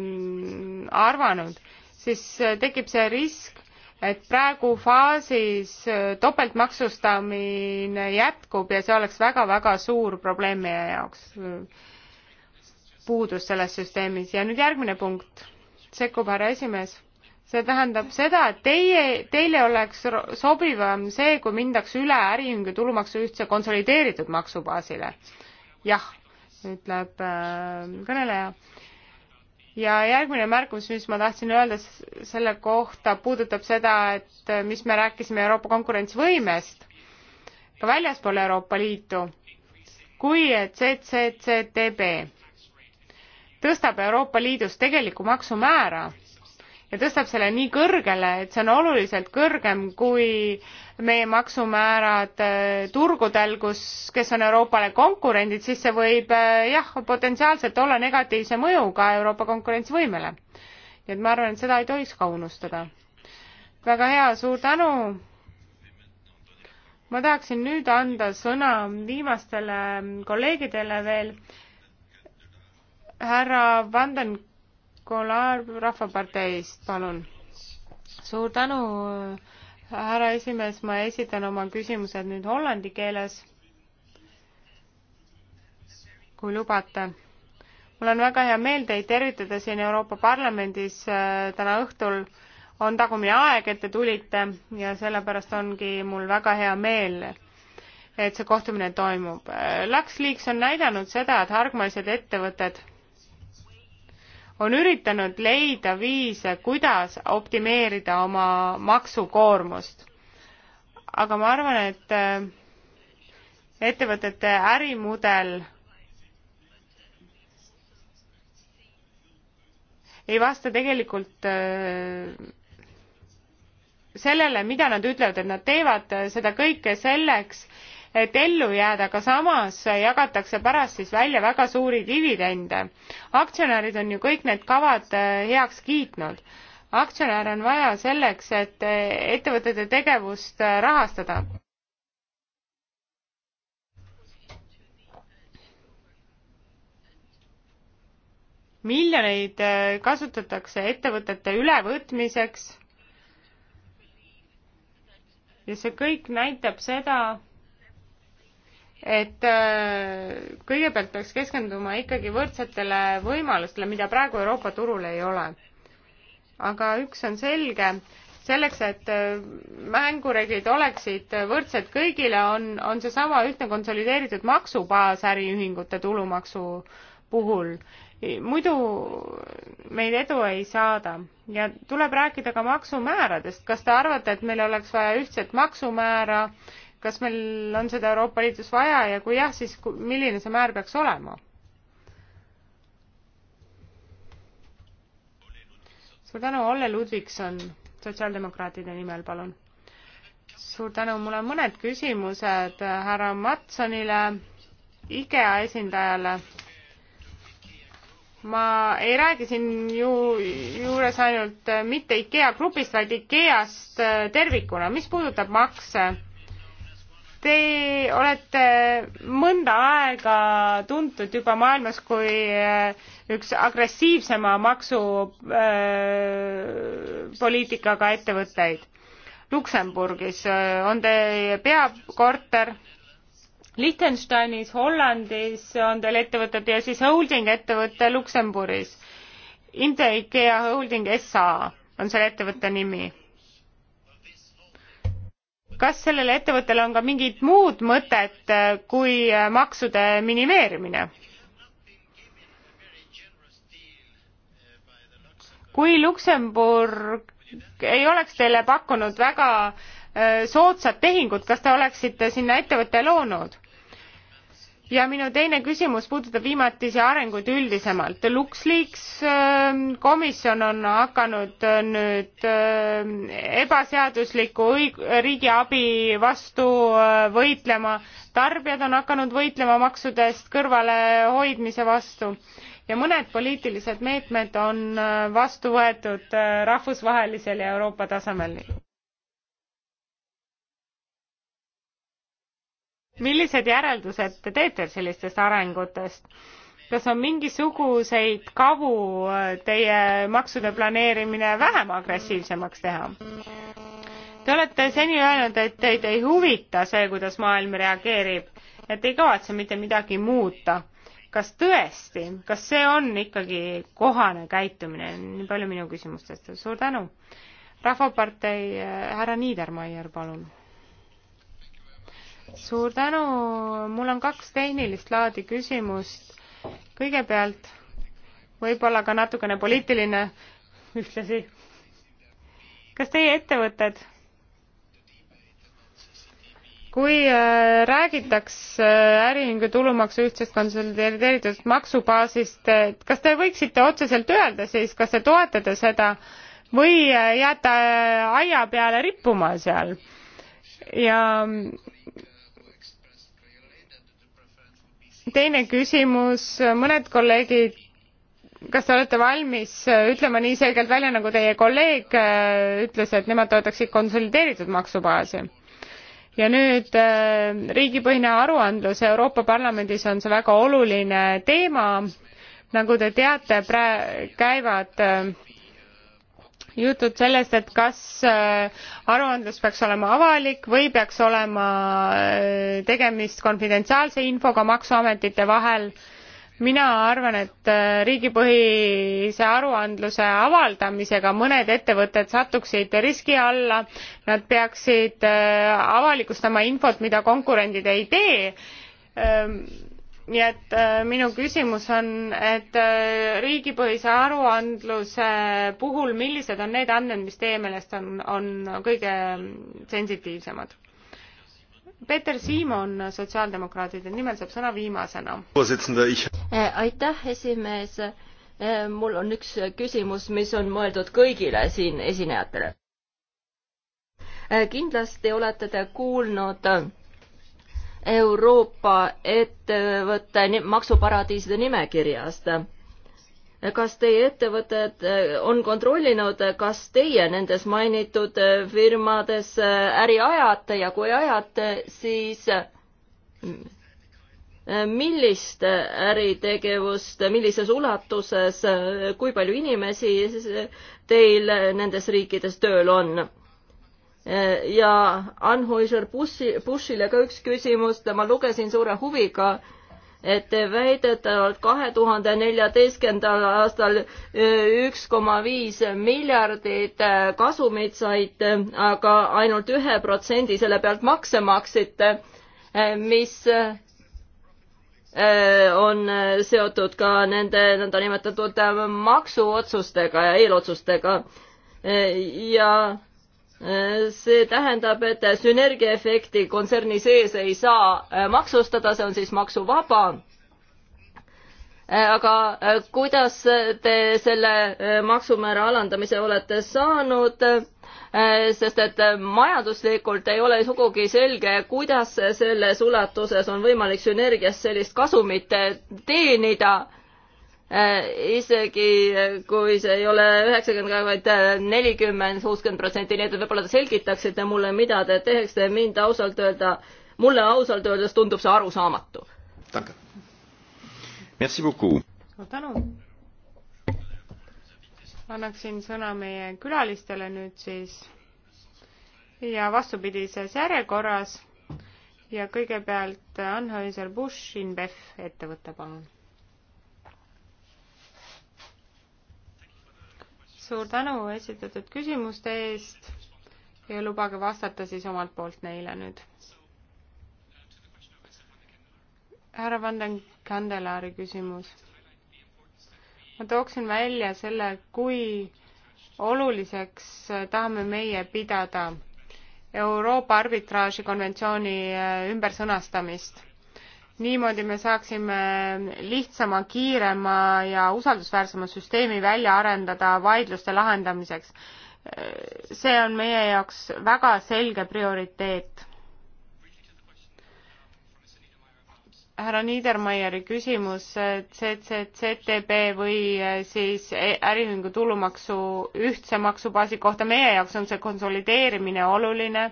arvanud, siis tekib see risk, et praegu faasis äh, topeltmaksustamine jätkub ja see oleks väga-väga suur probleem meie jaoks, äh, puudus selles süsteemis. ja nüüd järgmine punkt, sekkub härra esimees. see tähendab seda, et teie, teile oleks sobivam see, kui mindaks üle äriühingu tulumaksu ühtse konsolideeritud maksubaasile. jah, ütleb äh, kõneleja ja järgmine märkus, mis ma tahtsin öelda selle kohta, puudutab seda, et äh, mis me rääkisime Euroopa konkurentsivõimest ka väljaspool Euroopa Liitu, kui CCCTB tõstab Euroopa Liidus tegelikku maksumäära ja tõstab selle nii kõrgele, et see on oluliselt kõrgem kui meie maksumäärad äh, turgudel, kus, kes on Euroopale konkurendid, siis see võib äh, jah, potentsiaalselt olla negatiivse mõjuga Euroopa konkurentsivõimele. nii et ma arvan, et seda ei tohiks ka unustada. väga hea, suur tänu. ma tahaksin nüüd anda sõna viimastele kolleegidele veel. härra Vanden Kolar Rahvaparteist, palun. suur tänu, härra esimees, ma esitan oma küsimused nüüd hollandi keeles, kui lubate. mul on väga hea meel teid tervitada siin Euroopa Parlamendis äh, täna õhtul. on tagumine aeg, et te tulite ja sellepärast ongi mul väga hea meel et see kohtumine toimub. Äh, Lux Leaks on näidanud seda, et hargmaised ettevõtted on üritanud leida viise, kuidas optimeerida oma maksukoormust. aga ma arvan, et äh, ettevõtete ärimudel ei vasta tegelikult äh, sellele, mida nad ütlevad, et nad teevad äh, seda kõike selleks, et ellu jääda, aga samas jagatakse pärast siis välja väga suuri dividende. aktsionärid on ju kõik need kavad äh, heaks kiitnud. aktsionäre on vaja selleks, et äh, ettevõtete tegevust äh, rahastada. miljoneid kasutatakse ettevõtete ülevõtmiseks ja see kõik näitab seda, et äh, kõigepealt peaks keskenduma ikkagi võrdsetele võimalustele, mida praegu Euroopa turul ei ole. aga üks on selge, selleks, et äh, mängureeglid oleksid võrdsed kõigile, on, on seesama ühtne konsolideeritud maksubaas äriühingute tulumaksu puhul. muidu meid edu ei saada ja tuleb rääkida ka maksumääradest. kas te arvate, et meil oleks vaja ühtset maksumäära, kas meil on seda Euroopa Liidus vaja ja kui jah, siis milline see määr peaks olema? suur tänu, Olle Ludvikson sotsiaaldemokraatide nimel, palun. suur tänu, mul on mõned küsimused härra Matsonile, IKEA esindajale. ma ei räägi siin ju juures ainult mitte IKEA grupist, vaid IKEA-st tervikuna, mis puudutab makse Te olete mõnda aega tuntud juba maailmas kui äh, üks agressiivsema maksupoliitikaga äh, ettevõtteid. Luksemburgis äh, on teie peakorter, Liechtensteinis, Hollandis on teil ettevõtted ja siis holding ettevõte Luksemburgis. Inte IKEA Holding SA on selle ettevõtte nimi kas sellel ettevõttel on ka mingit muud mõtet äh, kui äh, maksude minimeerimine? kui Luksemburg ei oleks teile pakkunud väga äh, soodsat tehingut, kas te oleksite sinna ettevõtte loonud? ja minu teine küsimus puudutab viimatisi arenguid üldisemalt. LuxLeaks ähm, komisjon on hakanud äh, nüüd äh, ebaseadusliku õig-, riigiabi vastu äh, võitlema, tarbijad on hakanud võitlema maksudest kõrvalehoidmise vastu ja mõned poliitilised meetmed on vastu võetud rahvusvahelisel ja Euroopa tasemel millised järeldused te teete sellistest arengutest? kas on mingisuguseid kavu äh, teie maksude planeerimine vähem agressiivsemaks teha? Te olete seni öelnud, et teid ei huvita see, kuidas maailm reageerib, et ei kavatse mitte midagi muuta. kas tõesti, kas see on ikkagi kohane käitumine, nii palju minu küsimustest, suur tänu. rahvapartei äh, härra Niidermaier, palun suur tänu, mul on kaks tehnilist laadi küsimust. kõigepealt võib-olla ka natukene poliitiline ühtlasi. kas teie ettevõtted, kui äh, räägitakse äh, äriühingu tulumaksu ühtsest konsolideeritud maksubaasist, äh, kas te võiksite otseselt öelda siis, kas te toetate seda või jääte aia peale rippuma seal? ja teine küsimus, mõned kolleegid, kas te olete valmis äh, ütlema nii selgelt välja, nagu teie kolleeg äh, ütles, et nemad toetaksid konsolideeritud maksubaasi? ja nüüd äh, riigipõhine aruandlus Euroopa Parlamendis on see väga oluline teema, nagu te teate, käivad äh, jutud sellest, et kas äh, aruandlus peaks olema avalik või peaks olema äh, tegemist konfidentsiaalse infoga maksuametite vahel. mina arvan, et äh, riigipõhise aruandluse avaldamisega mõned ettevõtted satuksid riski alla, nad peaksid avalikustama infot, mida konkurendid ei tee nii et äh, minu küsimus on, et äh, riigipõhise aruandluse puhul, millised on need andmed, mis teie meelest on, on kõige sensitiivsemad? Peeter Siimon sotsiaaldemokraatide nimel saab sõna viimasena. Äh, aitäh, esimees. mul on üks küsimus, mis on mõeldud kõigile siin esinejatele. kindlasti olete te kuulnud Euroopa ettevõtte maksuparadiiside nimekirjast. kas teie ettevõtted eh, on kontrollinud, kas teie nendes mainitud eh, firmades eh, äri ajate ja kui ajate, siis millist äritegevust, millises ulatuses, kui palju inimesi teil nendes riikides tööl on? ja Anhuischer Bushi, Bushile ka üks küsimus, ma lugesin suure huviga, et väidetavalt kahe tuhande neljateistkümnendal aastal üks koma viis miljardit äh, kasumit saite, äh, aga ainult ühe protsendi selle pealt makse maksite, äh, mis on seotud ka nende nõndanimetatud maksuotsustega ja eelotsustega ja see tähendab, et sünergiaefekti kontserni sees ei saa äh, maksustada, see on siis maksuvaba. Äh, aga äh, kuidas te selle maksumäära alandamise olete saanud? sest et majanduslikult ei ole sugugi selge, kuidas selles ulatuses on võimalik sünergias sellist kasumit teenida Äh, isegi äh, kui see ei ole üheksakümmend, vaid äh, nelikümmend, kuuskümmend protsenti, nii et võib-olla te selgitaksite mulle, mida te teeksite, mind ausalt öelda, mulle ausalt öeldes tundub see arusaamatu. suur tänu. annaksin sõna meie külalistele nüüd siis ja vastupidises järjekorras ja kõigepealt Anheuser-Busch InBev ettevõte, palun suur tänu esitatud küsimuste eest ja lubage vastata siis omalt poolt neile nüüd. härra Vanden Kandelaari küsimus. ma tooksin välja selle, kui oluliseks tahame meie pidada Euroopa arbitraaži konventsiooni ümbersõnastamist niimoodi me saaksime lihtsama, kiirema ja usaldusväärsema süsteemi välja arendada vaidluste lahendamiseks. see on meie jaoks väga selge prioriteet. härra Niedermayeri küsimus CCCTB või siis äriühingu tulumaksu ühtse maksubaasi kohta, meie jaoks on see konsolideerimine oluline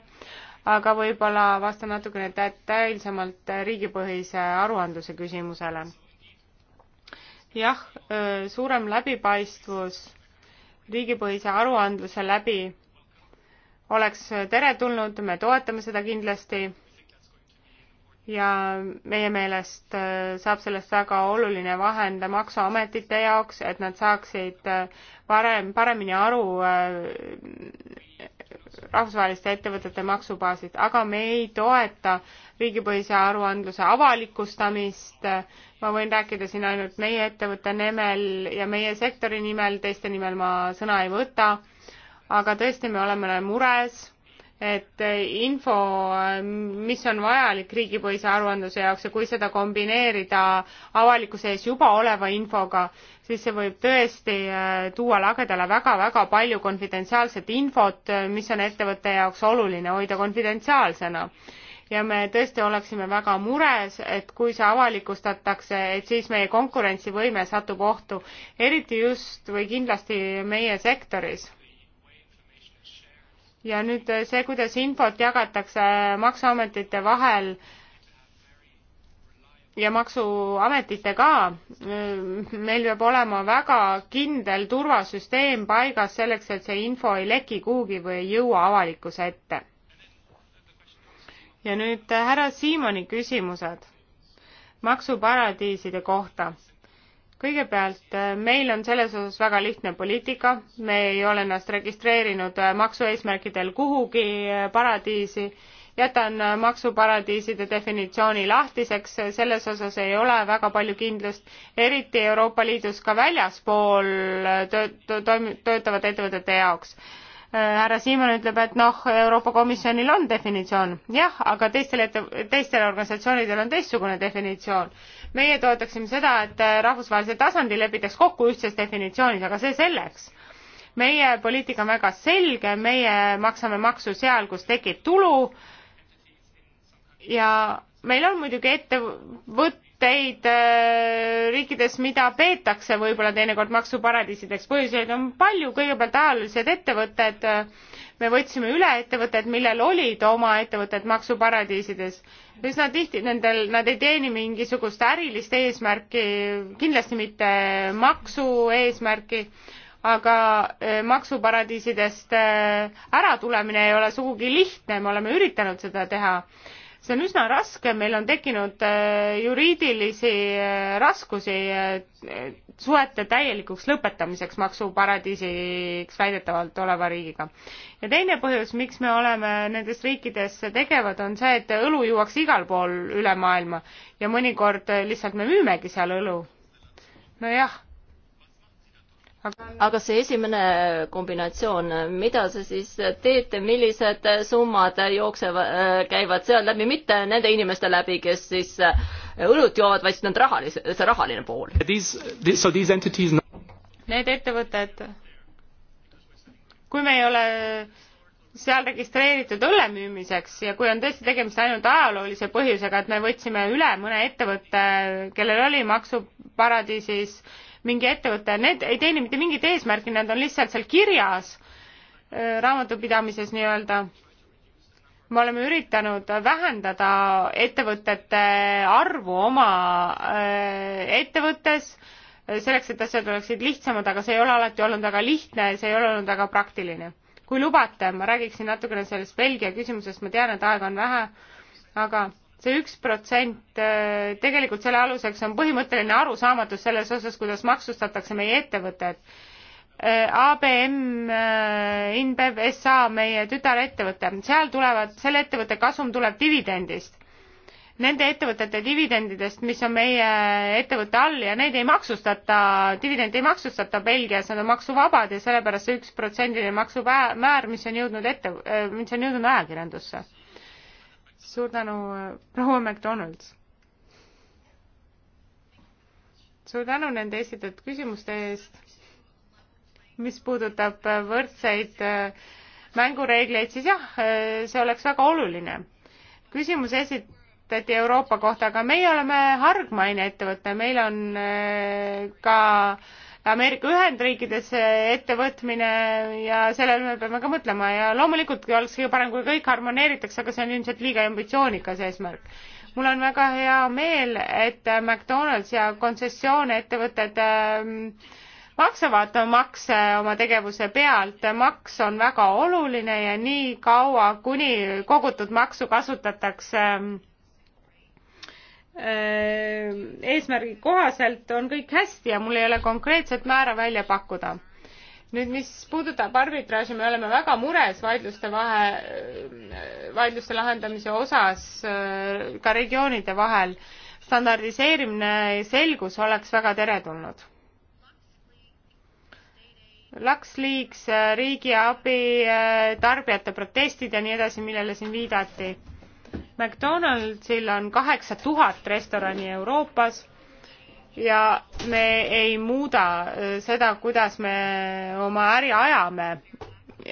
aga võib-olla vastan natukene detailsemalt riigipõhise aruandluse küsimusele. jah, suurem läbipaistvus riigipõhise aruandluse läbi oleks teretulnud, me toetame seda kindlasti ja meie meelest saab sellest väga oluline vahend maksuametite jaoks, et nad saaksid varem, paremini aru rahvusvaheliste ettevõtete maksubaasid, aga me ei toeta riigipõhise aruandluse avalikustamist. ma võin rääkida siin ainult meie ettevõtte nimel ja meie sektori nimel, teiste nimel ma sõna ei võta. aga tõesti, me oleme mures et info, mis on vajalik riigipõhise aruandluse jaoks ja kui seda kombineerida avalikkuse ees juba oleva infoga, siis see võib tõesti äh, tuua lagedale väga-väga palju konfidentsiaalset infot, äh, mis on ettevõtte jaoks oluline hoida konfidentsiaalsena. ja me tõesti oleksime väga mures, et kui see avalikustatakse, et siis meie konkurentsivõime satub ohtu, eriti just või kindlasti meie sektoris ja nüüd eh, see, kuidas infot jagatakse eh, maksuametite vahel ja maksuametite ka, eh, meil peab olema väga kindel turvasüsteem paigas selleks, et see info ei leki kuhugi või ei jõua avalikkuse ette. ja nüüd härra Siimoni küsimused maksuparadiiside kohta kõigepealt äh, meil on selles osas väga lihtne poliitika, me ei ole ennast registreerinud äh, maksueesmärkidel kuhugi äh, paradiisi, jätan maksuparadiiside definitsiooni lahtiseks, selles osas ei ole väga palju kindlust, eriti Euroopa Liidus ka väljaspool töötavate ettevõtete jaoks härra Siimon ütleb, et noh, Euroopa Komisjonil on definitsioon. jah, aga teistel ette, teistel organisatsioonidel on teistsugune definitsioon meie toetaksime seda, et äh, rahvusvahelisel tasandil lepitaks kokku ühtses definitsioonis, aga see selleks. meie poliitika on väga selge, meie maksame maksu seal, kus tekib tulu ja meil on muidugi ettevõtteid äh, riikides, mida peetakse võib-olla teinekord maksuparadiisideks, põhjuseid on palju, kõigepealt ajaloolised ettevõtted et, äh, me võtsime üle ettevõtted, millel olid oma ettevõtted maksuparadiisides. üsna tihti nendel, nad ei teeni mingisugust ärilist eesmärki, kindlasti mitte maksu eesmärki, aga eh, maksuparadiisidest eh, äratulemine ei ole sugugi lihtne, me oleme üritanud seda teha see on üsna raske, meil on tekkinud äh, juriidilisi äh, raskusi äh, suhete täielikuks lõpetamiseks maksuparadiisiks väidetavalt oleva riigiga. ja teine põhjus, miks me oleme nendes riikides tegevad, on see, et õlu juuakse igal pool üle maailma ja mõnikord lihtsalt me müümegi seal õlu. nojah aga see esimene kombinatsioon, mida te siis teete, millised summad jooksevad, äh, käivad seal läbi, mitte nende inimeste läbi, kes siis äh, õlut joovad, vaid siis nad rahalise, see rahaline pool? Need ettevõtted, kui me ei ole seal registreeritud õlle müümiseks ja kui on tõesti tegemist ainult ajaloolise põhjusega, et me võtsime üle mõne ettevõtte, kellel oli maksuparadiisis äh, mingi ettevõte, need ei teeni mitte mingit eesmärki, nad on lihtsalt seal kirjas äh, raamatupidamises nii-öelda. me oleme üritanud vähendada ettevõtete arvu oma äh, ettevõttes, äh, selleks, et asjad oleksid lihtsamad, aga see ei ole alati olnud väga lihtne, see ei ole olnud väga praktiline. kui lubate, ma räägiksin natukene sellest Belgia küsimusest, ma tean, et aega on vähe, aga see üks protsent, äh, tegelikult selle aluseks on põhimõtteline arusaamatus selles osas, kuidas maksustatakse meie ettevõtted. Äh, ABM, äh, InBev SA, meie tütarettevõte, seal tulevad, selle ettevõtte kasum tuleb dividendist. Nende ettevõtete dividendidest, mis on meie ettevõtte all ja neid ei maksustata, dividende ei maksustata Belgias, nad on maksuvabad ja sellepärast see üks protsendiline maksumäär, mis on jõudnud ette, mis on jõudnud ajakirjandusse suur tänu, äh, proua McDonalds. suur tänu nende esitatud küsimuste eest, mis puudutab äh, võrdseid äh, mängureegleid, siis jah, see oleks väga oluline. küsimus esitati Euroopa kohta, aga meie oleme hargmaine ettevõte, meil on ka äh, Ameerika Ühendriikidesse ettevõtmine ja sellele me peame ka mõtlema ja loomulikult oleks kõige parem, kui kõik harmoneeritakse, aga see on ilmselt liiga ambitsioonikas eesmärk. mul on väga hea meel, et McDonalds ja kontsessioonettevõtted ähm, maksavad makse oma tegevuse pealt, maks on väga oluline ja nii kaua, kuni kogutud maksu kasutatakse äh, Äh, eesmärgi kohaselt on kõik hästi ja mul ei ole konkreetset määra välja pakkuda. nüüd, mis puudutab arbitraaži, me oleme väga mures vaidluste vahe, äh, vaidluste lahendamise osas äh, ka regioonide vahel. standardiseerimine ja selgus oleks väga teretulnud. Luxleaks, riigiabi, tarbijate protestid ja nii edasi, millele siin viidati McDonaldsil on kaheksa tuhat restorani Euroopas ja me ei muuda äh, seda, kuidas me oma äri ajame,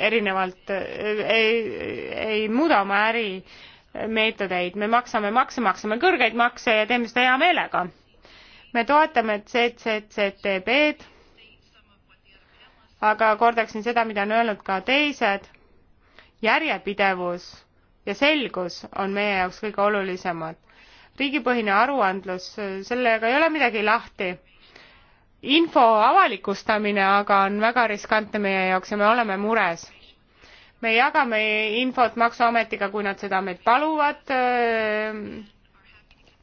erinevalt, äh, ei, ei muuda oma ärimeetodeid, me maksame makse, maksame kõrgeid makse ja teeme seda hea meelega. me toetame CCCTB-d, aga kordaksin seda, mida on öelnud ka teised, järjepidevus ja selgus on meie jaoks kõige olulisemad. riigipõhine aruandlus, sellega ei ole midagi lahti. info avalikustamine aga on väga riskantne meie jaoks ja me oleme mures me jagame infot Maksuametiga, kui nad seda meilt paluvad, äh,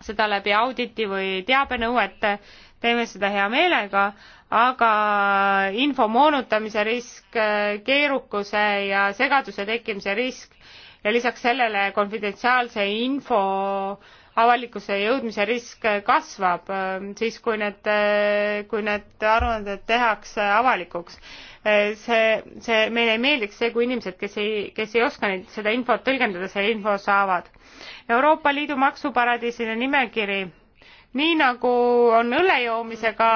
seda läbi auditi või teabenõuete, teeme seda hea meelega, aga info moonutamise risk, äh, keerukuse ja segaduse tekkimise risk ja lisaks sellele konfidentsiaalse info avalikkuse jõudmise risk kasvab äh, siis, kui need, äh, kui need aruanded tehakse avalikuks. Äh, see, see, meile ei meeldiks see, kui inimesed, kes ei, kes ei oska neid, seda infot tõlgendada, selle info saavad. Euroopa Liidu maksuparadiiside nimekiri nii nagu on õlle joomisega,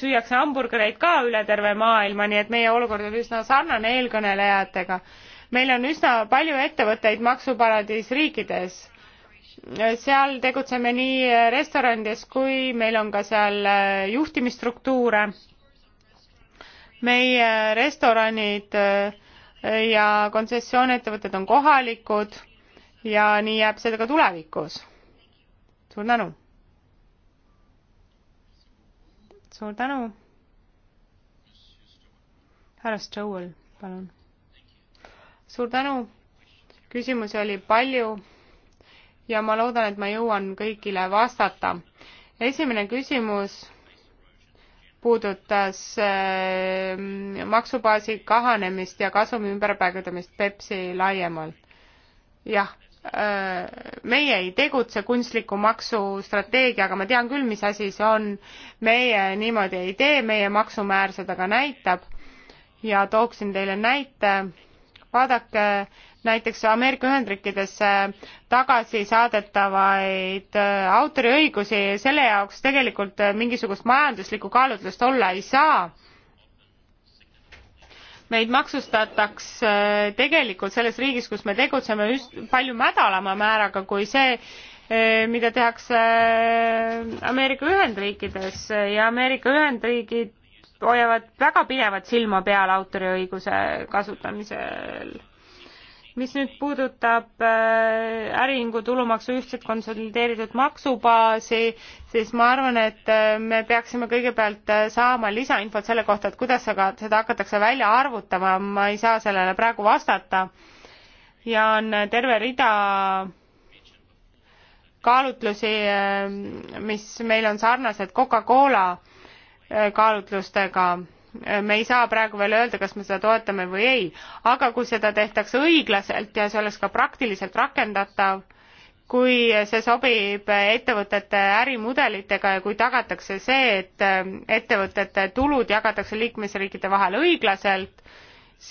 süüakse hamburgereid ka üle terve maailma, nii et meie olukord on üsna sarnane eelkõnelejatega meil on üsna palju ettevõtteid maksuparadiisriikides seal tegutseme nii restoranides kui meil on ka seal äh, juhtimisstruktuure meie restoranid äh, ja kontsessioonettevõtted on kohalikud ja nii jääb see ka tulevikus suur tänu suur tänu härra Stowell palun suur tänu, küsimusi oli palju ja ma loodan, et ma jõuan kõigile vastata. esimene küsimus puudutas äh, maksubaasi kahanemist ja kasumi ümberpaigutamist Pepsi laiemalt. jah äh,, meie ei tegutse kunstliku maksustrateegiaga, ma tean küll, mis asi see on, meie niimoodi ei tee, meie maksumäär seda ka näitab ja tooksin teile näite vaadake näiteks Ameerika Ühendriikidesse tagasi saadetavaid äh, autoriõigusi, selle jaoks tegelikult äh, mingisugust majanduslikku kaalutlust olla ei saa. meid maksustatakse äh, tegelikult selles riigis, kus me tegutseme, palju madalama määraga kui see, mida tehakse Ameerika Ühendriikides ja Ameerika Ühendriigid hoiavad väga pidevat silma peal autoriõiguse kasutamisel. mis nüüd puudutab äh, äriühingu tulumaksu ühtset konsolideeritud maksubaasi, siis ma arvan, et äh, me peaksime kõigepealt äh, saama lisainfot selle kohta, et kuidas aga seda hakatakse välja arvutama, ma ei saa sellele praegu vastata. ja on terve rida kaalutlusi, mis meil on sarnased Coca-Cola kaalutlustega me ei saa praegu veel öelda, kas me seda toetame või ei, aga kui seda tehtaks õiglaselt ja see oleks ka praktiliselt rakendatav, kui see sobib ettevõtete ärimudelitega ja kui tagatakse see, et äh, ettevõtete tulud jagatakse liikmesriikide vahel õiglaselt,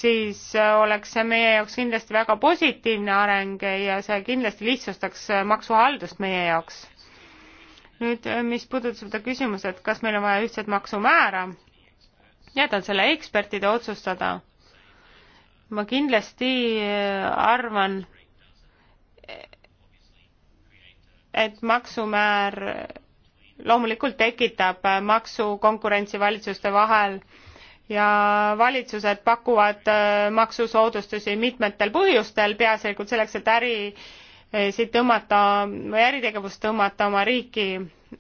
siis äh, oleks see meie jaoks kindlasti väga positiivne areng ja see kindlasti lihtsustaks maksuhaldust meie jaoks nüüd, äh, mis puudutab seda küsimust, et kas meil on vaja ühtset maksumäära, jätan selle ekspertide otsustada. ma kindlasti äh, arvan, et maksumäär äh, loomulikult tekitab maksukonkurentsi valitsuste vahel ja valitsused pakuvad maksusoodustusi mitmetel põhjustel, peaasjalikult selleks, et äri Eh, siit tõmmata või äritegevust tõmmata oma riiki,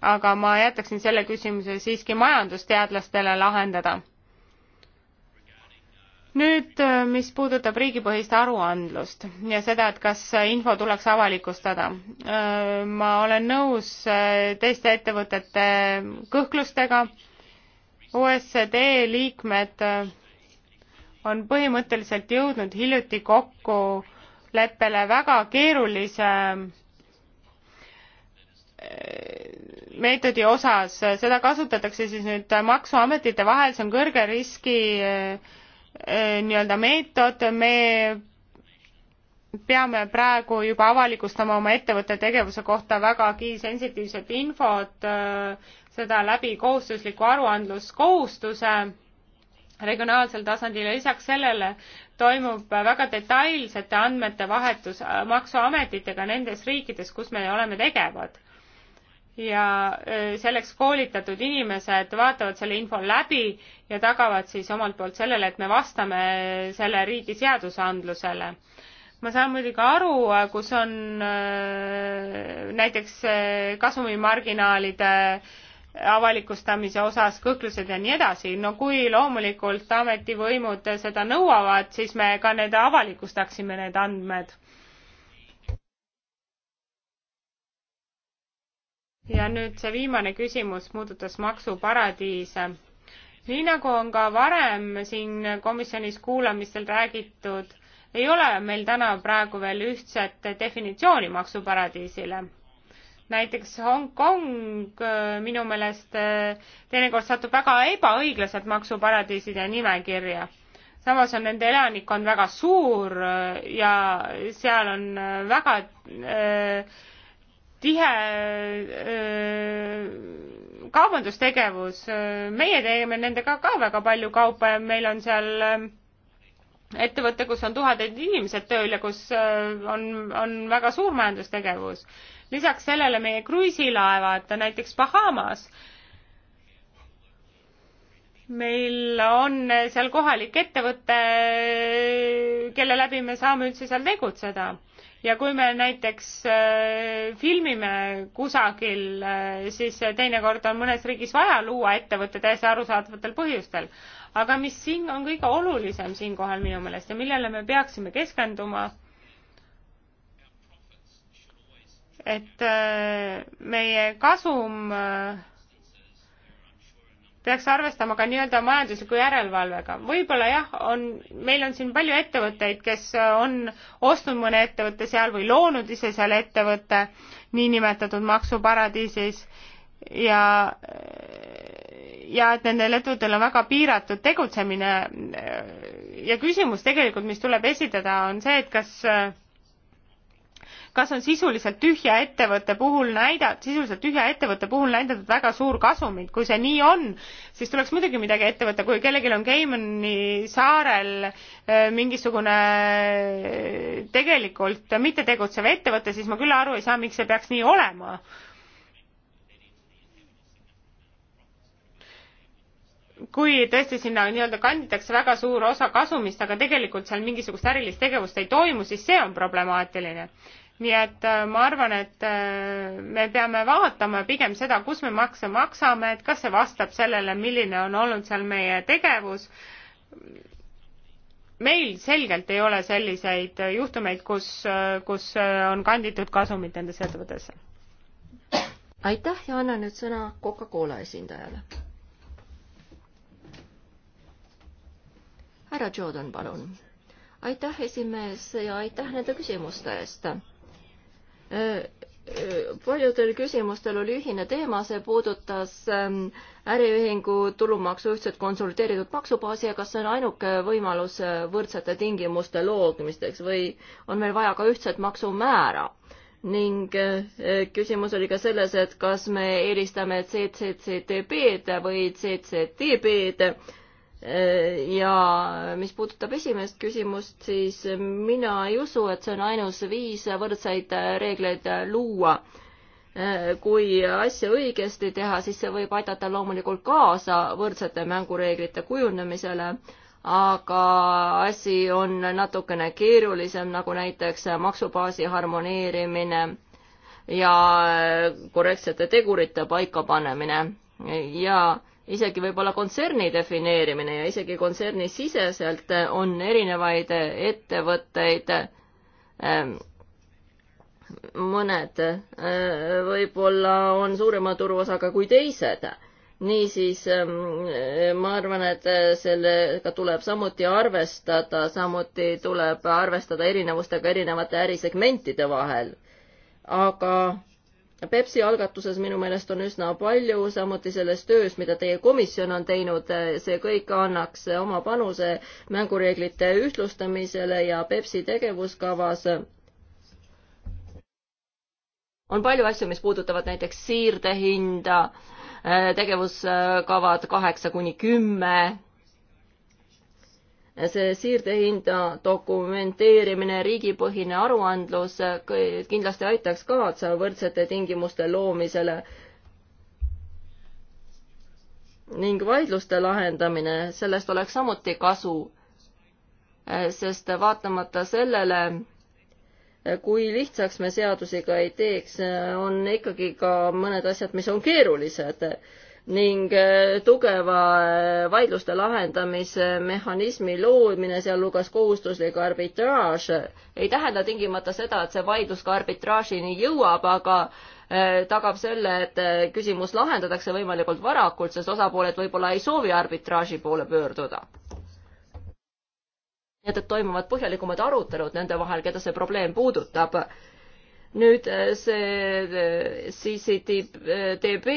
aga ma jätaksin selle küsimuse siiski majandusteadlastele lahendada. nüüd, eh, mis puudutab riigipõhist aruandlust ja seda, et kas info tuleks avalikustada. Eh, ma olen nõus teiste ettevõtete kõhklustega. OSCD liikmed on põhimõtteliselt jõudnud hiljuti kokku leppele väga keerulise eh, meetodi osas, seda kasutatakse siis nüüd maksuametite vahel, see on kõrge riski eh, eh, nii-öelda meetod, me peame praegu juba avalikustama oma ettevõtte tegevuse kohta vägagi sensitiivset infot, seda läbi kohustusliku aruandluskohustuse regionaalsel tasandil ja lisaks sellele toimub väga detailsete andmete vahetus äh, maksuametitega nendes riikides, kus me oleme tegevad. ja äh, selleks koolitatud inimesed vaatavad selle info läbi ja tagavad siis omalt poolt sellele, et me vastame selle riigi seadusandlusele ma saan muidugi aru, äh, kus on näiteks kasumimarginaalide äh, avalikustamise osas kõhklused ja nii edasi. no kui loomulikult ametivõimud seda nõuavad, siis me ka need avalikustaksime, need andmed. ja nüüd see viimane küsimus puudutas maksuparadiise. nii nagu on ka varem siin komisjonis kuulamistel räägitud, ei ole meil täna praegu veel ühtset definitsiooni maksuparadiisile näiteks Hongkong äh, minu meelest äh, teinekord satub väga ebaõiglaselt maksuparadiiside nimekirja. samas on nende elanikkond väga suur äh, ja seal on väga äh, tihe äh, kaubandustegevus. meie teeme nendega ka väga palju kaupa ja meil on seal ettevõte, kus on tuhanded inimesed tööl ja kus on, on väga suur majandustegevus lisaks sellele meie kruiisilaevad näiteks Bahamas. meil on seal kohalik ettevõte, kelle läbi me saame üldse seal tegutseda ja kui me näiteks äh, filmime kusagil, äh, siis teinekord on mõnes riigis vaja luua ettevõte täiesti arusaadavatel põhjustel. aga mis siin on kõige olulisem siinkohal minu meelest ja millele me peaksime keskenduma et äh, meie kasum äh, peaks arvestama ka nii-öelda majandusliku järelevalvega. võib-olla jah, on, meil on siin palju ettevõtteid, kes äh, on ostnud mõne ettevõtte seal või loonud ise seal ettevõtte niinimetatud maksuparadiisis ja, ja et nendel ettevõttel on väga piiratud tegutsemine. ja küsimus tegelikult, mis tuleb esitada, on see, et kas kas on sisuliselt tühja ettevõtte puhul näidat-, sisuliselt tühja ettevõtte puhul näidatud väga suur kasumit, kui see nii on, siis tuleks muidugi midagi ette võtta, kui kellelgi on Keimani saarel äh, mingisugune äh, tegelikult mittetegutsev ettevõte, siis ma küll aru ei saa, miks see peaks nii olema kui tõesti sinna nii-öelda kanditakse väga suur osa kasumist, aga tegelikult seal mingisugust ärilist tegevust ei toimu, siis see on problemaatiline nii et äh, ma arvan, et äh, me peame vaatama pigem seda, kus me makse maksame, et kas see vastab sellele, milline on olnud seal meie tegevus. meil selgelt ei ole selliseid juhtumeid, kus, äh, kus on kanditud kasumit nendes ettevõttes. aitäh ja annan nüüd sõna Coca-Cola esindajale. härra Jordan, palun aitäh, esimees ja aitäh nende küsimuste eest paljudel küsimustel oli ühine teema, see puudutas ähm, äriühingu tulumaksu ühtset konsolideeritud maksubaasi ja kas see on ainuke võimalus äh, võrdsete tingimuste loomisteks või on meil vaja ka ühtset maksumäära? ning äh, küsimus oli ka selles, et kas me eelistame CCCTB-d või CCTB-d ja mis puudutab esimest küsimust, siis mina ei usu, et see on ainus viis võrdseid reegleid luua. kui asja õigesti teha, siis see võib aidata loomulikult kaasa võrdsete mängureeglite kujunemisele, aga asi on natukene keerulisem, nagu näiteks maksubaasi harmoneerimine ja korrektsete tegurite paikapanemine ja isegi võib-olla kontserni defineerimine ja isegi kontserni siseselt eh, on erinevaid eh, ettevõtteid, ehm, mõned eh, võib-olla on suurema turuosaga kui teised. niisiis ehm, ma arvan, et sellega tuleb samuti arvestada, samuti tuleb arvestada erinevustega erinevate ärisegmentide vahel. aga Pepsi algatuses minu meelest on üsna palju, samuti selles töös, mida teie komisjon on teinud, see kõik annaks oma panuse mängureeglite ühtlustamisele ja Pepsi tegevuskavas on palju asju, mis puudutavad näiteks siirdehinda, tegevuskavad kaheksa kuni kümme see siirdehinda dokumenteerimine, riigipõhine aruandlus kindlasti aitaks kaasa võrdsete tingimuste loomisele ning vaidluste lahendamine, sellest oleks samuti kasu, sest vaatamata sellele, kui lihtsaks me seadusi ka ei teeks, on ikkagi ka mõned asjad, mis on keerulised ning äh, tugeva äh, vaidluste lahendamise mehhanismi loomine, sealhulgas kohustuslik arbitraaž, ei tähenda tingimata seda, et see vaidlus ka arbitraažini jõuab, aga äh, tagab selle, et küsimus lahendatakse võimalikult varakult, sest osapooled võib-olla ei soovi arbitraaži poole pöörduda. nii et, et toimuvad põhjalikumad arutelud nende vahel, keda see probleem puudutab nüüd äh, see äh, CCTB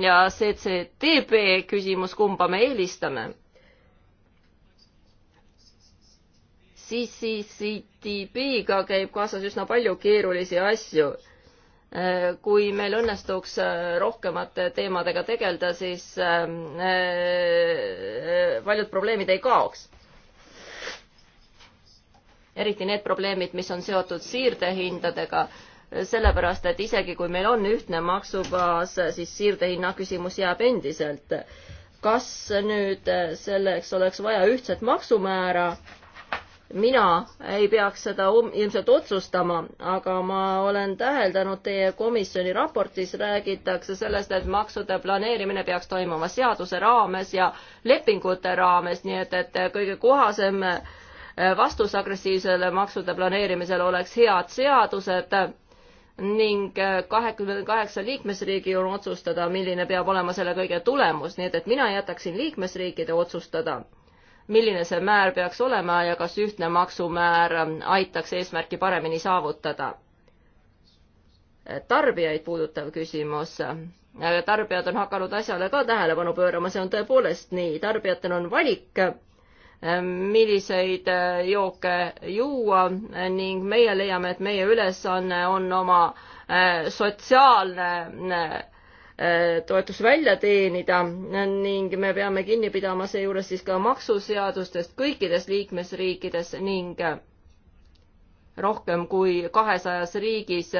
ja CCTB küsimus, kumba me eelistame? CCTB-ga käib kaasas üsna palju keerulisi asju. Äh, kui meil õnnestuks rohkemate teemadega tegeleda, siis paljud probleemid ei kaoks eriti need probleemid, mis on seotud siirdehindadega sellepärast et isegi kui meil on ühtne maksubaas, siis siirdehinna küsimus jääb endiselt. kas nüüd selleks oleks vaja ühtset maksumäära? mina ei peaks seda um-, ilmselt otsustama, aga ma olen täheldanud, teie komisjoni raportis räägitakse sellest, et maksude planeerimine peaks toimuma seaduse raames ja lepingute raames, nii et, et kõige kohasem vastus agressiivsele maksude planeerimisele oleks head seadused ning äh, kahekümne kaheksa liikmesriigi on otsustada, milline peab olema selle kõige tulemus, nii et, et mina jätaksin liikmesriikide otsustada, milline see määr peaks olema ja kas ühtne maksumäär äh, aitaks eesmärki paremini saavutada. Äh, tarbijaid puudutav küsimus. tarbijad on hakanud asjale ka tähelepanu pöörama, see on tõepoolest nii, tarbijatel on valik Ehm, milliseid eh, jooke juua ning meie leiame, et meie ülesanne on oma eh, sotsiaalne eh, toetus välja teenida ning me peame kinni pidama seejuures siis ka maksuseadustest kõikides liikmesriikides ning rohkem kui kahesajas riigis,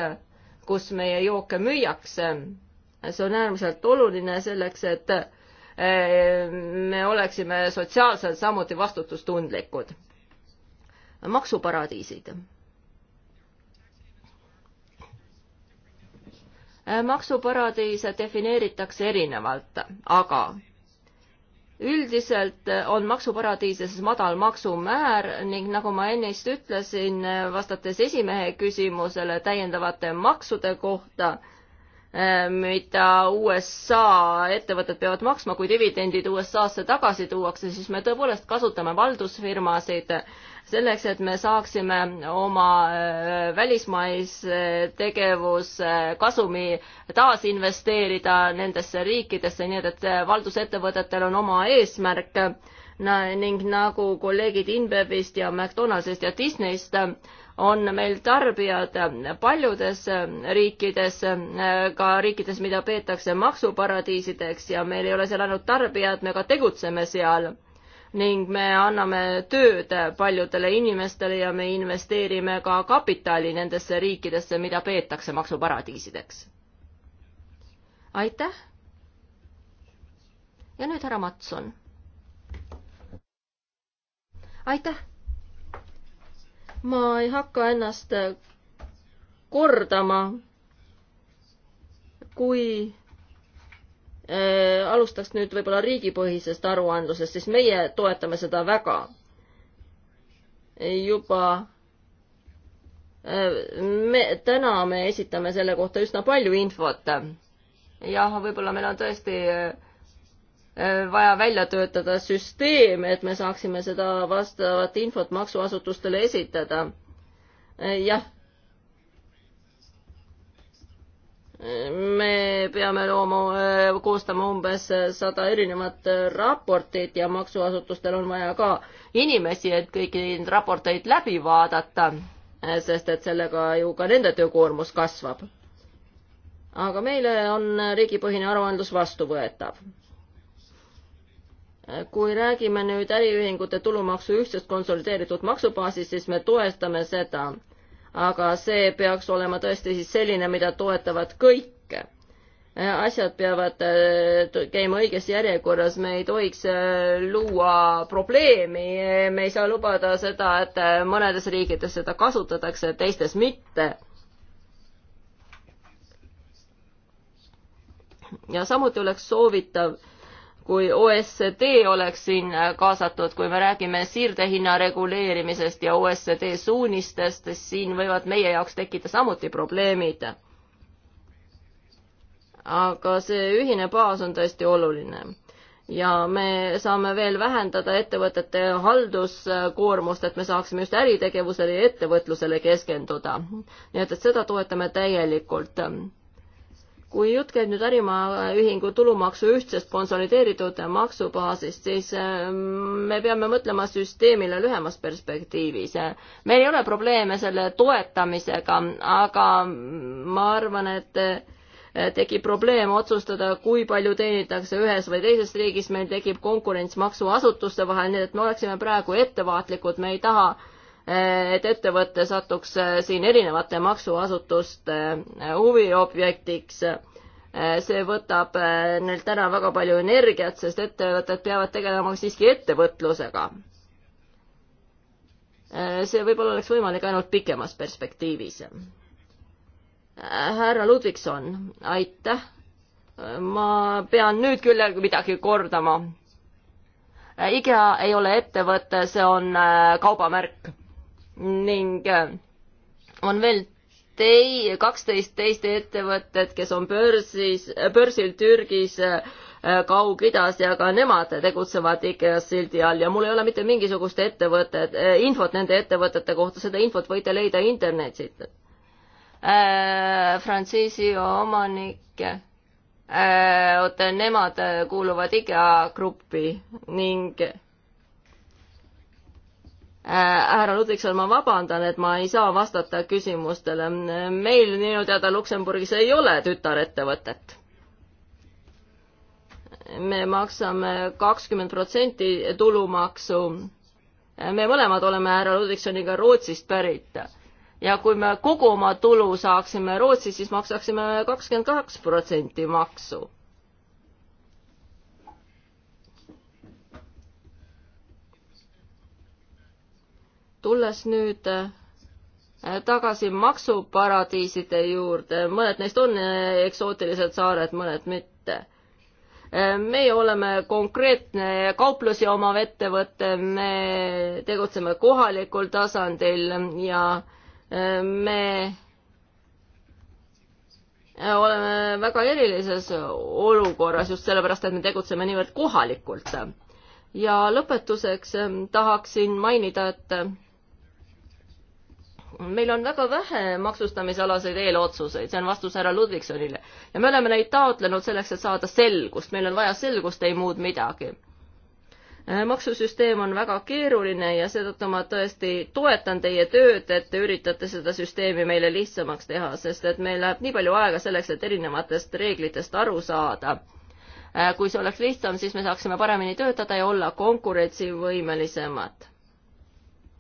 kus meie jooke müüakse. see on äärmiselt oluline selleks, et me oleksime sotsiaalselt samuti vastutustundlikud. maksuparadiisid. maksuparadiise defineeritakse erinevalt, aga üldiselt on maksuparadiises madal maksumäär ning nagu ma ennist ütlesin, vastates esimehe küsimusele täiendavate maksude kohta, Äh, mida USA ettevõtted peavad maksma, kui dividendid USA-sse tagasi tuuakse, siis me tõepoolest kasutame valdusfirmasid selleks, et me saaksime oma äh, välismaise tegevuse kasumi taasinvesteerida nendesse riikidesse, nii et, et valdusettevõtetel on oma eesmärk na, ning nagu kolleegid InBevist ja McDonaldsist ja Disneyst, on meil tarbijad paljudes riikides, ka riikides, mida peetakse maksuparadiisideks ja meil ei ole seal ainult tarbijad, me ka tegutseme seal. ning me anname tööd paljudele inimestele ja me investeerime ka kapitali nendesse riikidesse, mida peetakse maksuparadiisideks. aitäh! ja nüüd härra Matson. aitäh! ma ei hakka ennast kordama, kui eh, alustaks nüüd võib-olla riigipõhisest aruandlusest, siis meie toetame seda väga. juba eh, me, täna me esitame selle kohta üsna palju infot. jah, võib-olla meil on tõesti äh, Äh, vaja välja töötada süsteem, et me saaksime seda vastavat infot maksuasutustele esitada. Äh, jah. me peame looma, äh, koostama umbes sada erinevat raportit ja maksuasutustel on vaja ka inimesi, et kõiki neid raporteid läbi vaadata, sest et sellega ju ka nende töökoormus kasvab. aga meile on riigipõhine aruandlus vastuvõetav kui räägime nüüd äriühingute tulumaksu ühtsest konsolideeritud maksubaasist, siis me toetame seda. aga see peaks olema tõesti siis selline, mida toetavad kõik. Äh, asjad peavad äh, käima õiges järjekorras, me ei tohiks äh, luua probleemi, me ei saa lubada seda, et mõnedes riikides seda kasutatakse, teistes mitte ja samuti oleks soovitav äh, kui OSCD oleks siin äh, kaasatud, kui me räägime siirdehinna reguleerimisest ja OSCD suunistest, siis siin võivad meie jaoks tekkida samuti probleemid. aga see ühine baas on tõesti oluline ja me saame veel vähendada ettevõtete halduskoormust, et me saaksime just äritegevusele ja ettevõtlusele keskenduda. nii et, et seda toetame täielikult kui jutt käib nüüd äriühingu tulumaksu ühtsest konsolideeritud maksubaasist, siis äh, me peame mõtlema süsteemile lühemas perspektiivis. meil ei ole probleeme selle toetamisega, aga ma arvan, et äh, tekib probleem otsustada, kui palju teenitakse ühes või teises riigis, meil tekib konkurents maksuasutuste vahel, nii et me oleksime praegu ettevaatlikud, me ei taha äh, et ettevõte satuks äh, siin erinevate maksuasutuste äh, huviobjektiks. Äh, see võtab neilt ära väga palju energiat, sest ettevõtted peavad tegelema siiski ettevõtlusega. see võib-olla oleks võimalik ainult pikemas perspektiivis. härra Ludvikson, aitäh. ma pean nüüd küll midagi kordama IKEA ei ole ettevõte, see on kaubamärk ning äh, on veel tei-, kaksteist teist ettevõtet, kes on börsis, äh, börsil Türgis, äh, Kaug-Idas ja ka nemad tegutsevad IKEA sildi all ja mul ei ole mitte mingisugust ettevõtet, infot nende ettevõtete kohta, seda infot võite leida internetist äh,. Frantsiisi omanik äh,, nemad kuuluvad IKEA gruppi ning äh, Äh, härra Ludvigson, ma vabandan, et ma ei saa vastata küsimustele. meil minu teada Luksemburgis ei ole tütarettevõtet. me maksame kakskümmend protsenti tulumaksu. me mõlemad oleme härra Ludvigsoniga Rootsist pärit ja kui me kogu oma tulu saaksime Rootsis, siis maksaksime kakskümmend kaks protsenti maksu tulles nüüd äh, tagasi maksuparadiiside juurde, mõned neist on äh, eksootilised saared, mõned mitte. Äh, meie oleme konkreetne kauplusi omav ettevõte, me tegutseme kohalikul tasandil ja me oleme väga erilises olukorras just sellepärast, et me tegutseme niivõrd kohalikult. ja lõpetuseks tahaksin mainida, et meil on väga vähe maksustamisalaseid eelotsuseid, see on vastus härra Ludvigsonile. ja me oleme neid taotlenud selleks, et saada selgust, meil on vaja selgust, ei muud midagi. Äh, maksusüsteem on väga keeruline ja seetõttu ma tõesti toetan teie tööd, et te üritate seda süsteemi meile lihtsamaks teha, sest et meil läheb nii palju aega selleks, et erinevatest reeglitest aru saada äh, kui see oleks lihtsam, siis me saaksime paremini töötada ja olla konkurentsivõimelisemad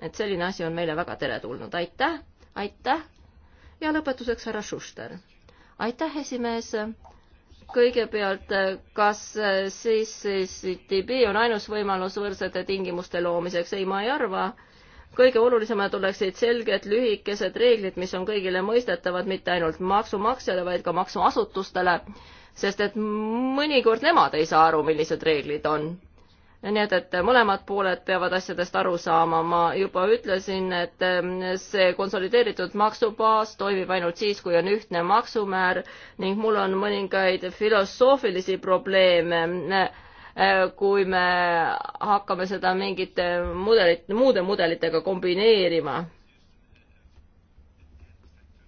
et selline asi on meile väga teretulnud, aitäh, aitäh. ja lõpetuseks härra Schuster. aitäh, esimees. kõigepealt, kas siis, siis DB on ainus võimalus võrdsete tingimuste loomiseks? ei, ma ei arva kõige olulisemad oleksid selged lühikesed reeglid, mis on kõigile mõistetavad mitte ainult maksumaksjale, vaid ka maksuasutustele, sest et mõnikord nemad ei saa aru, millised reeglid on nii et, et mõlemad pooled peavad asjadest aru saama, ma juba ütlesin, et ähm, see konsolideeritud maksubaas toimib ainult siis, kui on ühtne maksumäär ning mul on mõningaid filosoofilisi probleeme, äh, kui me hakkame seda mingite mudelit, muude mudelitega kombineerima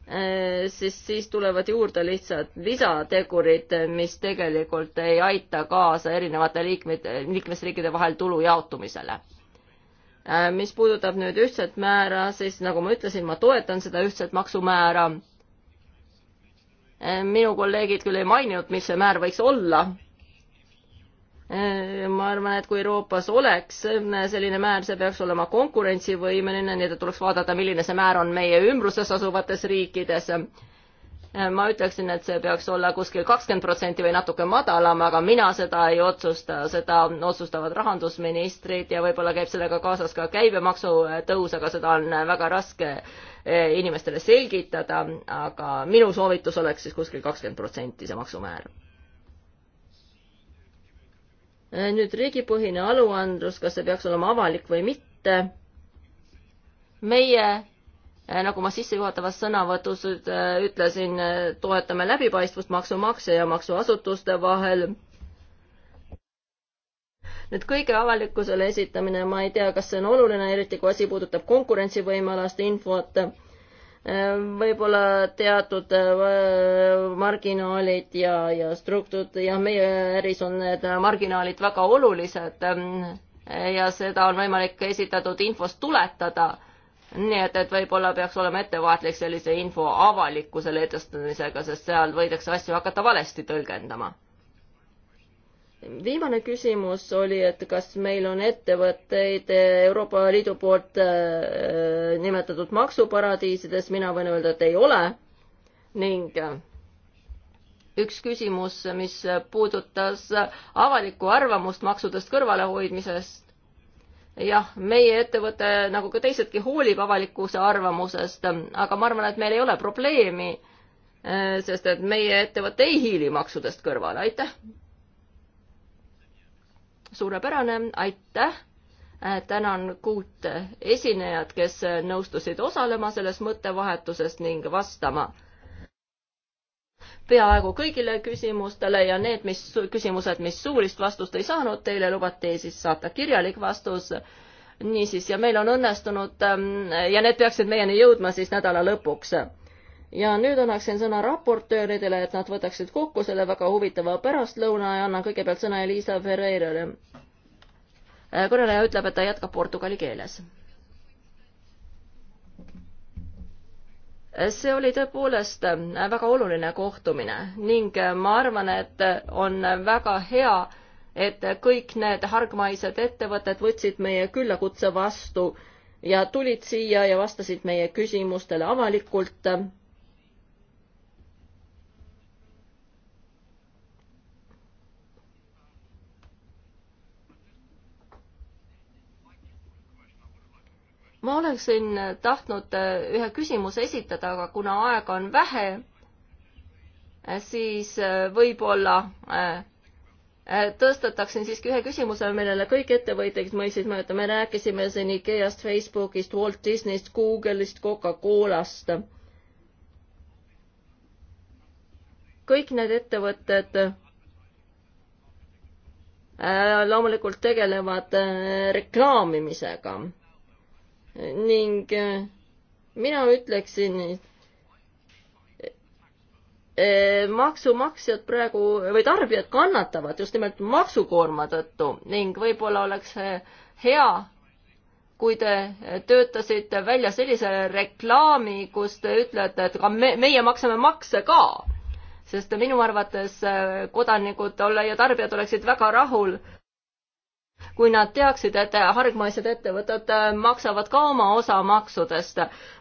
Äh, siis, siis tulevad juurde lihtsalt lisategurid, mis tegelikult ei aita kaasa erinevate liikmete, liikmesriikide vahel tulu jaotumisele äh, mis puudutab nüüd ühtset määra, siis nagu ma ütlesin, ma toetan seda ühtset maksumäära. Äh, minu kolleegid küll ei maininud, mis see määr võiks olla. Äh, ma arvan, et kui Euroopas oleks äh, selline määr, see peaks olema konkurentsivõimeline, nii et tuleks vaadata, milline see määr on meie ümbruses asuvates riikides. Äh, ma ütleksin, et see peaks olla kuskil kakskümmend protsenti või natuke madalam, aga mina seda ei otsusta, seda otsustavad rahandusministrid ja võib-olla käib sellega kaasas ka käibemaksu tõus, aga seda on väga raske inimestele selgitada, aga minu soovitus oleks siis kuskil kakskümmend protsenti see maksumäär Äh, nüüd riigipõhine aluandlus, kas see peaks olema avalik või mitte. meie, äh, nagu ma sissejuhatavas sõnavõtus äh, ütlesin, toetame läbipaistvust maksumaksja ja maksuasutuste vahel. nüüd kõige avalikkusele esitamine, ma ei tea, kas see on oluline, eriti kui asi puudutab konkurentsivõimealast infot võib-olla teatud äh, marginaalid ja, ja struktuurid ja meie äris on need marginaalid väga olulised äh, ja seda on võimalik esitatud infost tuletada. nii et, et võib-olla peaks olema ettevaatlik sellise info avalikkusele edastamisega, sest seal võidakse asju hakata valesti tõlgendama viimane küsimus oli, et kas meil on ettevõtteid Euroopa Liidu poolt äh, nimetatud maksuparadiisides, mina võin öelda, et ei ole. ning äh, üks küsimus, mis puudutas avalikku arvamust maksudest kõrvalehoidmisest. jah, meie ettevõte, nagu ka teisedki, hoolib avalikkuse arvamusest, aga ma arvan, et meil ei ole probleemi, äh, sest et meie ettevõte ei hiili maksudest kõrvale, aitäh suurepärane, aitäh! Äh, tänan kuut esinejat, kes nõustusid osalema selles mõttevahetuses ning vastama peaaegu kõigile küsimustele ja need, mis, küsimused, mis suulist vastust ei saanud, teile lubati siis saata kirjalik vastus. niisiis, ja meil on õnnestunud ähm, ja need peaksid meieni jõudma siis nädala lõpuks ja nüüd annaksin sõna raportööridele, et nad võtaksid kokku selle väga huvitava pärastlõuna ja annan kõigepealt sõna Elisa Ferreirale. Äh, kõneleja ütleb, et ta jätkab portugali keeles. Äh, see oli tõepoolest äh, väga oluline kohtumine ning ma arvan, et on väga hea, et kõik need hargmaised ettevõtted võtsid meie küllakutse vastu ja tulid siia ja vastasid meie küsimustele avalikult ma oleksin tahtnud eh, ühe küsimuse esitada, aga kuna aega on vähe, eh, siis eh, võib-olla tõstataksin siiski ühe küsimuse, millele kõik ettevõtjad mõistsid mõelda. me rääkisime siin IKEA-st, Facebookist, Walt Disneyst, Google'ist, Coca-Colast. kõik need ettevõtted loomulikult tegelevad reklaamimisega ning äh, mina ütleksin, äh, maksumaksjad praegu või tarbijad kannatavad just nimelt maksukoorma tõttu ning võib-olla oleks äh, hea, kui te töötasite välja sellise reklaami, kus te ütlete, et ka me, meie maksame makse ka. sest minu arvates kodanikud olla ja tarbijad oleksid väga rahul kui nad teaksid, et hargmaised ettevõtted äh, maksavad ka oma osa maksudest,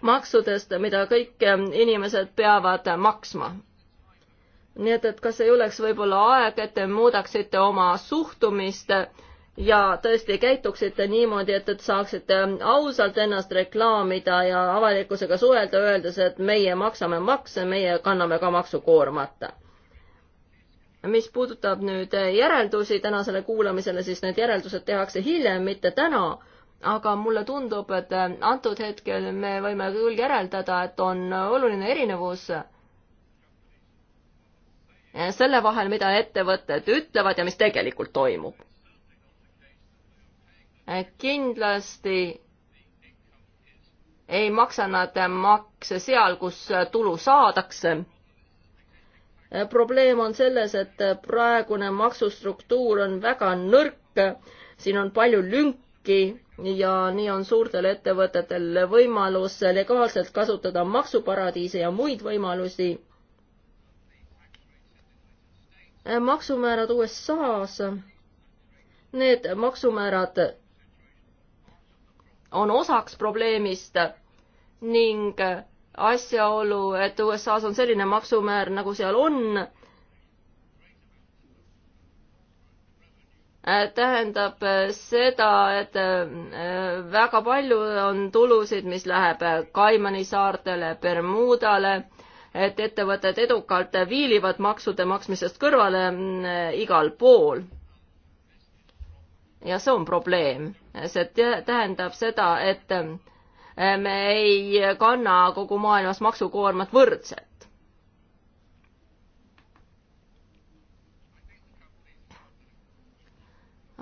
maksudest, mida kõik äh, inimesed peavad äh, maksma. nii et, et kas ei oleks võib-olla aeg, et te muudaksite oma suhtumist ja tõesti käituksite niimoodi, et, et saaksite ausalt ennast reklaamida ja avalikkusega suhelda, öeldes, et meie maksame makse, meie kanname ka maksukoormat mis puudutab nüüd äh, järeldusi tänasele kuulamisele, siis need järeldused tehakse hiljem, mitte täna. aga mulle tundub, et äh, antud hetkel me võime küll järeldada, et on oluline erinevus äh, selle vahel, mida ettevõtted ütlevad ja mis tegelikult toimub. kindlasti ei maksa nad makse seal, kus tulu saadakse probleem on selles, et praegune maksustruktuur on väga nõrk, siin on palju lünki ja nii on suurtel ettevõtetel võimalus legaalselt kasutada maksuparadiise ja muid võimalusi. maksumäärad USA-s, need maksumäärad on osaks probleemist ning asjaolu, et USA-s on selline maksumäär, nagu seal on, tähendab seda, et äh, väga palju on tulusid, mis läheb Kaimani saartele, Bermudale, et ettevõtted edukalt viilivad maksude maksmisest kõrvale äh, igal pool ja see on probleem. see tähendab seda, et me ei kanna kogu maailmas maksukoormat võrdselt.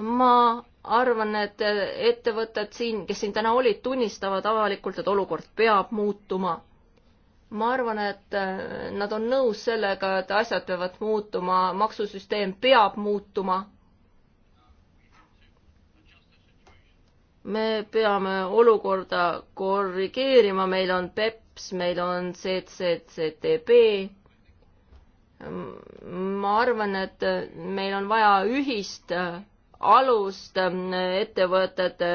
ma arvan, et ettevõtted siin, kes siin täna olid, tunnistavad avalikult, et olukord peab muutuma. ma arvan, et nad on nõus sellega, et asjad peavad muutuma, maksusüsteem peab muutuma me peame olukorda korrigeerima, meil on PEPS, meil on CCCTB. ma arvan, et meil on vaja ühist alust ettevõtete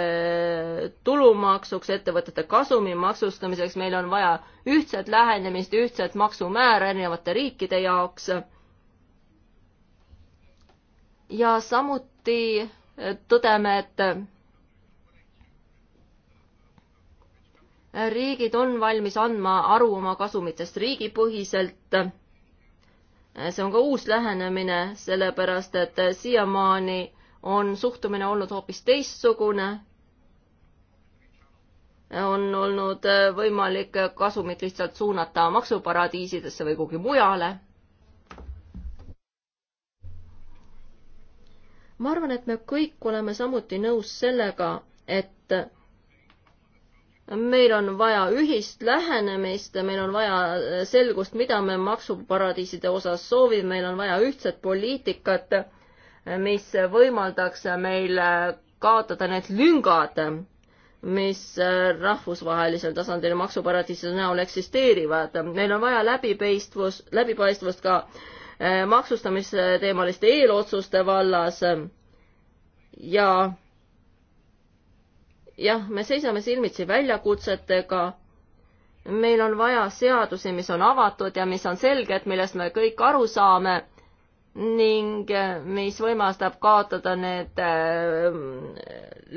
tulumaksuks, ettevõtete kasumi maksustamiseks, meil on vaja ühtset lähenemist, ühtset maksumäära erinevate riikide jaoks. ja samuti tõdeme, et riigid on valmis andma aru oma kasumitest riigipõhiselt. see on ka uus lähenemine, sellepärast et siiamaani on suhtumine olnud hoopis teistsugune. on olnud võimalik kasumit lihtsalt suunata maksuparadiisidesse või kuhugi mujale. ma arvan, et me kõik oleme samuti nõus sellega, et meil on vaja ühist lähenemist, meil on vaja selgust, mida me maksuparadiiside osas soovime, meil on vaja ühtset poliitikat, mis võimaldaks meil kaotada need lüngad, mis rahvusvahelisel tasandil maksuparadiiside näol eksisteerivad. meil on vaja läbipaistvus, läbipaistvust ka eh, maksustamisteemaliste eelotsuste vallas ja jah, me seisame silmitsi väljakutsetega. meil on vaja seadusi, mis on avatud ja mis on selged, millest me kõik aru saame ning eh, mis võimaldab kaotada need eh,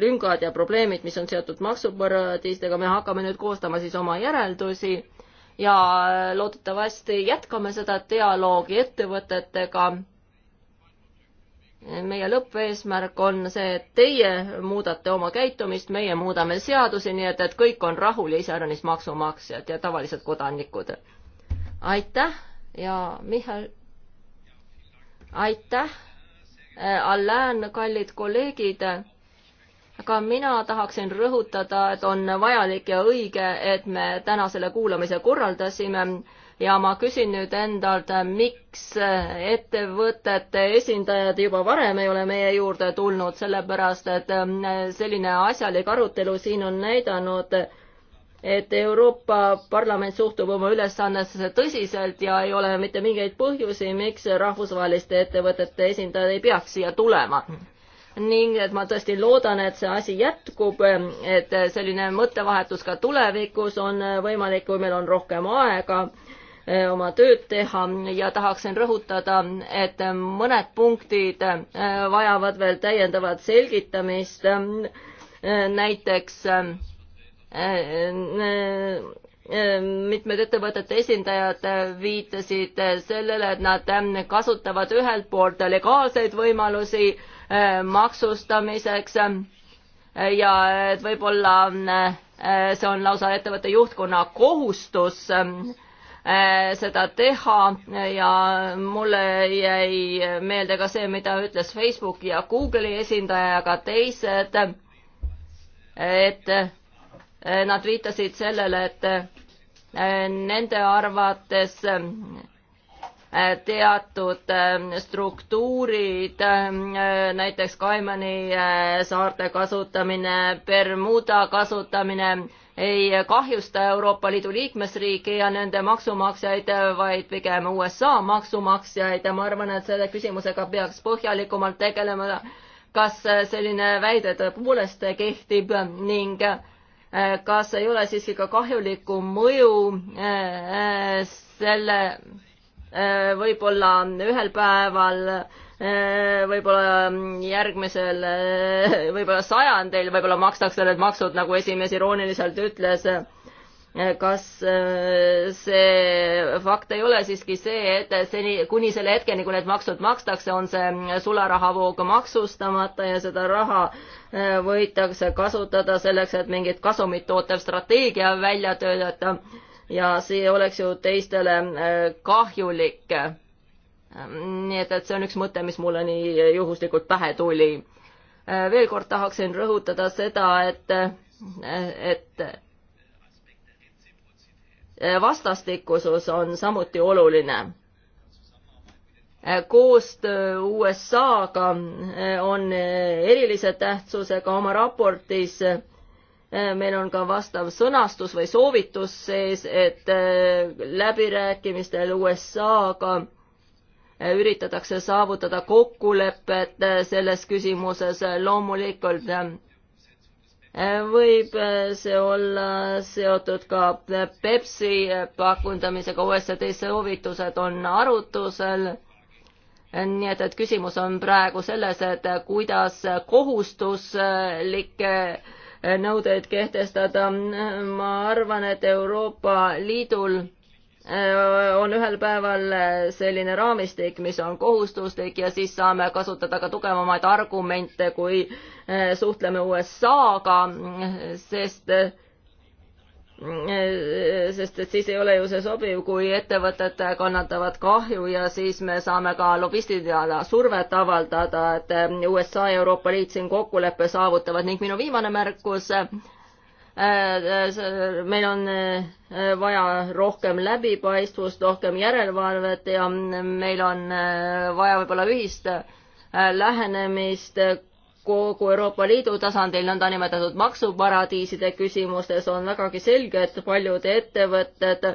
lüngad ja probleemid, mis on seotud maksuparadiisidega. me hakkame nüüd koostama siis oma järeldusi ja eh, loodetavasti jätkame seda dialoogi ettevõtetega meie lõppeesmärk on see, et teie muudate oma käitumist, meie muudame seadusi, nii et, et kõik on rahul ja iseäranis maksumaksjad ja tavalised kodanikud. aitäh ja Mihhail, aitäh. Äh, Alain, kallid kolleegid, ka mina tahaksin rõhutada, et on vajalik ja õige, et me täna selle kuulamise korraldasime ja ma küsin nüüd endalt, miks ettevõtete esindajad juba varem ei ole meie juurde tulnud, sellepärast et äh, selline asjalik arutelu siin on näidanud, et Euroopa Parlament suhtub oma ülesannesse tõsiselt ja ei ole mitte mingeid põhjusi, miks rahvusvaheliste ettevõtete esindajad ei peaks siia tulema ning et ma tõesti loodan, et see asi jätkub, et selline mõttevahetus ka tulevikus on võimalik, kui meil on rohkem aega Eh, oma tööd teha ja tahaksin rõhutada, et mõned punktid eh, vajavad veel täiendavat selgitamist. Eh, näiteks mitmed ettevõtete esindajad viitasid sellele, et nad kasutavad ühelt poolt legaalseid võimalusi maksustamiseks ja et võib-olla see on lausa ettevõtte juhtkonna kohustus Äh, seda teha ja mulle jäi meelde ka see, mida ütles Facebooki ja Google'i esindaja ja ka teised, et äh, nad viitasid sellele, et äh, nende arvates teatud ähm, struktuurid, ähm, äh, näiteks Kaimani äh, saarte kasutamine, Bermuda kasutamine, ei kahjusta Euroopa Liidu liikmesriiki ja nende maksumaksjaid, vaid pigem USA maksumaksjaid ja ma arvan, et selle küsimusega peaks põhjalikumalt tegelema, kas selline väide tõepoolest kehtib ning äh, kas ei ole siiski ka kahjulikku mõju selle Äh, võib-olla ühel päeval, äh, võib-olla ähm, järgmisel, äh, võib-olla sajandil, võib-olla makstakse need maksud, nagu esimees irooniliselt ütles kas see fakt ei ole siiski see, et seni, kuni selle hetkeni, kui need maksud makstakse, on see sularahavoog maksustamata ja seda raha võidakse kasutada selleks, et mingit kasumit tootev strateegia välja töötada ja see oleks ju teistele äh, kahjulik. nii et, et see on üks mõte, mis mulle nii juhuslikult pähe tuli. Äh, veel kord tahaksin rõhutada seda, et, äh, et vastastikusus on samuti oluline. koostöö USA-ga on erilise tähtsusega oma raportis Äh, meil on ka vastav sõnastus või soovitus sees, et äh, läbirääkimistel USA-ga äh, üritatakse saavutada kokkulepet selles küsimuses. loomulikult võib see olla seotud ka Pepsi pakundamisega, OECD soovitused on arutusel nii et, et küsimus on praegu selles, et kuidas kohustuslikke nõudeid kehtestada. ma arvan, et Euroopa Liidul äh, on ühel päeval selline raamistik, mis on kohustuslik ja siis saame kasutada ka tugevamaid argumente, kui äh, suhtleme USA-ga, sest äh, Eh, sest et siis ei ole ju see sobiv, kui ettevõtted kannatavad kahju ja siis me saame ka lobistidele survet avaldada, et eh, USA ja Euroopa Liit siin kokkuleppe saavutavad ning minu viimane märkus, eh, meil on vaja rohkem läbipaistvust, rohkem järelevalvet ja meil on vaja võib-olla ühist lähenemist kogu Euroopa Liidu tasandil nõndanimetatud maksuparadiiside küsimustes on vägagi selge, et paljud ettevõtted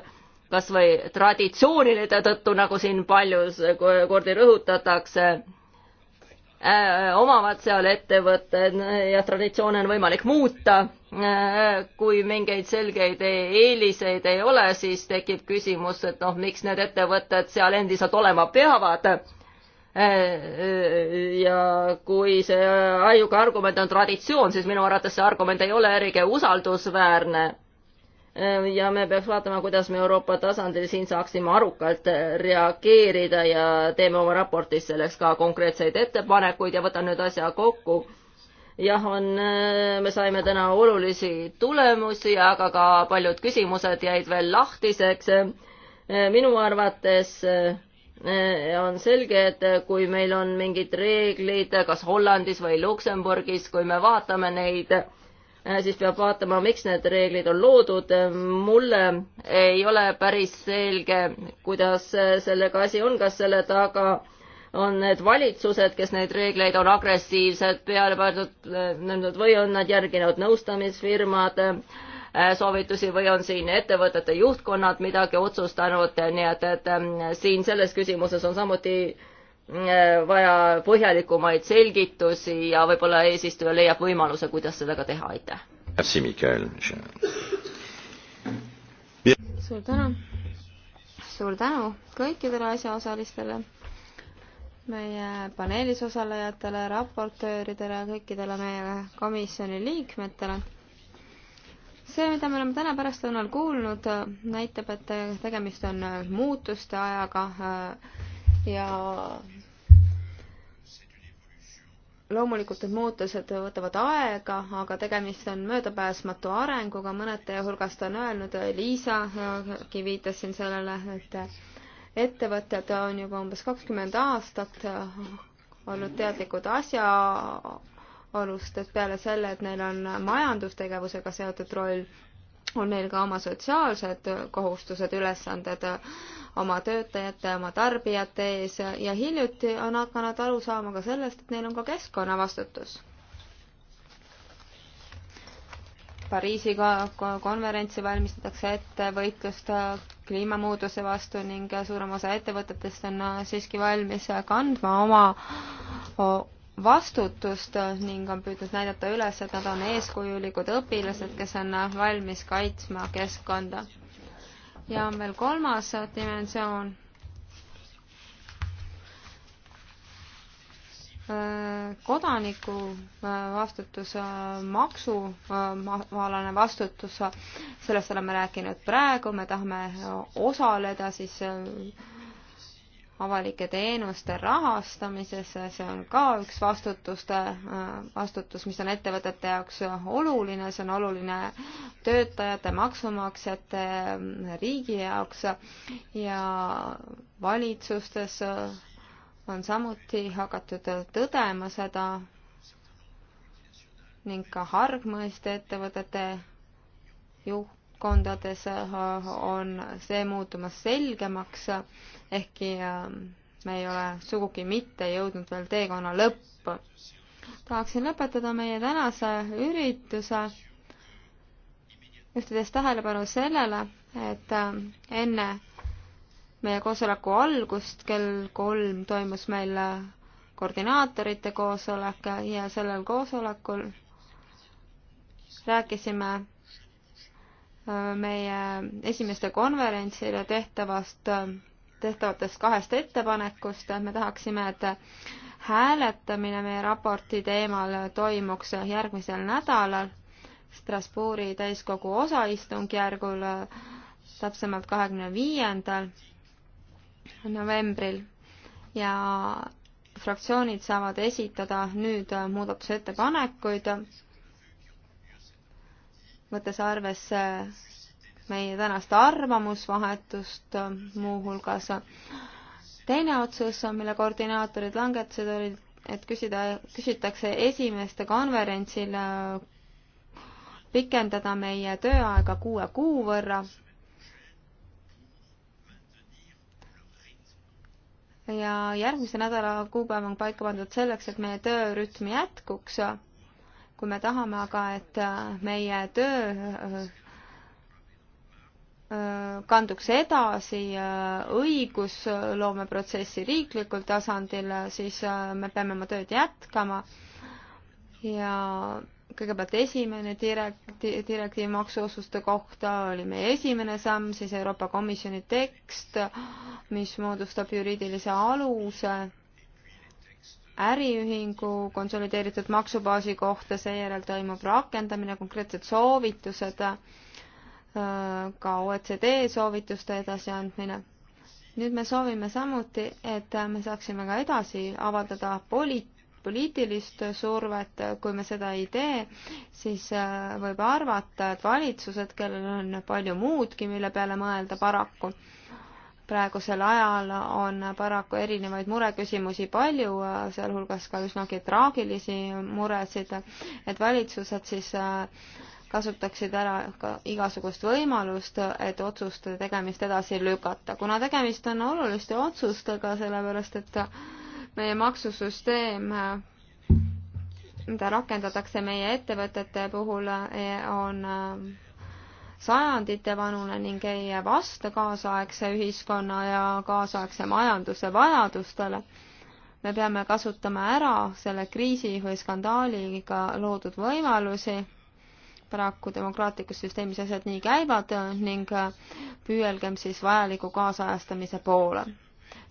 kas või traditsioonide tõttu, nagu siin paljus kordi rõhutatakse, äh, omavad seal ettevõtted ja traditsioone on võimalik muuta. Äh, kui mingeid selgeid eeliseid ei ole, siis tekib küsimus, et noh, miks need ettevõtted seal endiselt olema peavad Äh, äh, ja kui see aiuke argument on traditsioon, siis minu arvates see argument ei ole eriti usaldusväärne. Äh, ja me peaks vaatama, kuidas me Euroopa tasandil siin saaksime arukalt reageerida ja teeme oma raportis selleks ka konkreetseid ettepanekuid ja võtan nüüd asja kokku jah, on, me saime täna olulisi tulemusi, aga ka paljud küsimused jäid veel lahtiseks. minu arvates Äh, on selge, et äh, kui meil on mingid reeglid, äh, kas Hollandis või Luksemburgis, kui me vaatame neid, siis peab vaatama, miks need reeglid on loodud. mulle ei ole päris selge, kuidas sellega asi on, kas selle taga on need valitsused, kes neid reegleid on agressiivselt peale pandud või on nad järginud nõustamisfirmad soovitusi või on siin ettevõtete juhtkonnad midagi otsustanud, nii et, et ähm, siin selles küsimuses on samuti äh, vaja põhjalikumaid selgitusi ja võib-olla eesistuja leiab võimaluse, kuidas seda ka teha, aitäh. suur tänu. suur tänu kõikidele asjaosalistele, meie paneelis osalejatele, raportööridele, kõikidele meie komisjoni liikmetele see, mida me oleme täna pärastlõunal kuulnud, näitab, et tegemist on muutuste ajaga äh, ja loomulikult need muutused võtavad aega, aga tegemist on möödapääsmatu arenguga, mõned teie hulgast on öelnud, Liisagi äh, viitas siin sellele, et ettevõtted on juba umbes kakskümmend aastat olnud teadlikud asja olust, et peale selle, et neil on majandustegevusega seotud roll, on neil ka oma sotsiaalsed kohustused, ülesanded oma töötajate, oma tarbijate ees ja hiljuti on hakanud aru saama ka sellest, et neil on ka keskkonnavastutus. Pariisi konverentsi valmistatakse ette võitlust kliimamuutuse vastu ning suurem osa ettevõtetest on siiski valmis kandma oma vastutust ning on püüdnud näidata üles, et nad on eeskujulikud õpilased, kes on valmis kaitsma keskkonda. ja on veel kolmas dimensioon. kodaniku vastutus, maksualane vastutus, sellest oleme rääkinud praegu, me tahame osaleda siis avalike teenuste rahastamises, see on ka üks vastutuste, äh, vastutus, mis on ettevõtete jaoks oluline, see on oluline töötajate, maksumaksjate, äh, riigi jaoks ja valitsustes äh, on samuti hakatud tõdema seda ning ka hargmõiste ettevõtete juht kondades äh, on see muutumas selgemaks, ehkki äh, me ei ole sugugi mitte jõudnud veel teekonna lõppu. tahaksin lõpetada meie tänase ürituse, juhtides tähelepanu sellele, et äh, enne meie koosoleku algust kell kolm toimus meil koordinaatorite koosolek ja sellel koosolekul rääkisime meie esimeste konverentsile tehtavast, tehtavatest kahest ettepanekust, et me tahaksime, et hääletamine meie raporti teemal toimuks järgmisel nädalal Strasbourgi täiskogu osaistungjärgul, täpsemalt kahekümne viiendal novembril ja fraktsioonid saavad esitada nüüd muudatusettepanekuid võttes arvesse meie tänast arvamusvahetust äh, muuhulgas. teine otsus, mille koordinaatorid langetasid, oli, et küsida, küsitakse esimeste konverentsil äh, pikendada meie tööaega kuue kuu võrra. ja järgmise nädala kuupäev on paika pandud selleks, et meie töörütm jätkuks kui me tahame aga, et äh, meie töö äh, äh, kanduks edasi õigusloomeprotsessi riiklikul tasandil, siis me peame oma tööd jätkama ja kõigepealt esimene direkti-, direktiiv maksuotsuste kohta oli meie esimene samm, siis Euroopa Komisjoni tekst, mis moodustab juriidilise aluse äriühingu konsolideeritud maksubaasi kohta, seejärel toimub rakendamine, konkreetsed soovitused, ka OECD soovituste edasiandmine. nüüd me soovime samuti, et me saaksime ka edasi avaldada poli-, poliitilist survet, kui me seda ei tee, siis võib arvata, et valitsused, kellel on palju muudki, mille peale mõelda paraku, praegusel ajal on paraku erinevaid mureküsimusi palju, sealhulgas ka üsnagi traagilisi muresid, et valitsused siis äh, kasutaksid ära ka igasugust võimalust, et otsuste tegemist edasi lükata. kuna tegemist on oluliste otsustega, sellepärast et meie maksusüsteem mida rakendatakse meie ettevõtete puhul, on äh, sajandite vanune ning ei vasta kaasaegse ühiskonna ja kaasaegse majanduse vajadustele. me peame kasutama ära selle kriisi või skandaaliga loodud võimalusi. paraku demokraatlikus süsteemis asjad nii käivad ning püüelgem siis vajaliku kaasajastamise poole.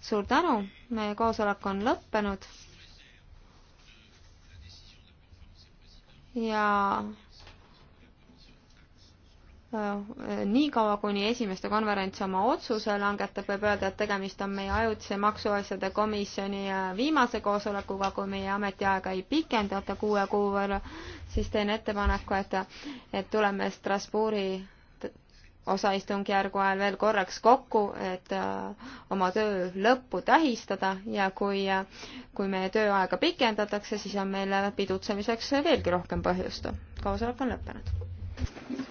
suur tänu, meie koosolek on lõppenud. ja Äh, niikaua, kuni esimeste konverents oma otsuse langetab, võib öelda, et tegemist on meie ajutise maksuasjade komisjoni äh, viimase koosolekuga, kui meie ametiaega ei pikendata kuue kuu võrra, siis teen ettepaneku, et, et tuleme Strasbourgi osaistungjärgu ajal veel korraks kokku, et äh, oma töö lõppu tähistada ja kui äh,, kui meie tööaega pikendatakse, siis on meil pidutsemiseks veelgi rohkem põhjust. koosolek on lõppenud.